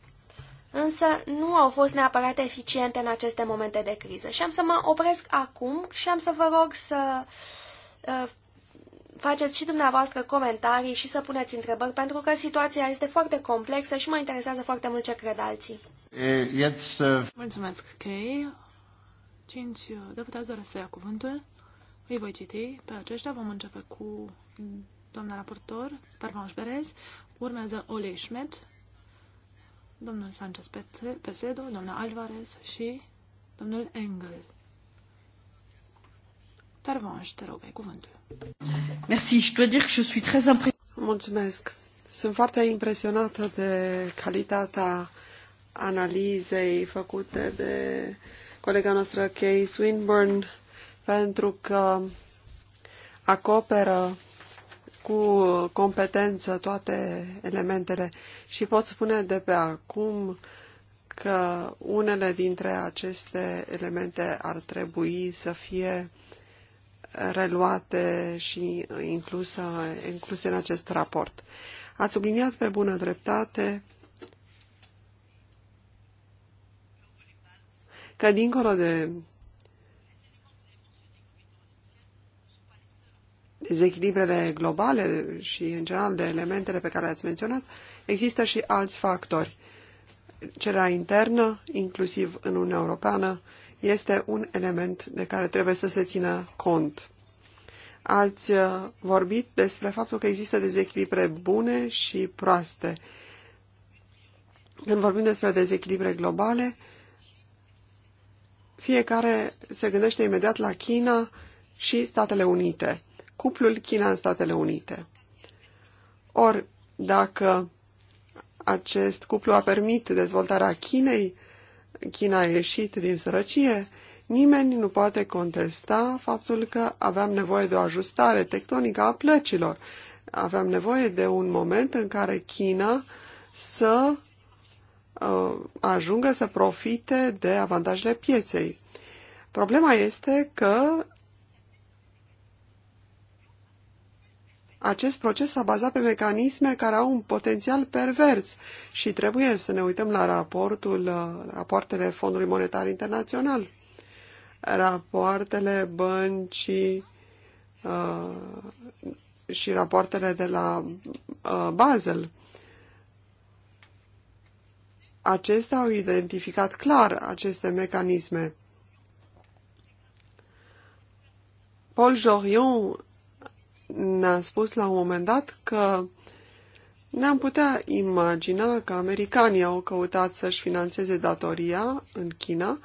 însă nu au fost neapărat eficiente în aceste momente de criză. Și am să mă opresc acum și am să vă rog să uh, faceți și dumneavoastră comentarii și să puneți întrebări, pentru că situația este foarte complexă și mă interesează foarte mult ce cred alții. Uh, Mulțumesc, Kay. Cinci deputați doresc să ia cuvântul. Îi voi citi pe aceștia. Vom începe cu doamna raportor, Parvanș Berez, urmează Ole Schmidt, domnul Sanchez Pesedo, doamna Alvarez și domnul Engel. Pervanș, te rog, ai cuvântul. Merci, je dois dire que je suis très impré... Mulțumesc. Sunt foarte impresionată de calitatea analizei făcute de colega noastră Kay Swinburne pentru că acoperă cu competență toate elementele și pot spune de pe acum că unele dintre aceste elemente ar trebui să fie reluate și inclusă, incluse în acest raport. Ați subliniat pe bună dreptate că dincolo de dezechilibrele globale și, în general, de elementele pe care le-ați menționat, există și alți factori. Cererea internă, inclusiv în Uniunea Europeană, este un element de care trebuie să se țină cont. Ați uh, vorbit despre faptul că există dezechilibre bune și proaste. Când vorbim despre dezechilibre globale, fiecare se gândește imediat la China și Statele Unite cuplul China în Statele Unite. Ori, dacă acest cuplu a permit dezvoltarea Chinei, China a ieșit din sărăcie, nimeni nu poate contesta faptul că aveam nevoie de o ajustare tectonică a plăcilor. Aveam nevoie de un moment în care China să uh, ajungă să profite de avantajele pieței. Problema este că acest proces s-a bazat pe mecanisme care au un potențial pervers și trebuie să ne uităm la raportul, uh, rapoartele Fondului Monetar Internațional, rapoartele băncii uh, și rapoartele de la uh, Basel. Acestea au identificat clar aceste mecanisme. Paul Jorion ne-a spus la un moment dat că ne-am putea imagina că americanii au căutat să-și financeze datoria în China.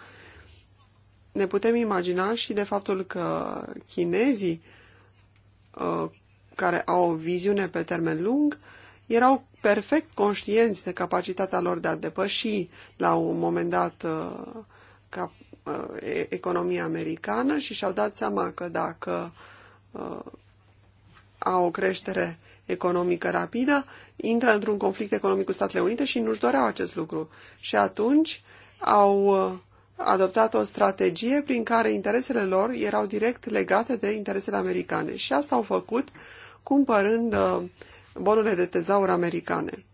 Ne putem imagina și de faptul că chinezii, uh, care au o viziune pe termen lung, erau perfect conștienți de capacitatea lor de a depăși la un moment dat uh, uh, economia americană și și-au dat seama că dacă a o creștere economică rapidă, intră într-un conflict economic cu Statele Unite și nu-și doreau acest lucru. Și atunci au uh, adoptat o strategie prin care interesele lor erau direct legate de interesele americane. Și asta au făcut cumpărând uh, bonurile de tezaur americane.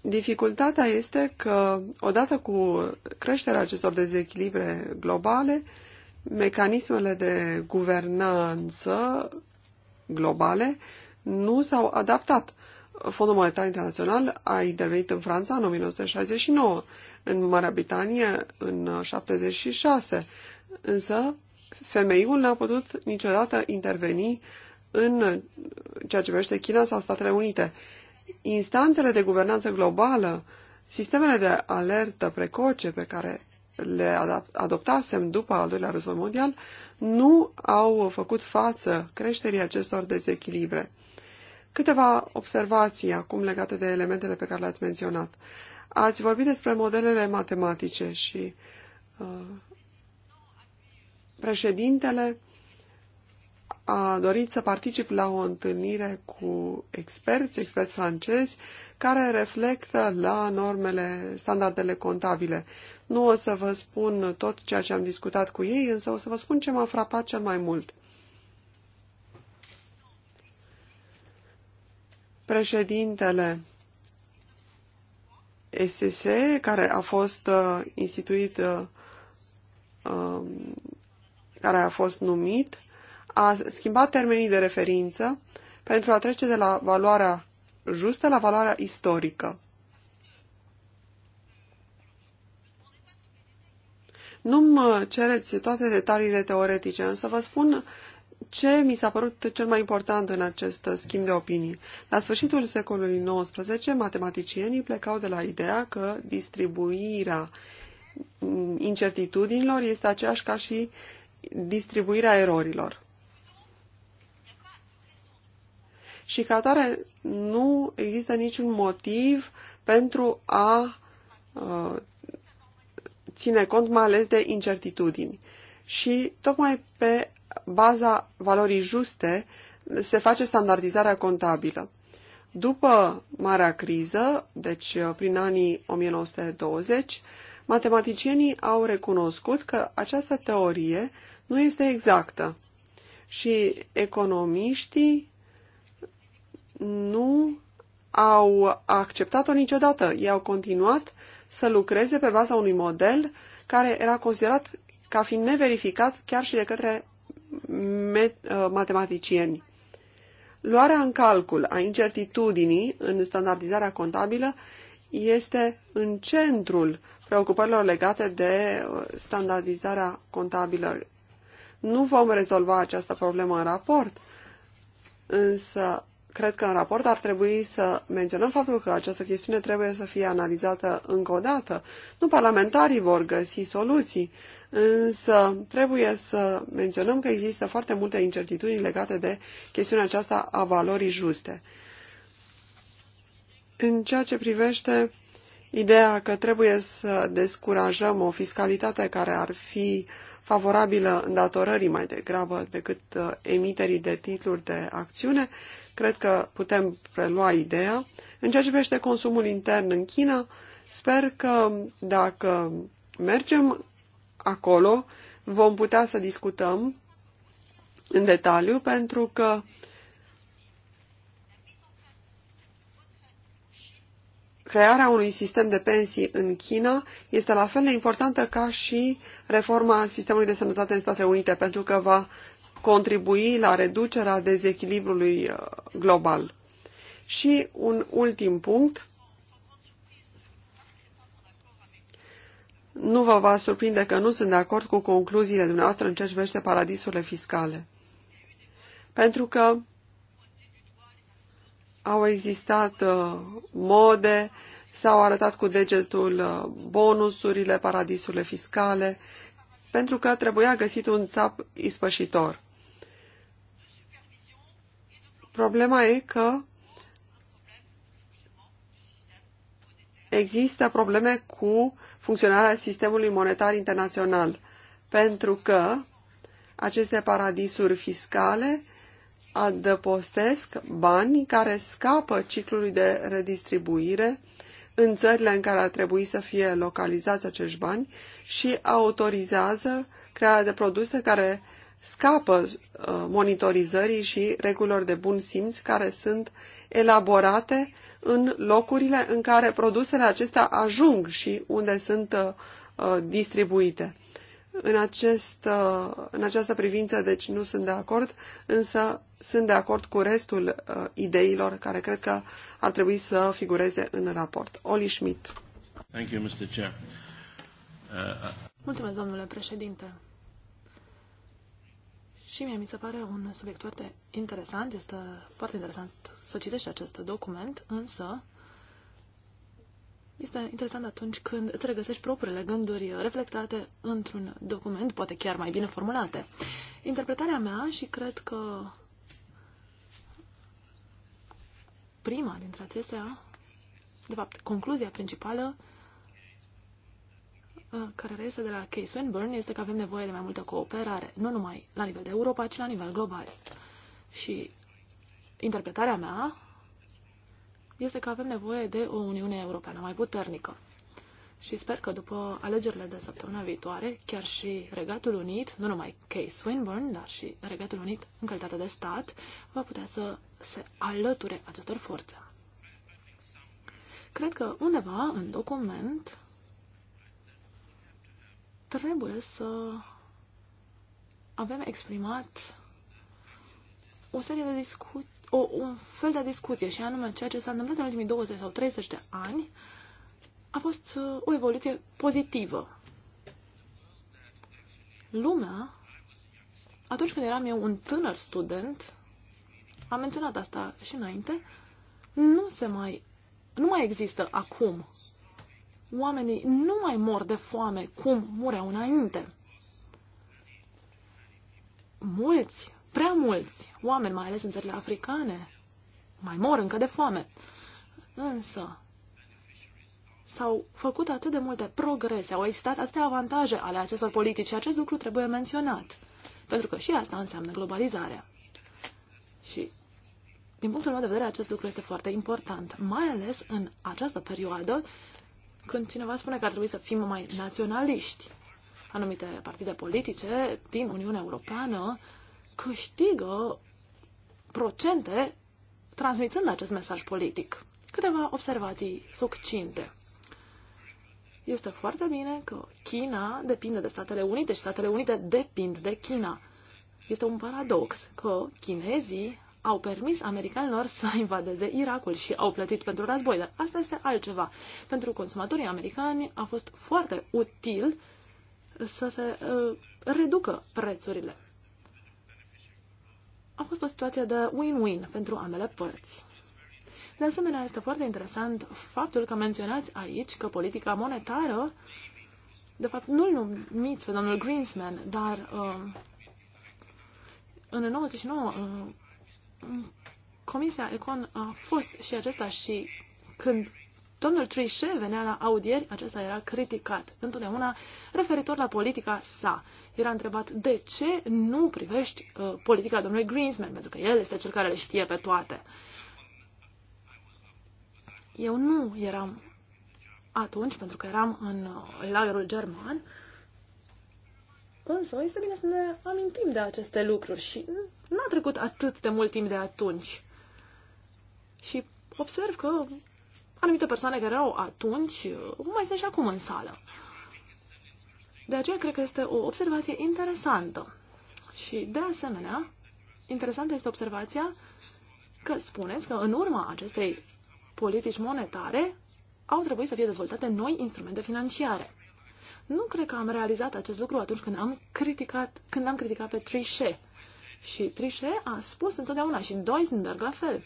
Dificultatea este că, odată cu creșterea acestor dezechilibre globale, mecanismele de guvernanță globale nu s-au adaptat. Fondul Monetar Internațional a intervenit în Franța în 1969, în Marea Britanie în 1976, însă femeiul n-a putut niciodată interveni în ceea ce privește China sau Statele Unite. Instanțele de guvernanță globală, sistemele de alertă precoce pe care le adoptasem după al doilea război mondial, nu au făcut față creșterii acestor dezechilibre. Câteva observații acum legate de elementele pe care le-ați menționat. Ați vorbit despre modelele matematice și uh, președintele a dorit să particip la o întâlnire cu experți, experți francezi, care reflectă la normele, standardele contabile. Nu o să vă spun tot ceea ce am discutat cu ei, însă o să vă spun ce m-a frapat cel mai mult. Președintele SS, care a fost uh, instituit, uh, um, care a fost numit, a schimbat termenii de referință pentru a trece de la valoarea justă la valoarea istorică. nu mă uh, cereți toate detaliile teoretice, însă vă spun ce mi s-a părut cel mai important în acest uh, schimb de opinii. La sfârșitul secolului XIX, matematicienii plecau de la ideea că distribuirea mm, incertitudinilor este aceeași ca și distribuirea erorilor. și ca atare nu există niciun motiv pentru a uh, ține cont mai ales de incertitudini. Și tocmai pe baza valorii juste se face standardizarea contabilă. După marea criză, deci uh, prin anii 1920, matematicienii au recunoscut că această teorie nu este exactă și economiștii nu au acceptat-o niciodată. Ei au continuat să lucreze pe baza unui model care era considerat ca fiind neverificat chiar și de către uh, matematicieni. Luarea în calcul a incertitudinii în standardizarea contabilă este în centrul preocupărilor legate de uh, standardizarea contabilă. Nu vom rezolva această problemă în raport, însă cred că în raport ar trebui să menționăm faptul că această chestiune trebuie să fie analizată încă o dată. Nu parlamentarii vor găsi soluții, însă trebuie să menționăm că există foarte multe incertitudini legate de chestiunea aceasta a valorii juste. În ceea ce privește ideea că trebuie să descurajăm o fiscalitate care ar fi favorabilă îndatorării mai degrabă decât uh, emiterii de titluri de acțiune, Cred că putem prelua ideea. În ceea ce privește consumul intern în China, sper că dacă mergem acolo, vom putea să discutăm în detaliu, pentru că crearea unui sistem de pensii în China este la fel de importantă ca și reforma sistemului de sănătate în Statele Unite, pentru că va contribui la reducerea dezechilibrului global. Și un ultim punct. Nu vă va surprinde că nu sunt de acord cu concluziile dumneavoastră în ce privește paradisurile fiscale. Pentru că au existat uh, mode, s-au arătat cu degetul uh, bonusurile, paradisurile fiscale, pentru că trebuia găsit un țap ispășitor. Problema e că există probleme cu funcționarea sistemului monetar internațional, pentru că aceste paradisuri fiscale adăpostesc bani care scapă ciclului de redistribuire în țările în care ar trebui să fie localizați acești bani și autorizează crearea de produse care scapă uh, monitorizării și regulilor de bun simț care sunt elaborate în locurile în care produsele acestea ajung și unde sunt uh, uh, distribuite. În, acest, în această privință, deci, nu sunt de acord, însă sunt de acord cu restul ideilor care cred că ar trebui să figureze în raport. Oli Schmidt. Thank you, Mr. Chair. Uh, Mulțumesc, domnule președinte. Și mie mi se pare un subiect foarte interesant, este foarte interesant să citești acest document, însă este interesant atunci când îți regăsești propriile gânduri reflectate într-un document, poate chiar mai bine formulate. Interpretarea mea și cred că prima dintre acestea, de fapt, concluzia principală care reiese de la Case Winburn este că avem nevoie de mai multă cooperare, nu numai la nivel de Europa, ci la nivel global. Și interpretarea mea este că avem nevoie de o Uniune Europeană mai puternică. Și sper că după alegerile de săptămâna viitoare, chiar și Regatul Unit, nu numai Case Winburn, dar și Regatul Unit în calitate de stat, va putea să se alăture acestor forțe. Cred că undeva în document trebuie să avem exprimat o serie de discuții, o un fel de discuție și anume ceea ce s-a întâmplat în ultimii 20 sau 30 de ani a fost uh, o evoluție pozitivă. Lumea, atunci când eram eu un tânăr student, am menționat asta și înainte, nu se mai, nu mai există acum oamenii nu mai mor de foame cum mureau înainte. Mulți, prea mulți oameni, mai ales în țările africane, mai mor încă de foame. Însă, s-au făcut atât de multe progrese, au existat atâtea avantaje ale acestor politici și acest lucru trebuie menționat. Pentru că și asta înseamnă globalizarea. Și din punctul meu de vedere, acest lucru este foarte important, mai ales în această perioadă când cineva spune că ar trebui să fim mai naționaliști. Anumite partide politice din Uniunea Europeană câștigă procente transmițând acest mesaj politic. Câteva observații succinte. Este foarte bine că China depinde de Statele Unite și Statele Unite depind de China. Este un paradox că chinezii au permis americanilor să <laughs> invadeze Irakul și au plătit pentru război, dar asta este altceva. Pentru consumatorii americani a fost foarte util să se uh, reducă prețurile. A fost o situație de win-win pentru ambele părți. De asemenea, este foarte interesant faptul că menționați aici că politica monetară, de fapt, nu-l numiți pe domnul Greensman, dar uh, în 99 uh, Comisia Econ a fost și acesta și când domnul Trișe venea la audieri, acesta era criticat întotdeauna referitor la politica sa. Era întrebat de ce nu privești uh, politica domnului Greensman, pentru că el este cel care le știe pe toate. Eu nu eram atunci, pentru că eram în uh, lagerul german, însă este bine să ne amintim de aceste lucruri și N-a trecut atât de mult timp de atunci. Și observ că anumite persoane care erau atunci uh, mai sunt și acum în sală. De aceea cred că este o observație interesantă. Și de asemenea, interesantă este observația că spuneți că în urma acestei politici monetare au trebuit să fie dezvoltate noi instrumente financiare. Nu cred că am realizat acest lucru atunci când am criticat, când am criticat pe Trichet. Și Trichet a spus întotdeauna și Doisenberg la fel.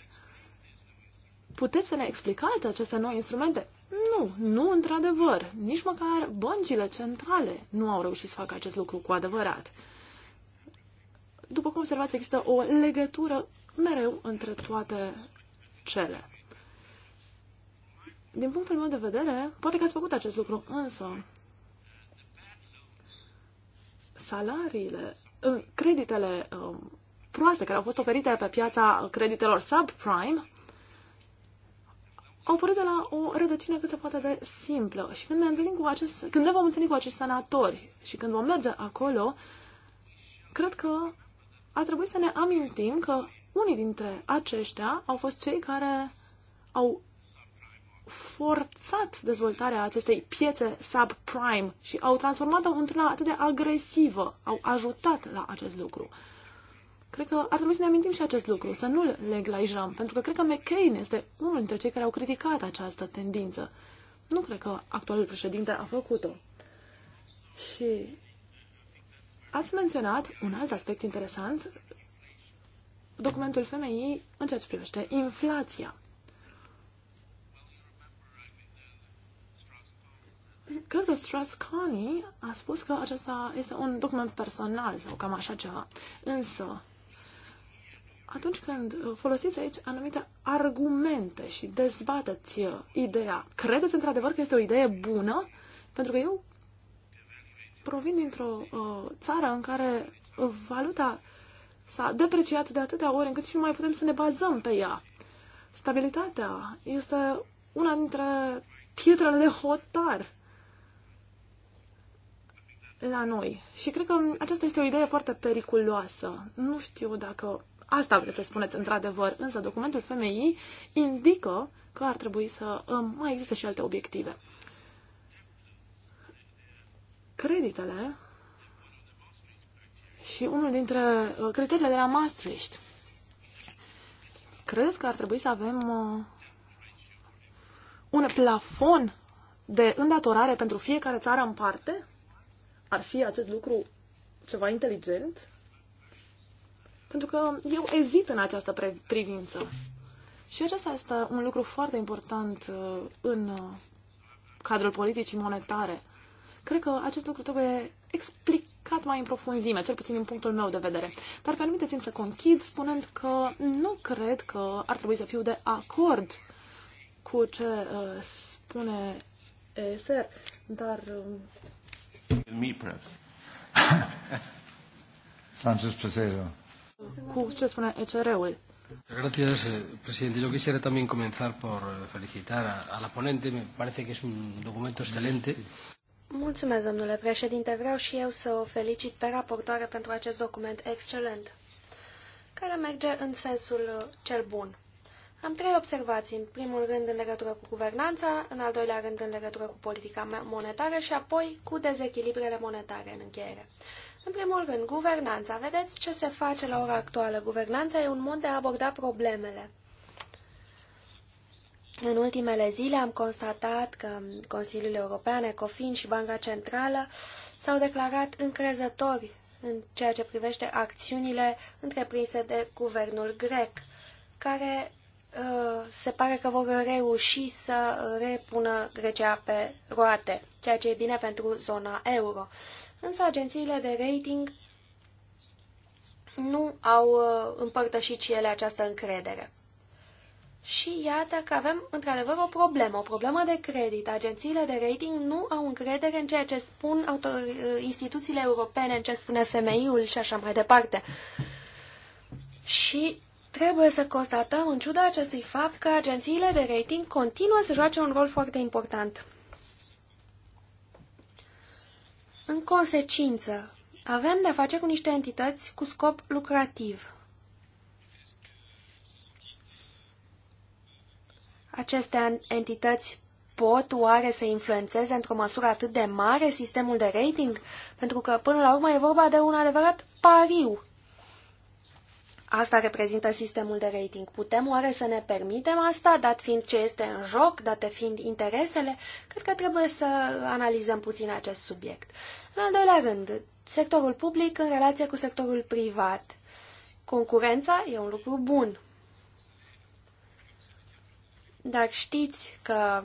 Puteți să ne explicați aceste noi instrumente? Nu, nu într-adevăr. Nici măcar băncile centrale nu au reușit să facă acest lucru cu adevărat. După cum observați, există o legătură mereu între toate cele. Din punctul meu de vedere, poate că ați făcut acest lucru, însă salariile creditele um, proaste care au fost oferite pe piața creditelor subprime au părut de la o rădăcină cât se poate de simplă. Și când ne, întâlnim cu acest, când ne vom întâlni cu acești sanatori și când vom merge acolo, cred că ar trebui să ne amintim că unii dintre aceștia au fost cei care au forțat dezvoltarea acestei piețe subprime și au transformat-o într-una atât de agresivă, au ajutat la acest lucru. Cred că ar trebui să ne amintim și acest lucru, să nu-l neglijăm, pentru că cred că McCain este unul dintre cei care au criticat această tendință. Nu cred că actualul președinte a făcut-o. Și ați menționat un alt aspect interesant, documentul femeii în ceea ce privește inflația. Cred că Strascani a spus că acesta este un document personal sau cam așa ceva. Însă, atunci când folosiți aici anumite argumente și dezbateți ideea, credeți într-adevăr că este o idee bună? Pentru că eu provin dintr-o uh, țară în care valuta s-a depreciat de atâtea ori încât și nu mai putem să ne bazăm pe ea. Stabilitatea este una dintre pietrele de hotar la noi. Și cred că aceasta este o idee foarte periculoasă. Nu știu dacă asta vreți să spuneți într-adevăr, însă documentul femeii indică că ar trebui să um, mai există și alte obiective. Creditele și unul dintre uh, criteriile de la Maastricht. Credeți că ar trebui să avem uh, un plafon de îndatorare pentru fiecare țară în parte? Ar fi acest lucru ceva inteligent? Pentru că eu ezit în această privință. Și acesta este un lucru foarte important uh, în uh, cadrul politicii monetare. Cred că acest lucru trebuie explicat mai în profunzime, cel puțin din punctul meu de vedere. Dar permiteți-mi să conchid spunând că nu cred că ar trebui să fiu de acord cu ce uh, spune ESR, dar uh, Me, perhaps. <laughs> Sanchez Presedo. Cu ce spune ECR-ul? Gracias, eh, presidente. Yo quisiera también comenzar por eh, felicitar a, a la ponente. Me parece que es un documento excelente. Mulțumesc, domnule președinte. Vreau și eu să o felicit pe raportoare pentru acest document excelent, care merge în sensul eh, cel bun. Am trei observații. În primul rând în legătură cu guvernanța, în al doilea rând în legătură cu politica monetară și apoi cu dezechilibrele monetare în încheiere. În primul rând, guvernanța. Vedeți ce se face la ora actuală. Guvernanța e un mod de a aborda problemele. În ultimele zile am constatat că Consiliul European, Ecofin și Banca Centrală s-au declarat încrezători în ceea ce privește acțiunile întreprinse de guvernul grec, care Uh, se pare că vor reuși să repună Grecia pe roate, ceea ce e bine pentru zona euro. Însă agențiile de rating nu au uh, împărtășit și ele această încredere. Și iată că avem într-adevăr o problemă, o problemă de credit. Agențiile de rating nu au încredere în ceea ce spun uh, instituțiile europene, în ce spune ul și așa mai departe. Și Trebuie să constatăm, în ciuda acestui fapt, că agențiile de rating continuă să joace un rol foarte important. În consecință, avem de-a face cu niște entități cu scop lucrativ. Aceste entități pot oare să influențeze într-o măsură atât de mare sistemul de rating? Pentru că, până la urmă, e vorba de un adevărat pariu asta reprezintă sistemul de rating. Putem oare să ne permitem asta, dat fiind ce este în joc, date fiind interesele? Cred că trebuie să analizăm puțin acest subiect. În al doilea rând, sectorul public în relație cu sectorul privat. Concurența e un lucru bun. Dar știți că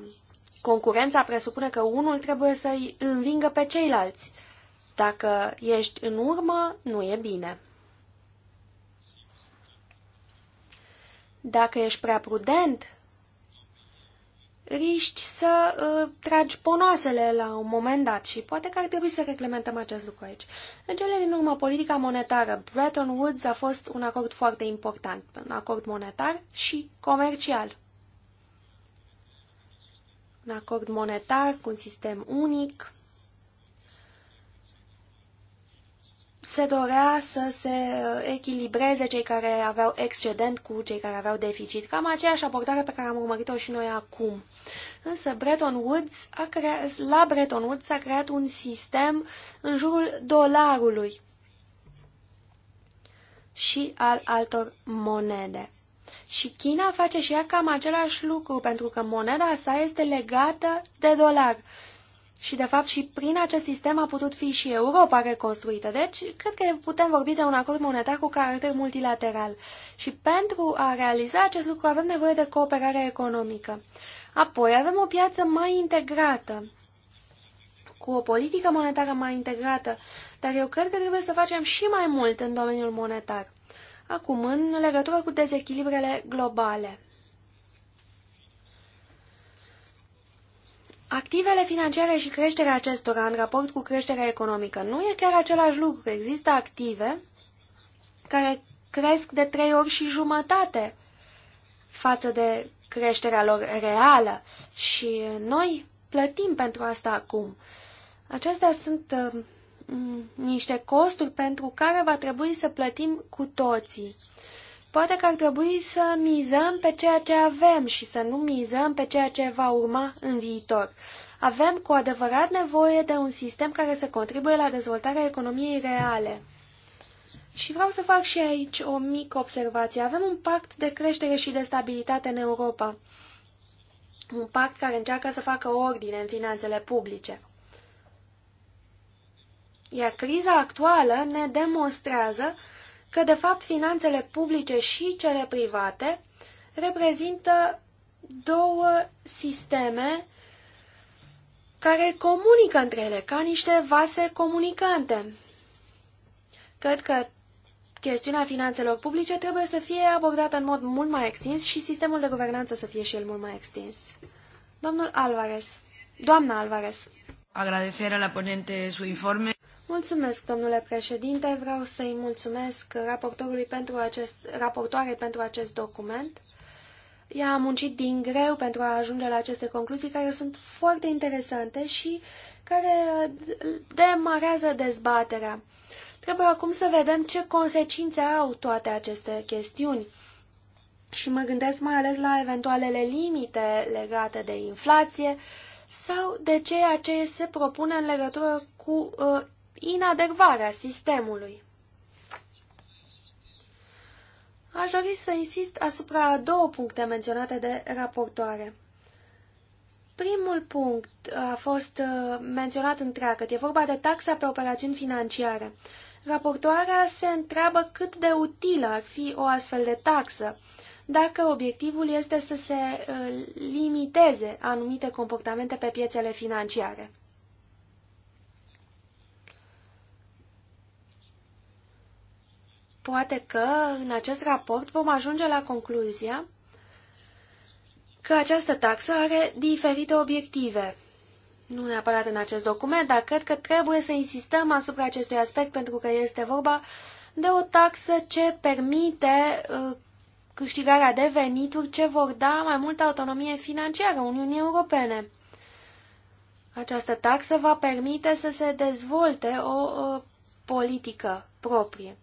concurența presupune că unul trebuie să-i învingă pe ceilalți. Dacă ești în urmă, nu e bine. Dacă ești prea prudent, riști să uh, tragi ponoasele la un moment dat și poate că ar trebui să reclementăm acest lucru aici. În cele din urmă, politica monetară. Bretton Woods a fost un acord foarte important, un acord monetar și comercial. Un acord monetar cu un sistem unic, se dorea să se echilibreze cei care aveau excedent cu cei care aveau deficit. Cam aceeași abordare pe care am urmărit-o și noi acum. Însă Bretton Woods a creat, la Bretton Woods s-a creat un sistem în jurul dolarului și al altor monede. Și China face și ea cam același lucru, pentru că moneda sa este legată de dolar. Și, de fapt, și prin acest sistem a putut fi și Europa reconstruită. Deci, cred că putem vorbi de un acord monetar cu caracter multilateral. Și pentru a realiza acest lucru avem nevoie de cooperare economică. Apoi, avem o piață mai integrată, cu o politică monetară mai integrată, dar eu cred că trebuie să facem și mai mult în domeniul monetar. Acum, în legătură cu dezechilibrele globale. Activele financiare și creșterea acestora în raport cu creșterea economică nu e chiar același lucru. Există active care cresc de trei ori și jumătate față de creșterea lor reală și noi plătim pentru asta acum. Acestea sunt uh, niște costuri pentru care va trebui să plătim cu toții. Poate că ar trebui să mizăm pe ceea ce avem și să nu mizăm pe ceea ce va urma în viitor. Avem cu adevărat nevoie de un sistem care să contribuie la dezvoltarea economiei reale. Și vreau să fac și aici o mică observație. Avem un pact de creștere și de stabilitate în Europa. Un pact care încearcă să facă ordine în finanțele publice. Iar criza actuală ne demonstrează că, de fapt, finanțele publice și cele private reprezintă două sisteme care comunică între ele ca niște vase comunicante. Cred că chestiunea finanțelor publice trebuie să fie abordată în mod mult mai extins și sistemul de guvernanță să fie și el mult mai extins. Domnul Alvarez, doamna Alvarez. Agradecer a la ponente su informe. Mulțumesc, domnule președinte. Vreau să-i mulțumesc raportorului pentru acest, raportoare pentru acest document. Ea a muncit din greu pentru a ajunge la aceste concluzii care sunt foarte interesante și care demarează dezbaterea. Trebuie acum să vedem ce consecințe au toate aceste chestiuni. Și mă gândesc mai ales la eventualele limite legate de inflație sau de ceea ce se propune în legătură cu uh, inadecvarea sistemului. Aș dori să insist asupra două puncte menționate de raportoare. Primul punct a fost uh, menționat întreagăt. E vorba de taxa pe operațiuni financiare. Raportoarea se întreabă cât de utilă ar fi o astfel de taxă, dacă obiectivul este să se uh, limiteze anumite comportamente pe piețele financiare. poate că în acest raport vom ajunge la concluzia că această taxă are diferite obiective. Nu neapărat în acest document, dar cred că trebuie să insistăm asupra acestui aspect pentru că este vorba de o taxă ce permite uh, câștigarea de venituri ce vor da mai multă autonomie financiară Uniunii Europene. Această taxă va permite să se dezvolte o o uh, politică proprie.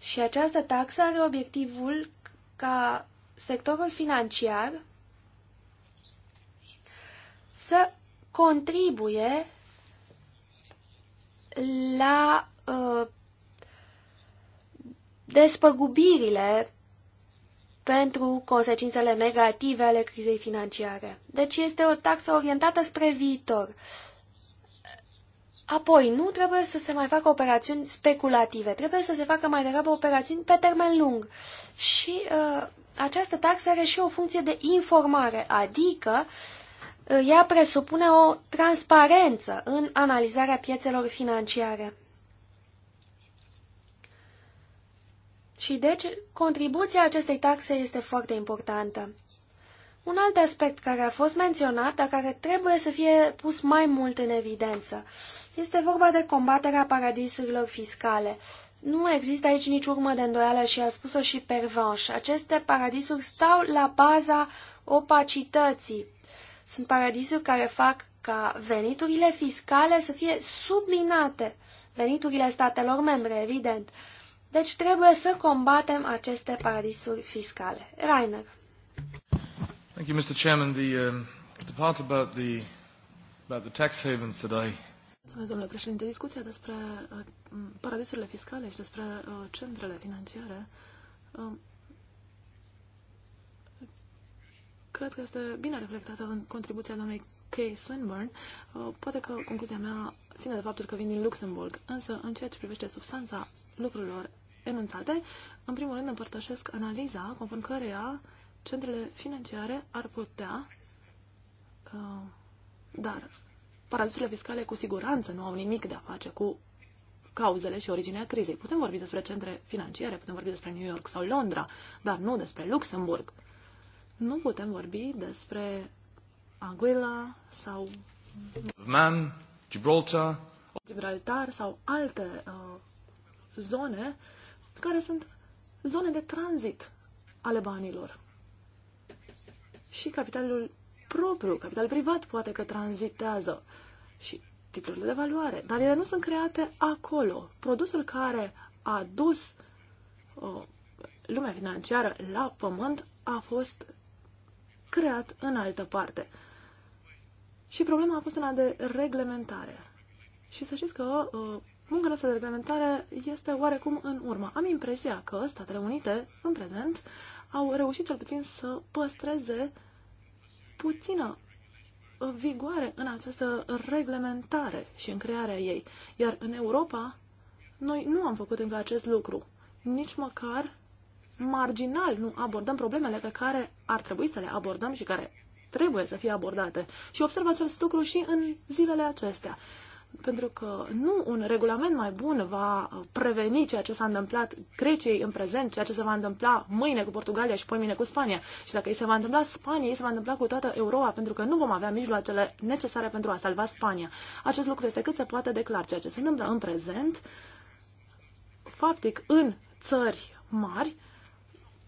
Și această taxă are obiectivul ca sectorul financiar să contribuie la uh, despăgubirile pentru consecințele negative ale crizei financiare. Deci este o taxă orientată spre viitor. Apoi, nu trebuie să se mai facă operațiuni speculative, trebuie să se facă mai degrabă operațiuni pe termen lung. Și uh, această taxă are și o funcție de informare, adică uh, ea presupune o transparență în analizarea piețelor financiare. Și deci, contribuția acestei taxe este foarte importantă. Un alt aspect care a fost menționat, dar care trebuie să fie pus mai mult în evidență, este vorba de combaterea paradisurilor fiscale. Nu există aici nici urmă de îndoială și a spus-o și Pervanș. Aceste paradisuri stau la baza opacității. Sunt paradisuri care fac ca veniturile fiscale să fie subminate, veniturile statelor membre, evident. Deci trebuie să combatem aceste paradisuri fiscale. Rainer. Thank you, Mr. Chairman. The, um, the part about the, about the tax havens today Mulțumesc, domnule președinte. Discuția despre uh, paradisurile fiscale și despre uh, centrele financiare um, cred că este bine reflectată în contribuția doamnei Kay Swinburne. Uh, poate că concluzia mea ține de faptul că vin din Luxemburg, însă în ceea ce privește substanța lucrurilor enunțate, în primul rând împărtășesc analiza conform căreia centrele financiare ar putea, dar paradisurile fiscale cu siguranță nu au nimic de a face cu cauzele și originea crizei. Putem vorbi despre centre financiare, putem vorbi despre New York sau Londra, dar nu despre Luxemburg. Nu putem vorbi despre Anguilla sau Man, Gibraltar, Gibraltar sau alte uh, zone care sunt zone de tranzit ale banilor. Și capitalul propriu, capital privat poate că tranzitează și titlurile de valoare, dar ele nu sunt create acolo. Produsul care a dus o, uh, lumea financiară la pământ a fost creat în altă parte. Și problema a fost una de reglementare. Și să știți că uh, munca noastră de reglementare este oarecum în urmă. Am impresia că Statele Unite, în prezent, au reușit cel puțin să păstreze uh, puțină vigoare în această reglementare și în crearea ei. Iar în Europa, noi nu am făcut încă acest lucru. Nici măcar marginal nu abordăm problemele pe care ar trebui să le abordăm și care trebuie să fie abordate. Și observ acest lucru și în zilele acestea pentru că nu un regulament mai bun va preveni ceea ce s-a întâmplat Greciei în prezent, ceea ce se va întâmpla mâine cu Portugalia și poimine cu Spania. Și dacă îi se va întâmpla Spania, îi se va întâmpla cu toată Europa, pentru că nu vom avea mijloacele necesare pentru a salva Spania. Acest lucru este cât se poate declar. Ceea ce se întâmplă în prezent, faptic, în țări mari,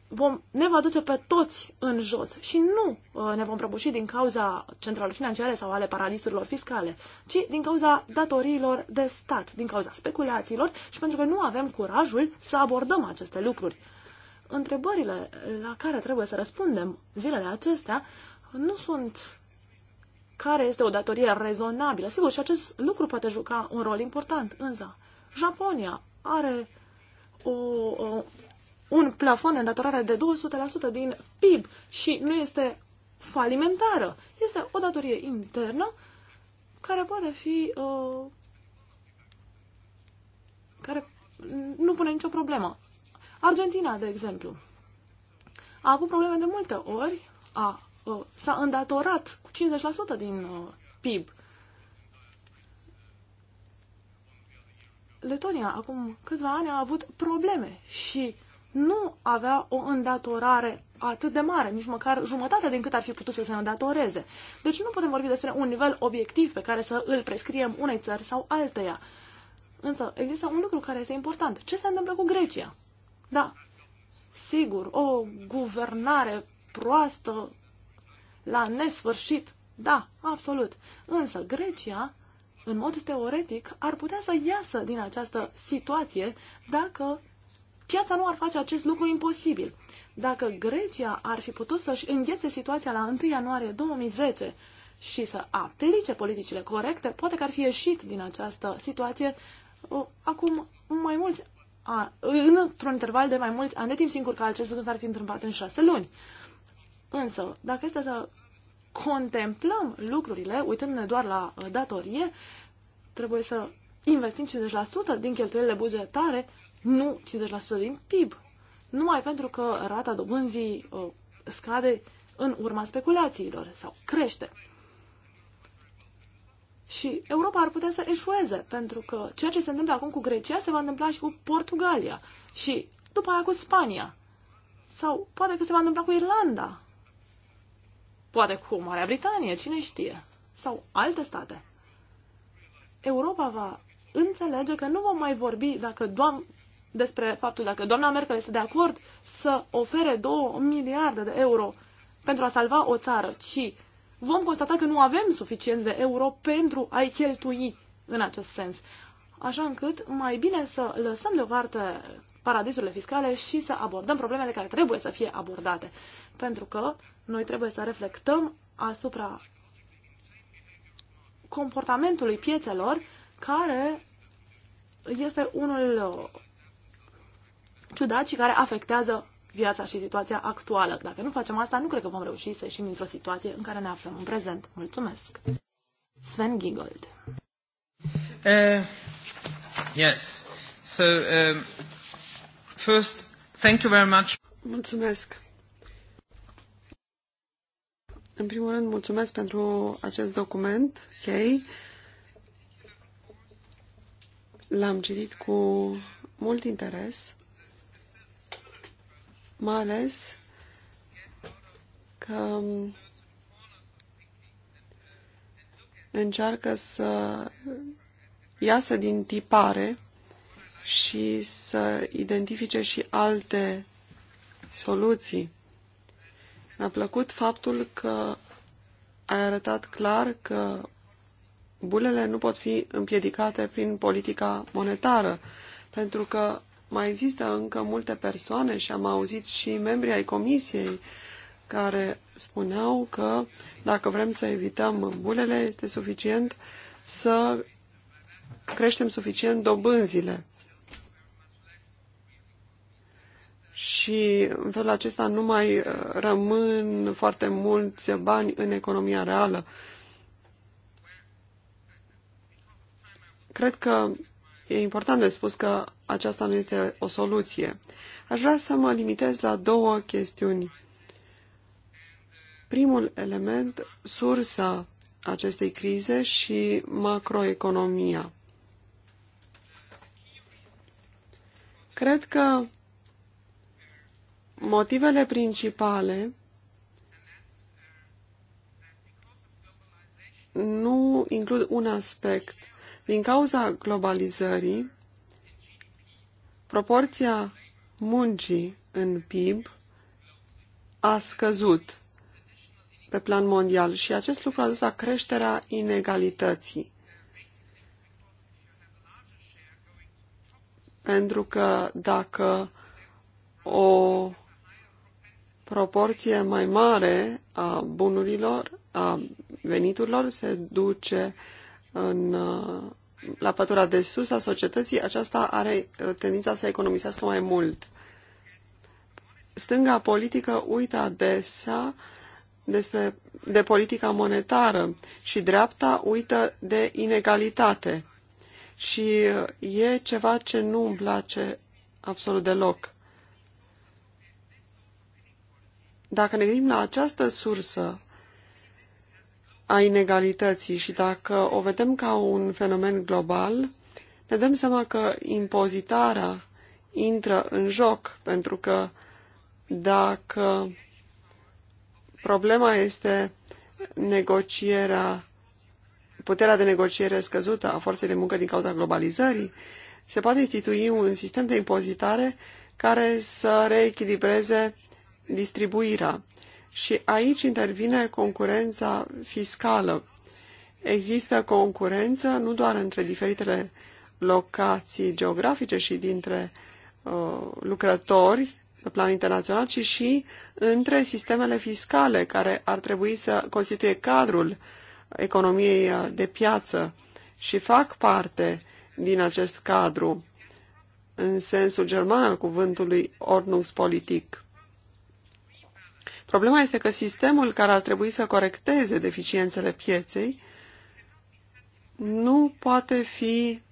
vom, ne va duce pe toți în jos și nu uh, ne vom prăbuși din cauza centralelor financiare sau ale paradisurilor fiscale, ci din cauza datoriilor de stat, din cauza speculațiilor și pentru că nu avem curajul să abordăm aceste lucruri. Întrebările la care trebuie să răspundem zilele acestea nu sunt care este o datorie rezonabilă. Sigur, și acest lucru poate juca un rol important, însă Japonia are o, o un plafon de îndatorare de 200% din PIB și nu este falimentară. Este o datorie internă care poate fi uh, care nu pune nicio problemă. Argentina, de exemplu, a avut probleme de multe ori, a, uh, s-a îndatorat cu 50% din uh, PIB. Letonia, acum câțiva ani, a avut probleme și nu avea o îndatorare atât de mare, nici măcar jumătate din cât ar fi putut să se îndatoreze. Deci nu putem vorbi despre un nivel obiectiv pe care să îl prescriem unei țări sau alteia. Însă există un lucru care este important. Ce se întâmplă cu Grecia? Da, sigur, o guvernare proastă la nesfârșit. Da, absolut. Însă Grecia, în mod teoretic, ar putea să iasă din această situație dacă piața nu ar face acest lucru imposibil. Dacă Grecia ar fi putut să-și înghețe situația la 1 ianuarie 2010 și să aplice politicile corecte, poate că ar fi ieșit din această situație uh, acum mai mulți într-un interval de mai mulți ani de timp, singur că acest lucru s-ar fi întâmplat în șase luni. Însă, dacă este să contemplăm lucrurile, uitându-ne doar la uh, datorie, trebuie să investim 50% din cheltuielile bugetare nu 50% din PIB, numai pentru că rata dobânzii uh, scade în urma speculațiilor sau crește. Și Europa ar putea să eșueze, pentru că ceea ce se întâmplă acum cu Grecia se va întâmpla și cu Portugalia și după aia cu Spania. Sau poate că se va întâmpla cu Irlanda. Poate cu Marea Britanie, cine știe. Sau alte state. Europa va înțelege că nu vom mai vorbi dacă doam, despre faptul dacă doamna Merkel este de acord să ofere 2 miliarde de euro pentru a salva o țară, ci vom constata că nu avem suficient de euro pentru a-i cheltui în acest sens. Așa încât mai bine să lăsăm deoparte paradisurile fiscale și să abordăm problemele care trebuie să fie abordate. Pentru că noi trebuie să reflectăm asupra comportamentului piețelor care este unul ciudat și care afectează viața și situația actuală. Dacă nu facem asta, nu cred că vom reuși să ieșim dintr-o situație în care ne aflăm în prezent. Mulțumesc! Sven Giegold. Uh, yes. So, um, first, thank you very much. Mulțumesc. În primul rând, mulțumesc pentru acest document, ok? L-am citit cu mult interes mai ales că încearcă să iasă din tipare și să identifice și alte soluții. Mi-a plăcut faptul că ai arătat clar că bulele nu pot fi împiedicate prin politica monetară, pentru că mai există încă multe persoane și am auzit și membrii ai comisiei care spuneau că dacă vrem să evităm bulele, este suficient să creștem suficient dobânzile. Și în felul acesta nu mai uh, rămân foarte mulți bani în economia reală. Cred că E important de spus că aceasta nu este o soluție. Aș vrea să mă limitez la două chestiuni. Primul element, sursa acestei crize și macroeconomia. Cred că motivele principale nu includ un aspect – din cauza globalizării, proporția muncii în PIB a scăzut pe plan mondial și acest lucru a dus la creșterea inegalității. Pentru că dacă o proporție mai mare a bunurilor, a veniturilor se duce în uh, la pătura de sus a societății, aceasta are uh, tendința să economisească mai mult. Stânga politică uită adesea despre, de politica monetară și dreapta uită de inegalitate. Și uh, e ceva ce nu îmi place absolut deloc. Dacă ne gândim la această sursă a inegalității și dacă o vedem ca un fenomen global, ne dăm seama că impozitarea intră în joc, pentru că dacă problema este negocierea, puterea de negociere scăzută a forței de muncă din cauza globalizării, se poate institui un sistem de impozitare care să reechilibreze distribuirea. Și aici intervine concurența fiscală. Există concurență nu doar între diferitele locații geografice și dintre uh, lucrători pe plan internațional, ci și între sistemele fiscale care ar trebui să constituie cadrul economiei uh, de piață și fac parte din acest cadru în sensul german al cuvântului ordnungspolitik. Problema este că sistemul care ar trebui să corecteze deficiențele pieței nu poate fi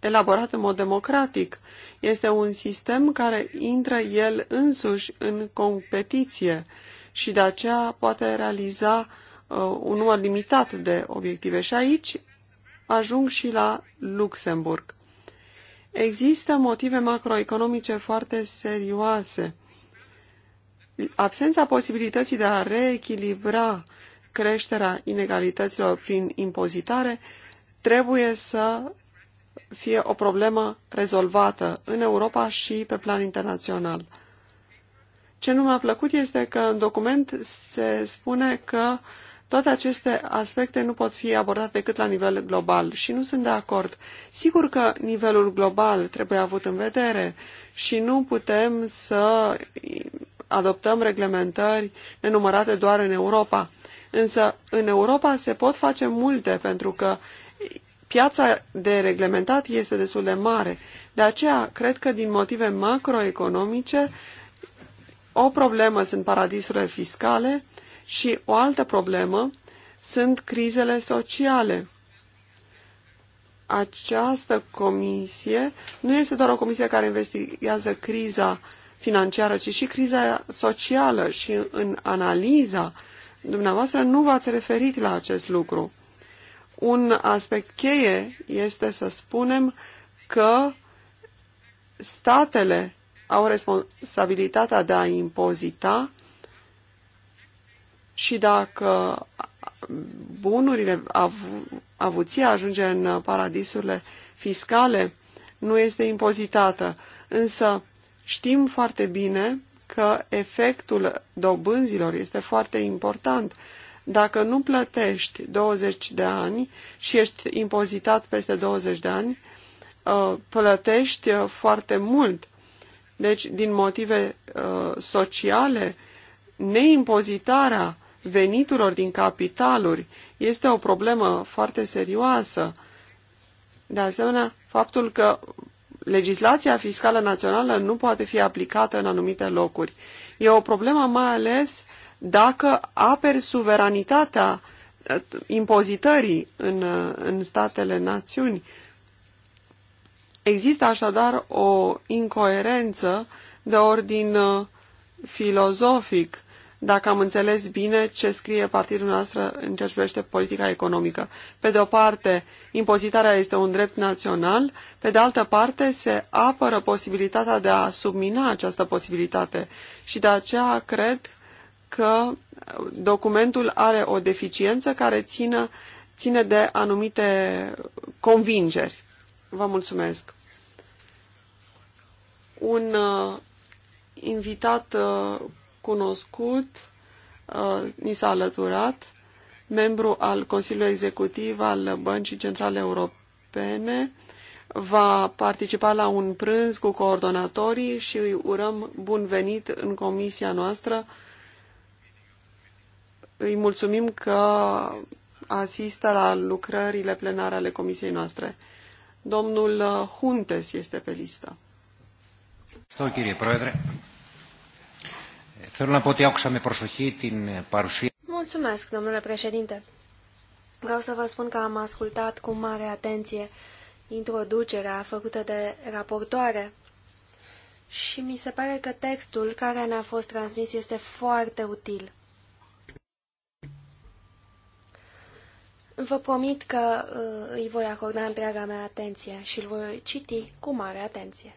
elaborat în mod democratic. Este un sistem care intră el însuși în competiție și de aceea poate realiza uh, un număr limitat de obiective. Și aici ajung și la Luxemburg. Există motive macroeconomice foarte serioase Absența posibilității de a reechilibra creșterea inegalităților prin impozitare trebuie să fie o problemă rezolvată în Europa și pe plan internațional. Ce nu mi-a plăcut este că în document se spune că toate aceste aspecte nu pot fi abordate decât la nivel global și nu sunt de acord. Sigur că nivelul global trebuie avut în vedere și nu putem să adoptăm reglementări nenumărate doar în Europa. Însă în Europa se pot face multe pentru că piața de reglementat este destul de mare. De aceea, cred că din motive macroeconomice, o problemă sunt paradisurile fiscale și o altă problemă sunt crizele sociale. Această comisie nu este doar o comisie care investigează criza financiară, ci și criza socială și în analiza dumneavoastră nu v-ați referit la acest lucru. Un aspect cheie este să spunem că statele au responsabilitatea de a impozita și dacă bunurile, av avuția ajunge în paradisurile fiscale, nu este impozitată. Însă Știm foarte bine că efectul dobânzilor este foarte important. Dacă nu plătești 20 de ani și ești impozitat peste 20 de ani, ă, plătești ă, foarte mult. Deci, din motive ă, sociale, neimpozitarea veniturilor din capitaluri este o problemă foarte serioasă. De asemenea, faptul că legislația fiscală națională nu poate fi aplicată în anumite locuri. E o problemă mai ales dacă aperi suveranitatea eh, impozitării în, eh, în statele națiuni. Există așadar o incoerență de ordin eh, filozofic dacă am înțeles bine ce scrie partidul noastră în ceea ce privește politica economică. Pe de o parte, impozitarea este un drept național, pe de altă parte, se apără posibilitatea de a submina această posibilitate și de aceea cred că documentul are o deficiență care țină, ține de anumite convingeri. Vă mulțumesc. Un uh, invitat uh, cunoscut, uh, ni s-a alăturat, membru al Consiliului Executiv al Băncii Centrale Europene, va participa la un prânz cu coordonatorii și îi urăm bun venit în comisia noastră. Îi mulțumim că asistă la lucrările plenare ale comisiei noastre. Domnul Huntes este pe listă. Stau, chirie, proedre. Mulțumesc, domnule președinte. Vreau să vă spun că am ascultat cu mare atenție introducerea făcută de raportoare și mi se pare că textul care ne-a fost transmis este foarte util. Vă promit că uh, îi voi acorda întreaga mea atenție și îl voi citi cu mare atenție.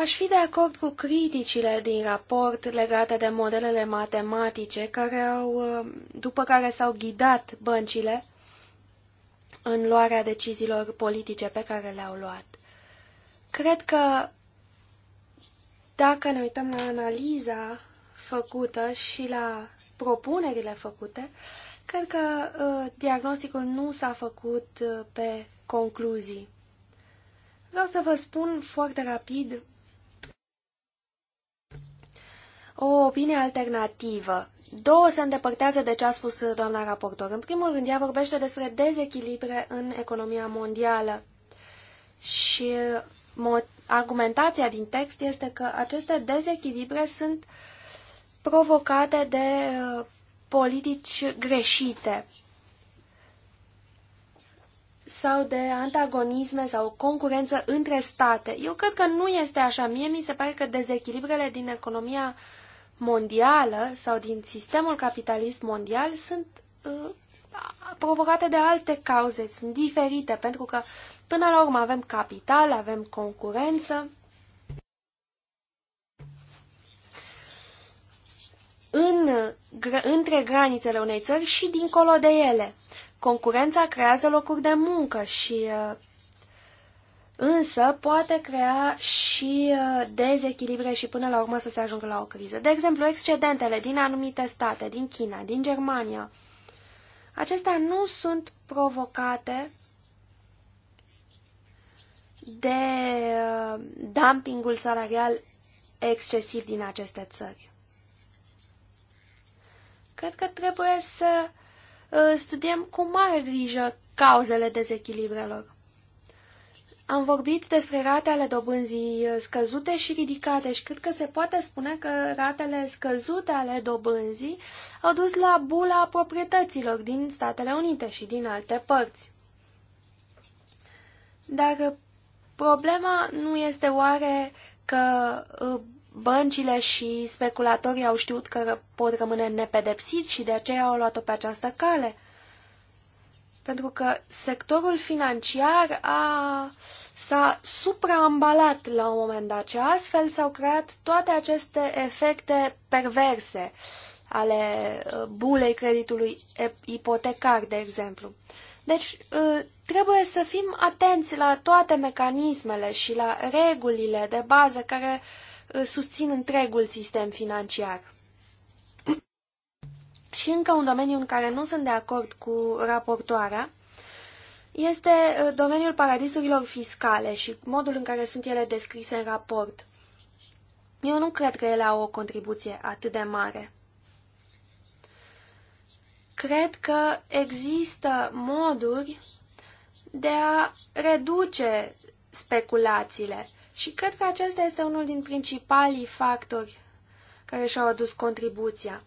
Aș fi de acord cu criticile din raport legate de modelele matematice care au, uh, după care s-au ghidat băncile în luarea deciziilor politice pe care le-au luat. Cred că dacă ne uităm la analiza făcută și la propunerile făcute, cred că uh, diagnosticul nu s-a făcut uh, pe concluzii. Vreau să vă spun foarte rapid o opinie alternativă. Două se îndepărtează de ce a spus doamna raportor. În primul rând, ea vorbește despre dezechilibre în economia mondială. Și uh, argumentația din text este că aceste dezechilibre sunt provocate de uh, politici greșite sau de antagonisme sau concurență între state. Eu cred că nu este așa. Mie mi se pare că dezechilibrele din economia uh, mondială sau din sistemul capitalist mondial sunt uh, provocate de alte cauze, sunt diferite, pentru că până la urmă avem capital, avem concurență. În, între granițele unei țări și dincolo de ele. Concurența creează locuri de muncă și uh, însă poate crea și uh, dezechilibre și până la urmă să se ajungă la o criză. De exemplu, excedentele din anumite state, din China, din Germania, acestea nu sunt provocate de uh, dumpingul salarial excesiv din aceste țări. Cred că trebuie să uh, studiem cu mare grijă cauzele dezechilibrelor. Am vorbit despre rate ale dobânzii uh, scăzute și ridicate și cred că se poate spune că ratele scăzute ale dobânzii au dus la bula proprietăților din Statele Unite și din alte părți. Dar uh, problema nu este oare că uh, băncile și speculatorii au știut că pot rămâne nepedepsiți și de aceea au luat-o pe această cale? Pentru că sectorul financiar a, s-a supraambalat la un moment dat și astfel s-au creat toate aceste efecte perverse ale uh, bulei creditului ipotecar, de exemplu. Deci, uh, trebuie să fim atenți la toate mecanismele și la regulile de bază care uh, susțin întregul sistem financiar. Și încă un domeniu în care nu sunt de acord cu raportoarea este uh, domeniul paradisurilor fiscale și modul în care sunt ele descrise în raport. Eu nu cred că ele au o contribuție atât de mare. Cred că există moduri de a reduce speculațiile și cred că acesta este unul din principalii factori care și-au adus contribuția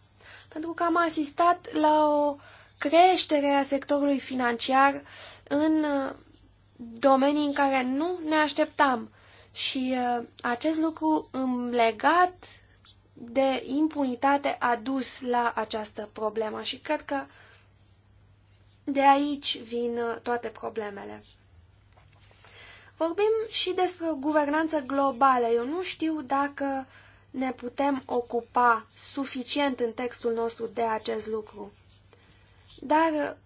pentru că am asistat la o creștere a sectorului financiar în uh, domenii în care nu ne așteptam. Și uh, acest lucru legat de impunitate a dus la această problemă și cred că de aici vin uh, toate problemele. Vorbim și despre o guvernanță globală. Eu nu știu dacă uh, ne putem ocupa suficient în textul nostru de acest lucru. Dar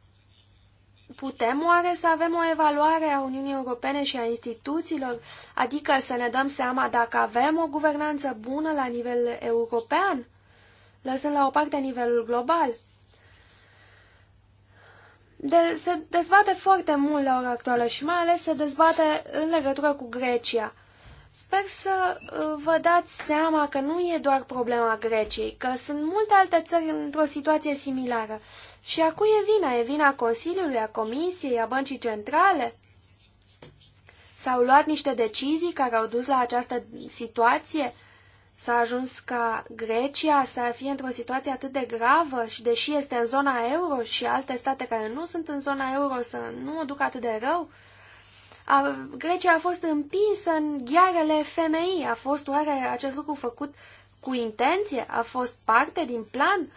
putem oare să avem o evaluare a Uniunii Europene și a instituțiilor, adică să ne dăm seama dacă avem o guvernanță bună la nivel european, lăsând la o parte nivelul global? De, se dezbate foarte mult la ora actuală și mai ales se dezbate în legătură cu Grecia – Sper să uh, vă dați seama că nu e doar problema Greciei, că sunt multe alte țări într-o situație similară. Și a cui e vina? E vina Consiliului, a Comisiei, a Băncii Centrale? S-au luat niște decizii care au dus la această situație? S-a ajuns ca Grecia să fie într-o situație atât de gravă și deși este în zona euro și alte state care nu sunt în zona euro să nu o duc atât de rău? A, Grecia a fost împinsă în ghearele femeii. A fost oare acest lucru făcut cu intenție? A fost parte din plan?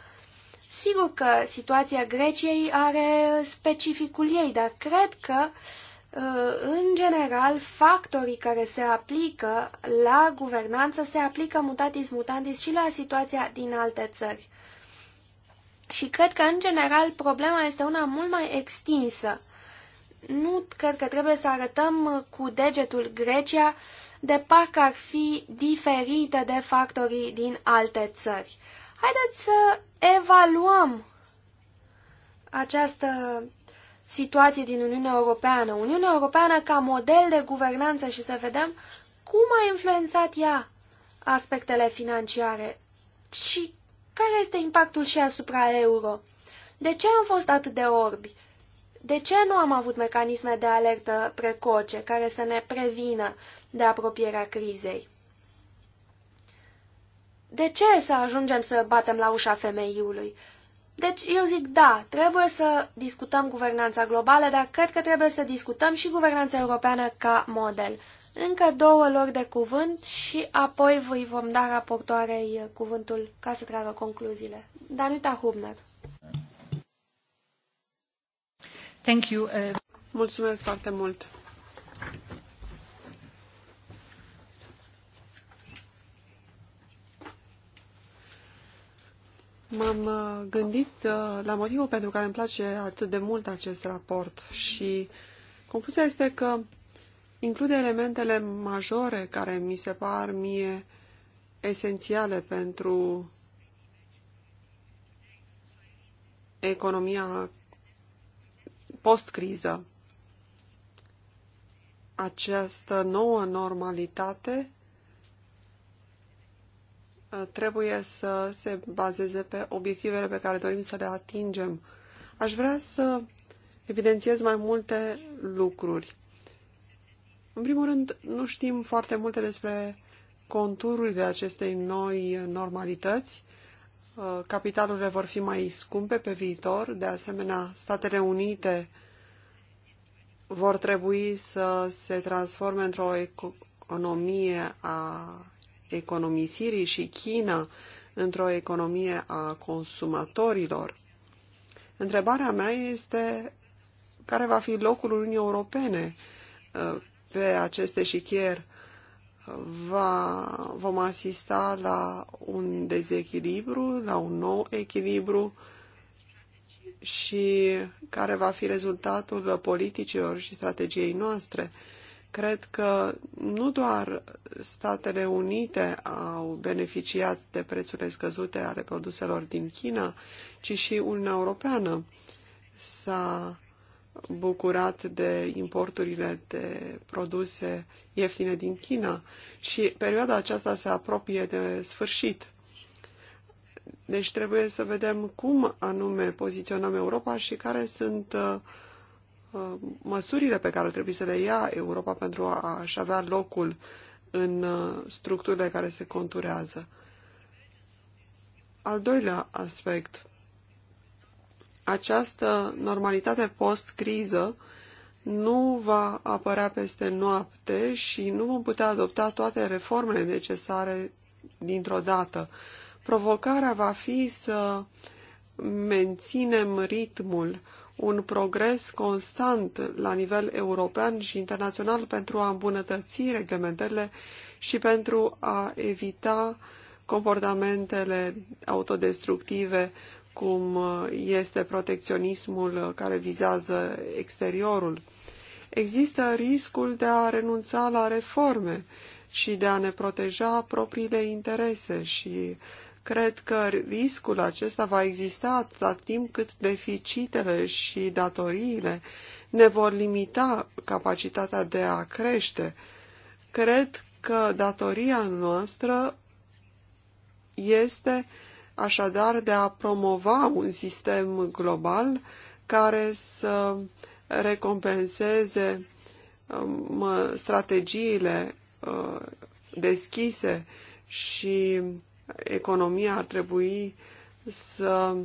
Sigur că situația Greciei are specificul ei, dar cred că, ă, în general, factorii care se aplică la guvernanță se aplică mutatis mutandis și la situația din alte țări. Și cred că, în general, problema este una mult mai extinsă nu cred că trebuie să arătăm cu degetul Grecia de parcă ar fi diferită de factorii din alte țări. Haideți să evaluăm această situație din Uniunea Europeană. Uniunea Europeană ca model de guvernanță și să vedem cum a influențat ea aspectele financiare și care este impactul și asupra euro. De ce am fost atât de orbi? De ce nu am avut mecanisme de alertă precoce care să ne prevină de apropierea crizei? De ce să ajungem să batem la ușa femeiului? Deci, eu zic da, trebuie să discutăm guvernanța globală, dar cred că trebuie să discutăm și guvernanța europeană ca model. Încă două lor de cuvânt și apoi voi vom da raportoarei cuvântul ca să tragă concluziile. Danuta Hubner. Uh, Mulțumesc foarte mult. M-am uh, gândit uh, la motivul pentru care îmi place atât de mult acest raport și concluzia este că include elementele majore care mi se par mie esențiale pentru economia post-criză. Această nouă normalitate uh, trebuie să se bazeze pe obiectivele pe care dorim să le atingem. Aș vrea să evidențiez mai multe lucruri. În primul rând, nu știm foarte multe despre contururile acestei noi normalități Uh, capitalurile vor fi mai scumpe pe viitor, de asemenea Statele Unite vor trebui să se transforme într-o economie a economisirii și China într-o economie a consumatorilor. Întrebarea mea este care va fi locul Uniunii Europene uh, pe acest eșichier va, vom asista la un dezechilibru, la un nou echilibru și care va fi rezultatul politicilor și strategiei noastre. Cred că nu doar Statele Unite au beneficiat de prețurile scăzute ale produselor din China, ci și Uniunea Europeană s-a bucurat de importurile de produse ieftine din China și perioada aceasta se apropie de sfârșit. Deci trebuie să vedem cum anume poziționăm Europa și care sunt uh, uh, măsurile pe care trebuie să le ia Europa pentru a-și avea locul în uh, structurile care se conturează. Al doilea aspect această normalitate post-criză nu va apărea peste noapte și nu vom putea adopta toate reformele necesare dintr-o dată. Provocarea va fi să menținem ritmul, un progres constant la nivel european și internațional pentru a îmbunătăți reglementările și pentru a evita comportamentele autodestructive cum uh, este protecționismul uh, care vizează exteriorul. Există riscul de a renunța la reforme și de a ne proteja propriile interese și cred că riscul acesta va exista atât timp cât deficitele și datoriile ne vor limita capacitatea de a crește. Cred că datoria noastră este uh, așadar de a promova un sistem global care să recompenseze um, strategiile uh, deschise și economia ar trebui să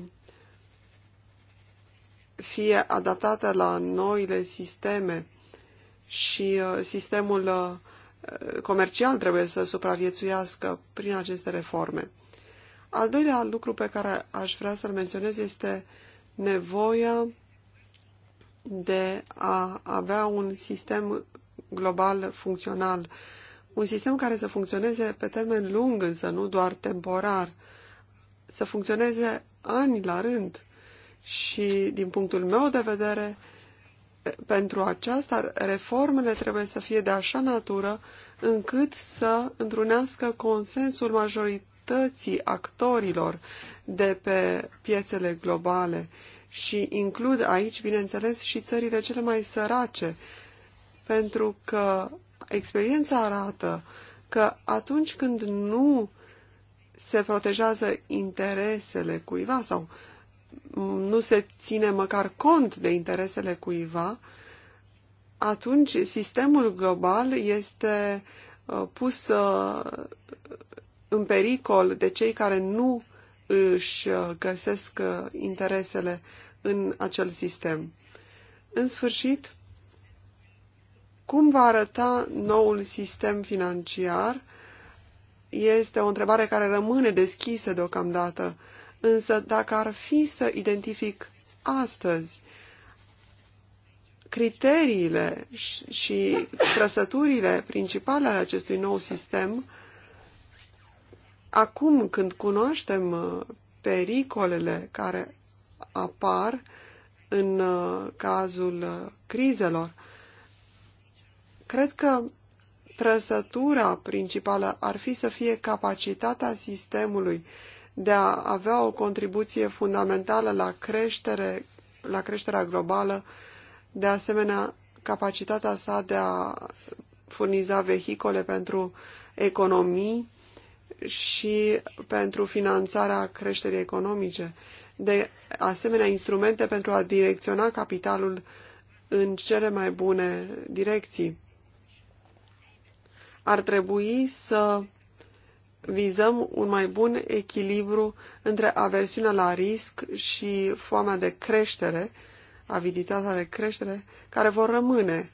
fie adaptată la noile sisteme și uh, sistemul uh, comercial trebuie să supraviețuiască prin aceste reforme. Al doilea lucru pe care aș vrea să-l menționez este nevoia de a avea un sistem global funcțional. Un sistem care să funcționeze pe termen lung, însă nu doar temporar. Să funcționeze ani la rând. Și, din punctul meu de vedere, pentru aceasta, reformele trebuie să fie de așa natură încât să întrunească consensul majorității diversității actorilor de pe piețele globale și includ aici, bineînțeles, și țările cele mai sărace, pentru că experiența arată că atunci când nu se protejează interesele cuiva sau nu se ține măcar cont de interesele cuiva, atunci sistemul global este uh, pus uh, în pericol de cei care nu își uh, găsesc uh, interesele în acel sistem. În sfârșit, cum va arăta noul sistem financiar? Este o întrebare care rămâne deschisă deocamdată, însă dacă ar fi să identific astăzi criteriile și trăsăturile principale ale acestui nou sistem, Acum, când cunoaștem uh, pericolele care apar în uh, cazul uh, crizelor, cred că trăsătura principală ar fi să fie capacitatea sistemului de a avea o contribuție fundamentală la, creștere, la creșterea globală, de asemenea capacitatea sa de a furniza vehicole pentru economii și pentru finanțarea creșterii economice. De asemenea, instrumente pentru a direcționa capitalul în cele mai bune direcții. Ar trebui să vizăm un mai bun echilibru între aversiunea la risc și foamea de creștere, aviditatea de creștere, care vor rămâne.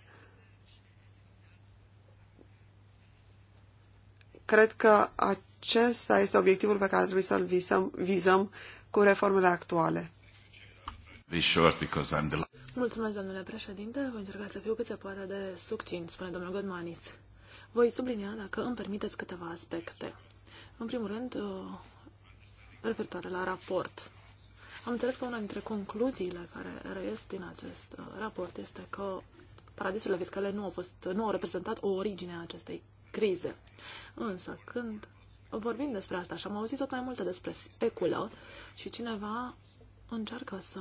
Cred că acesta este obiectivul pe care trebuie să-l visăm, vizăm cu reformele actuale. Mulțumesc, domnule președinte. Voi încerca să fiu cât se poate de succint, spune domnul Godmanis. Voi sublinia, dacă îmi permiteți, câteva aspecte. În primul rând, uh, referitoare la raport. Am înțeles că una dintre concluziile care răiesc din acest uh, raport este că paradisurile fiscale nu au, fost, nu au reprezentat o origine a acestei crize. Însă, când vorbim despre asta și am auzit tot mai multe despre speculă și cineva încearcă să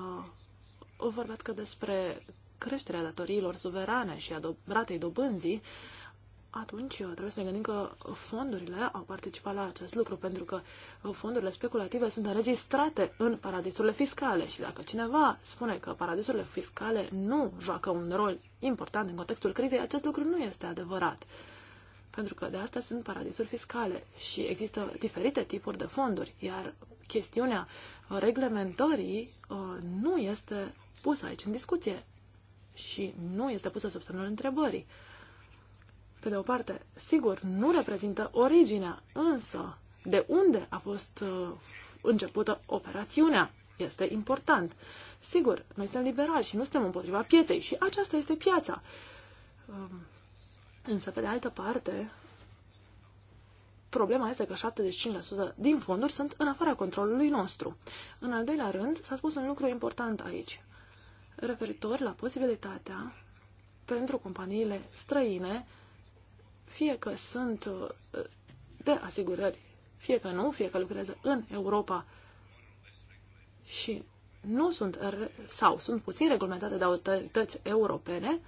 vorbească despre creșterea datoriilor suverane și a ratei dobânzii, atunci trebuie să ne gândim că fondurile au participat la acest lucru, pentru că fondurile speculative sunt înregistrate în paradisurile fiscale și dacă cineva spune că paradisurile fiscale nu joacă un rol important în contextul crizei, acest lucru nu este adevărat pentru că de asta sunt paradisuri fiscale și există diferite tipuri de fonduri, iar chestiunea reglementării uh, nu este pusă aici în discuție și nu este pusă sub semnul întrebării. Pe de o parte, sigur, nu reprezintă originea, însă de unde a fost uh, începută operațiunea este important. Sigur, noi suntem liberali și nu suntem împotriva pieței și aceasta este piața. Um, Însă, pe de altă parte, problema este că 75% din fonduri sunt în afara controlului nostru. În al doilea rând, s-a spus un lucru important aici, referitor la posibilitatea pentru companiile străine, fie că sunt uh, de asigurări, fie că nu, fie că lucrează în Europa și nu sunt, sau sunt puțin reglementate de autorități europene,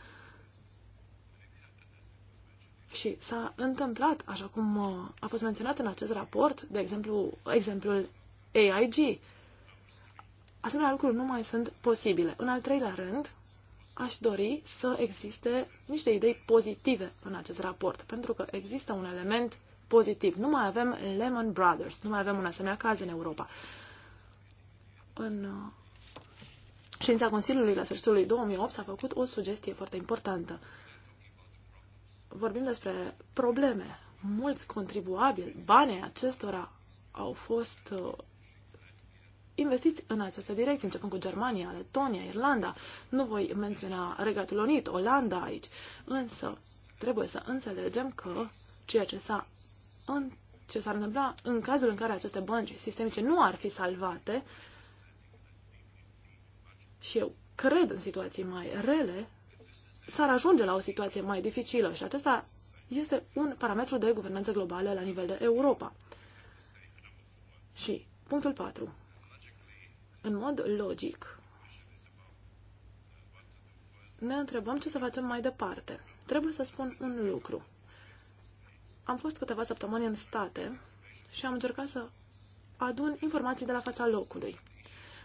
și s-a întâmplat, așa cum uh, a fost menționat în acest raport, de exemplu, exemplul AIG. Asemenea lucruri nu mai sunt posibile. În al treilea rând, aș dori să existe niște idei pozitive în acest raport, pentru că există un element pozitiv. Nu mai avem Lehman Brothers, nu mai avem un asemenea caz în Europa. În uh, ședința Consiliului la sfârșitul lui 2008 s-a făcut o sugestie foarte importantă vorbim despre probleme. Mulți contribuabili, banii acestora au fost uh, investiți în această direcție, începând cu Germania, Letonia, Irlanda. Nu voi menționa Regatul Unit, Olanda aici, însă trebuie să înțelegem că ceea ce s-a în, ce s-ar întâmpla în cazul în care aceste bănci sistemice nu ar fi salvate, și eu cred în situații mai rele, s-ar ajunge la o situație mai dificilă și acesta este un parametru de guvernanță globală la nivel de Europa. Și punctul 4. În mod logic, ne întrebăm ce să facem mai departe. Trebuie să spun un lucru. Am fost câteva săptămâni în state și am încercat să adun informații de la fața locului.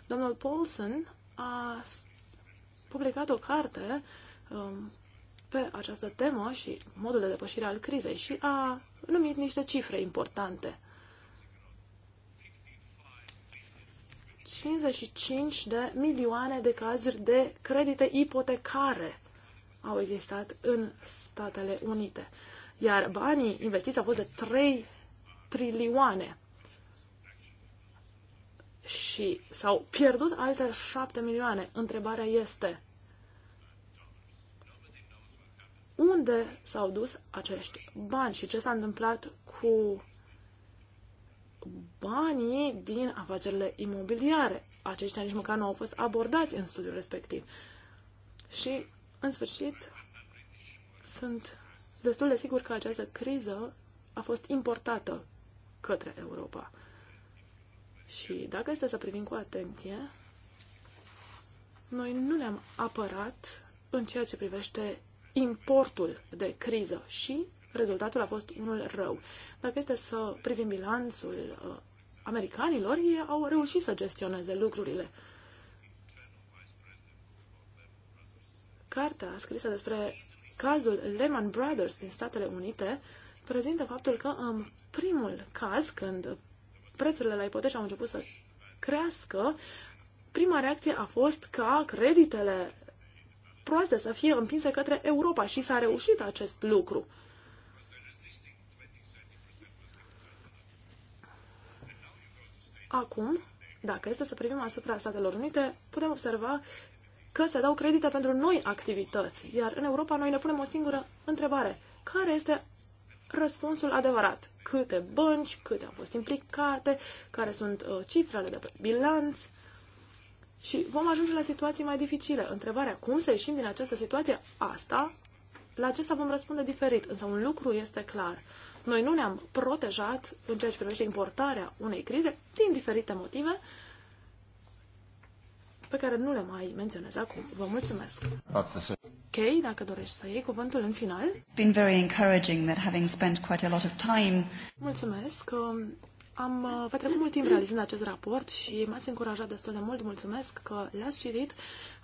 Domnul Paulson a publicat o carte Um, pe această temă și modul de depășire al crizei și a numit niște cifre importante. 55 de milioane de cazuri de credite ipotecare au existat în Statele Unite, iar banii investiți au fost de 3 trilioane și s-au pierdut alte 7 milioane. Întrebarea este, unde s-au dus acești bani și ce s-a întâmplat cu banii din afacerile imobiliare. Aceștia nici măcar nu au fost abordați în studiul respectiv. Și, în sfârșit, sunt destul de sigur că această criză a fost importată către Europa. Și dacă este să privim cu atenție, noi nu ne-am apărat în ceea ce privește importul de criză și rezultatul a fost unul rău. Dacă este să privim bilanțul uh, americanilor, ei au reușit să gestioneze lucrurile. Cartea scrisă despre cazul Lehman Brothers din Statele Unite prezintă faptul că în primul caz, când prețurile la ipoteci au început să crească, prima reacție a fost ca creditele proaste să fie împinse către Europa și s-a reușit acest lucru. Acum, dacă este să privim asupra Statelor Unite, putem observa că se dau credite pentru noi activități, iar în Europa noi ne punem o singură întrebare. Care este răspunsul adevărat? Câte bănci, câte au fost implicate, care sunt uh, cifrele de pe bilanț? și vom ajunge la situații mai dificile. Întrebarea cum să ieșim din această situație, asta, la acesta vom răspunde diferit. Însă un lucru este clar. Noi nu ne-am protejat în ceea ce privește importarea unei crize din diferite motive pe care nu le mai menționez acum. Vă mulțumesc. Ok, dacă dorești să iei cuvântul în final. Been very encouraging that having spent quite a lot of time. Mulțumesc. Am uh, petrecut mult timp realizând acest raport și m-ați încurajat destul de mult. Mulțumesc că l-ați citit.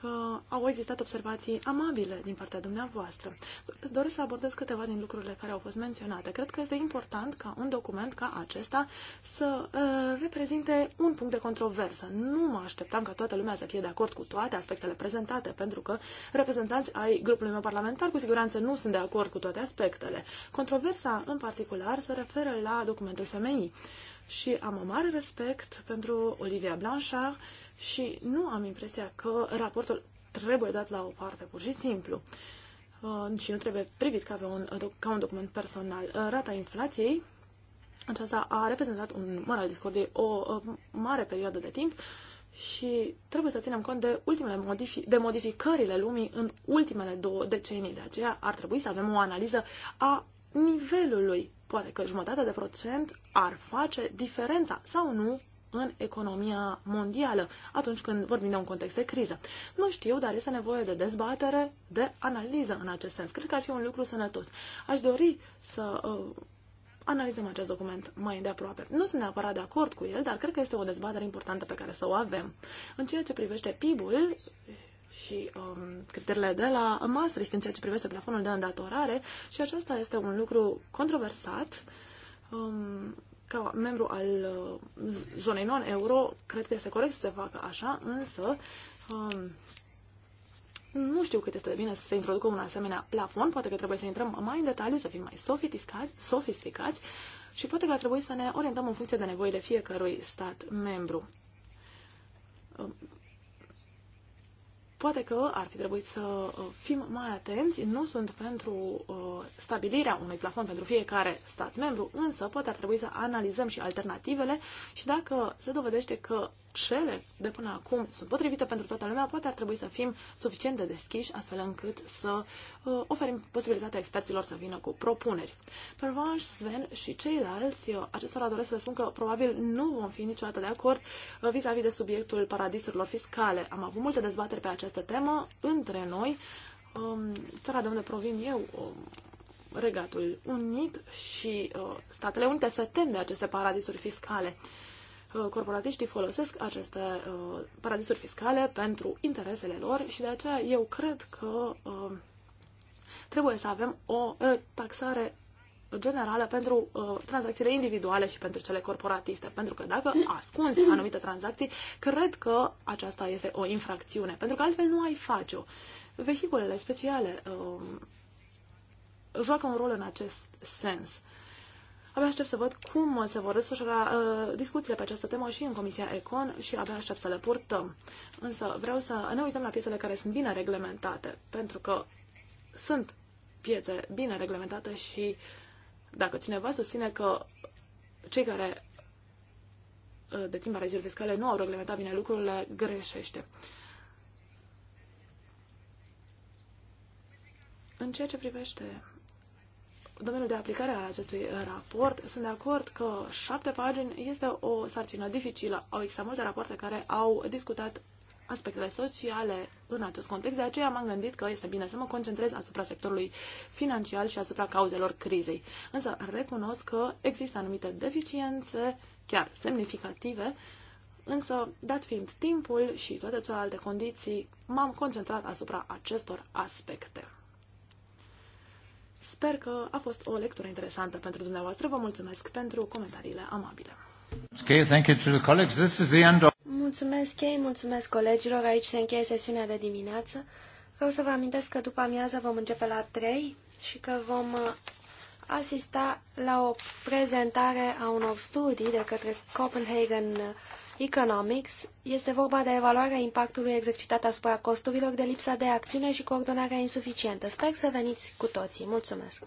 Uh, au existat observații amabile din partea dumneavoastră. Doresc să abordez câteva din lucrurile care au fost menționate. Cred că este important ca un document ca acesta să uh, reprezinte un punct de controversă. Nu mă așteptam ca toată lumea să fie de acord cu toate aspectele prezentate, pentru că reprezentanți ai grupului meu parlamentar cu siguranță nu sunt de acord cu toate aspectele. Controversa, în particular, se referă la documentul femeii și am o mare respect pentru Olivia Blanchard și nu am impresia că raportul trebuie dat la o parte, pur și simplu. Uh, și nu trebuie privit ca, pe un, ca un document personal. Uh, rata inflației, aceasta a reprezentat un mare discord de o, o uh, mare perioadă de timp și trebuie să ținem cont de ultimele modifi- de modificările lumii în ultimele două decenii. De aceea ar trebui să avem o analiză a nivelului Poate că jumătate de procent ar face diferența sau nu în economia mondială atunci când vorbim de un context de criză. Nu știu, dar este nevoie de dezbatere, de analiză în acest sens. Cred că ar fi un lucru sănătos. Aș dori să uh, analizăm acest document mai îndeaproape. Nu sunt neapărat de acord cu el, dar cred că este o dezbatere importantă pe care să o avem. În ceea ce privește PIB-ul și um, criteriile de la Maastricht în ceea ce privește plafonul de îndatorare și acesta este un lucru controversat. Um, ca membru al uh, zonei non-euro, cred că este corect să se facă așa, însă um, nu știu cât este de bine să se introducă un asemenea plafon, poate că trebuie să intrăm mai în detaliu, să fim mai sofisticați, și poate că ar trebui să ne orientăm în funcție de nevoile fiecărui stat membru. Um, Poate că ar fi trebuit să uh, fim mai atenți, nu sunt pentru uh, stabilirea unui plafon pentru fiecare stat membru, însă poate ar trebui să analizăm și alternativele și dacă se dovedește că cele de până acum sunt potrivite pentru toată lumea, poate ar trebui să fim suficient de deschiși astfel încât să uh, oferim posibilitatea experților să vină cu propuneri. Pervanș, Sven și ceilalți, uh, acestora doresc să le spun că probabil nu vom fi niciodată de acord uh, vis-a-vis uh, -vis de subiectul paradisurilor fiscale. Am avut multe dezbateri pe această temă între noi. Um, țara de unde provin eu, um, Regatul Unit și uh, Statele Unite se tem de aceste paradisuri fiscale. Uh, corporatiștii folosesc aceste uh, paradisuri fiscale pentru interesele lor și de aceea eu cred că uh, trebuie să avem o uh, taxare generală pentru uh, tranzacțiile individuale și pentru cele corporatiste. Pentru că dacă ascunzi anumite tranzacții, cred că aceasta este o infracțiune, pentru că altfel nu ai face-o. Vehiculele speciale uh, joacă un rol în acest sens. Abia aștept să văd cum se vor desfășura uh, discuțiile pe această temă și în Comisia Econ și abia aștept să le purtăm. Însă vreau să ne uităm la piețele care sunt bine reglementate, pentru că sunt piețe bine reglementate și dacă cineva susține că cei care uh, dețin paradisuri fiscale nu au reglementat bine lucrurile, greșește. În ceea ce privește domeniul de aplicare al acestui uh, raport. Sunt de acord că șapte pagini este o sarcină dificilă. Au existat multe rapoarte care au discutat aspectele sociale în acest context, de aceea m-am gândit că este bine să mă concentrez asupra sectorului financiar și asupra cauzelor crizei. Însă recunosc că există anumite deficiențe, chiar semnificative, însă, dat fiind timpul și toate celelalte condiții, m-am concentrat asupra acestor aspecte. Sper că a fost o lectură interesantă pentru dumneavoastră. Vă mulțumesc pentru comentariile amabile. Mulțumesc ei, mulțumesc colegilor. Aici se încheie sesiunea de dimineață. Vreau să vă amintesc că după amiază vom începe la 3 și că vom uh, asista la o prezentare a unor studii de către Copenhagen uh, Economics, este vorba de evaluarea impactului exercitat asupra costurilor de lipsa de acțiune și coordonarea insuficientă. Sper să veniți cu toții. Mulțumesc!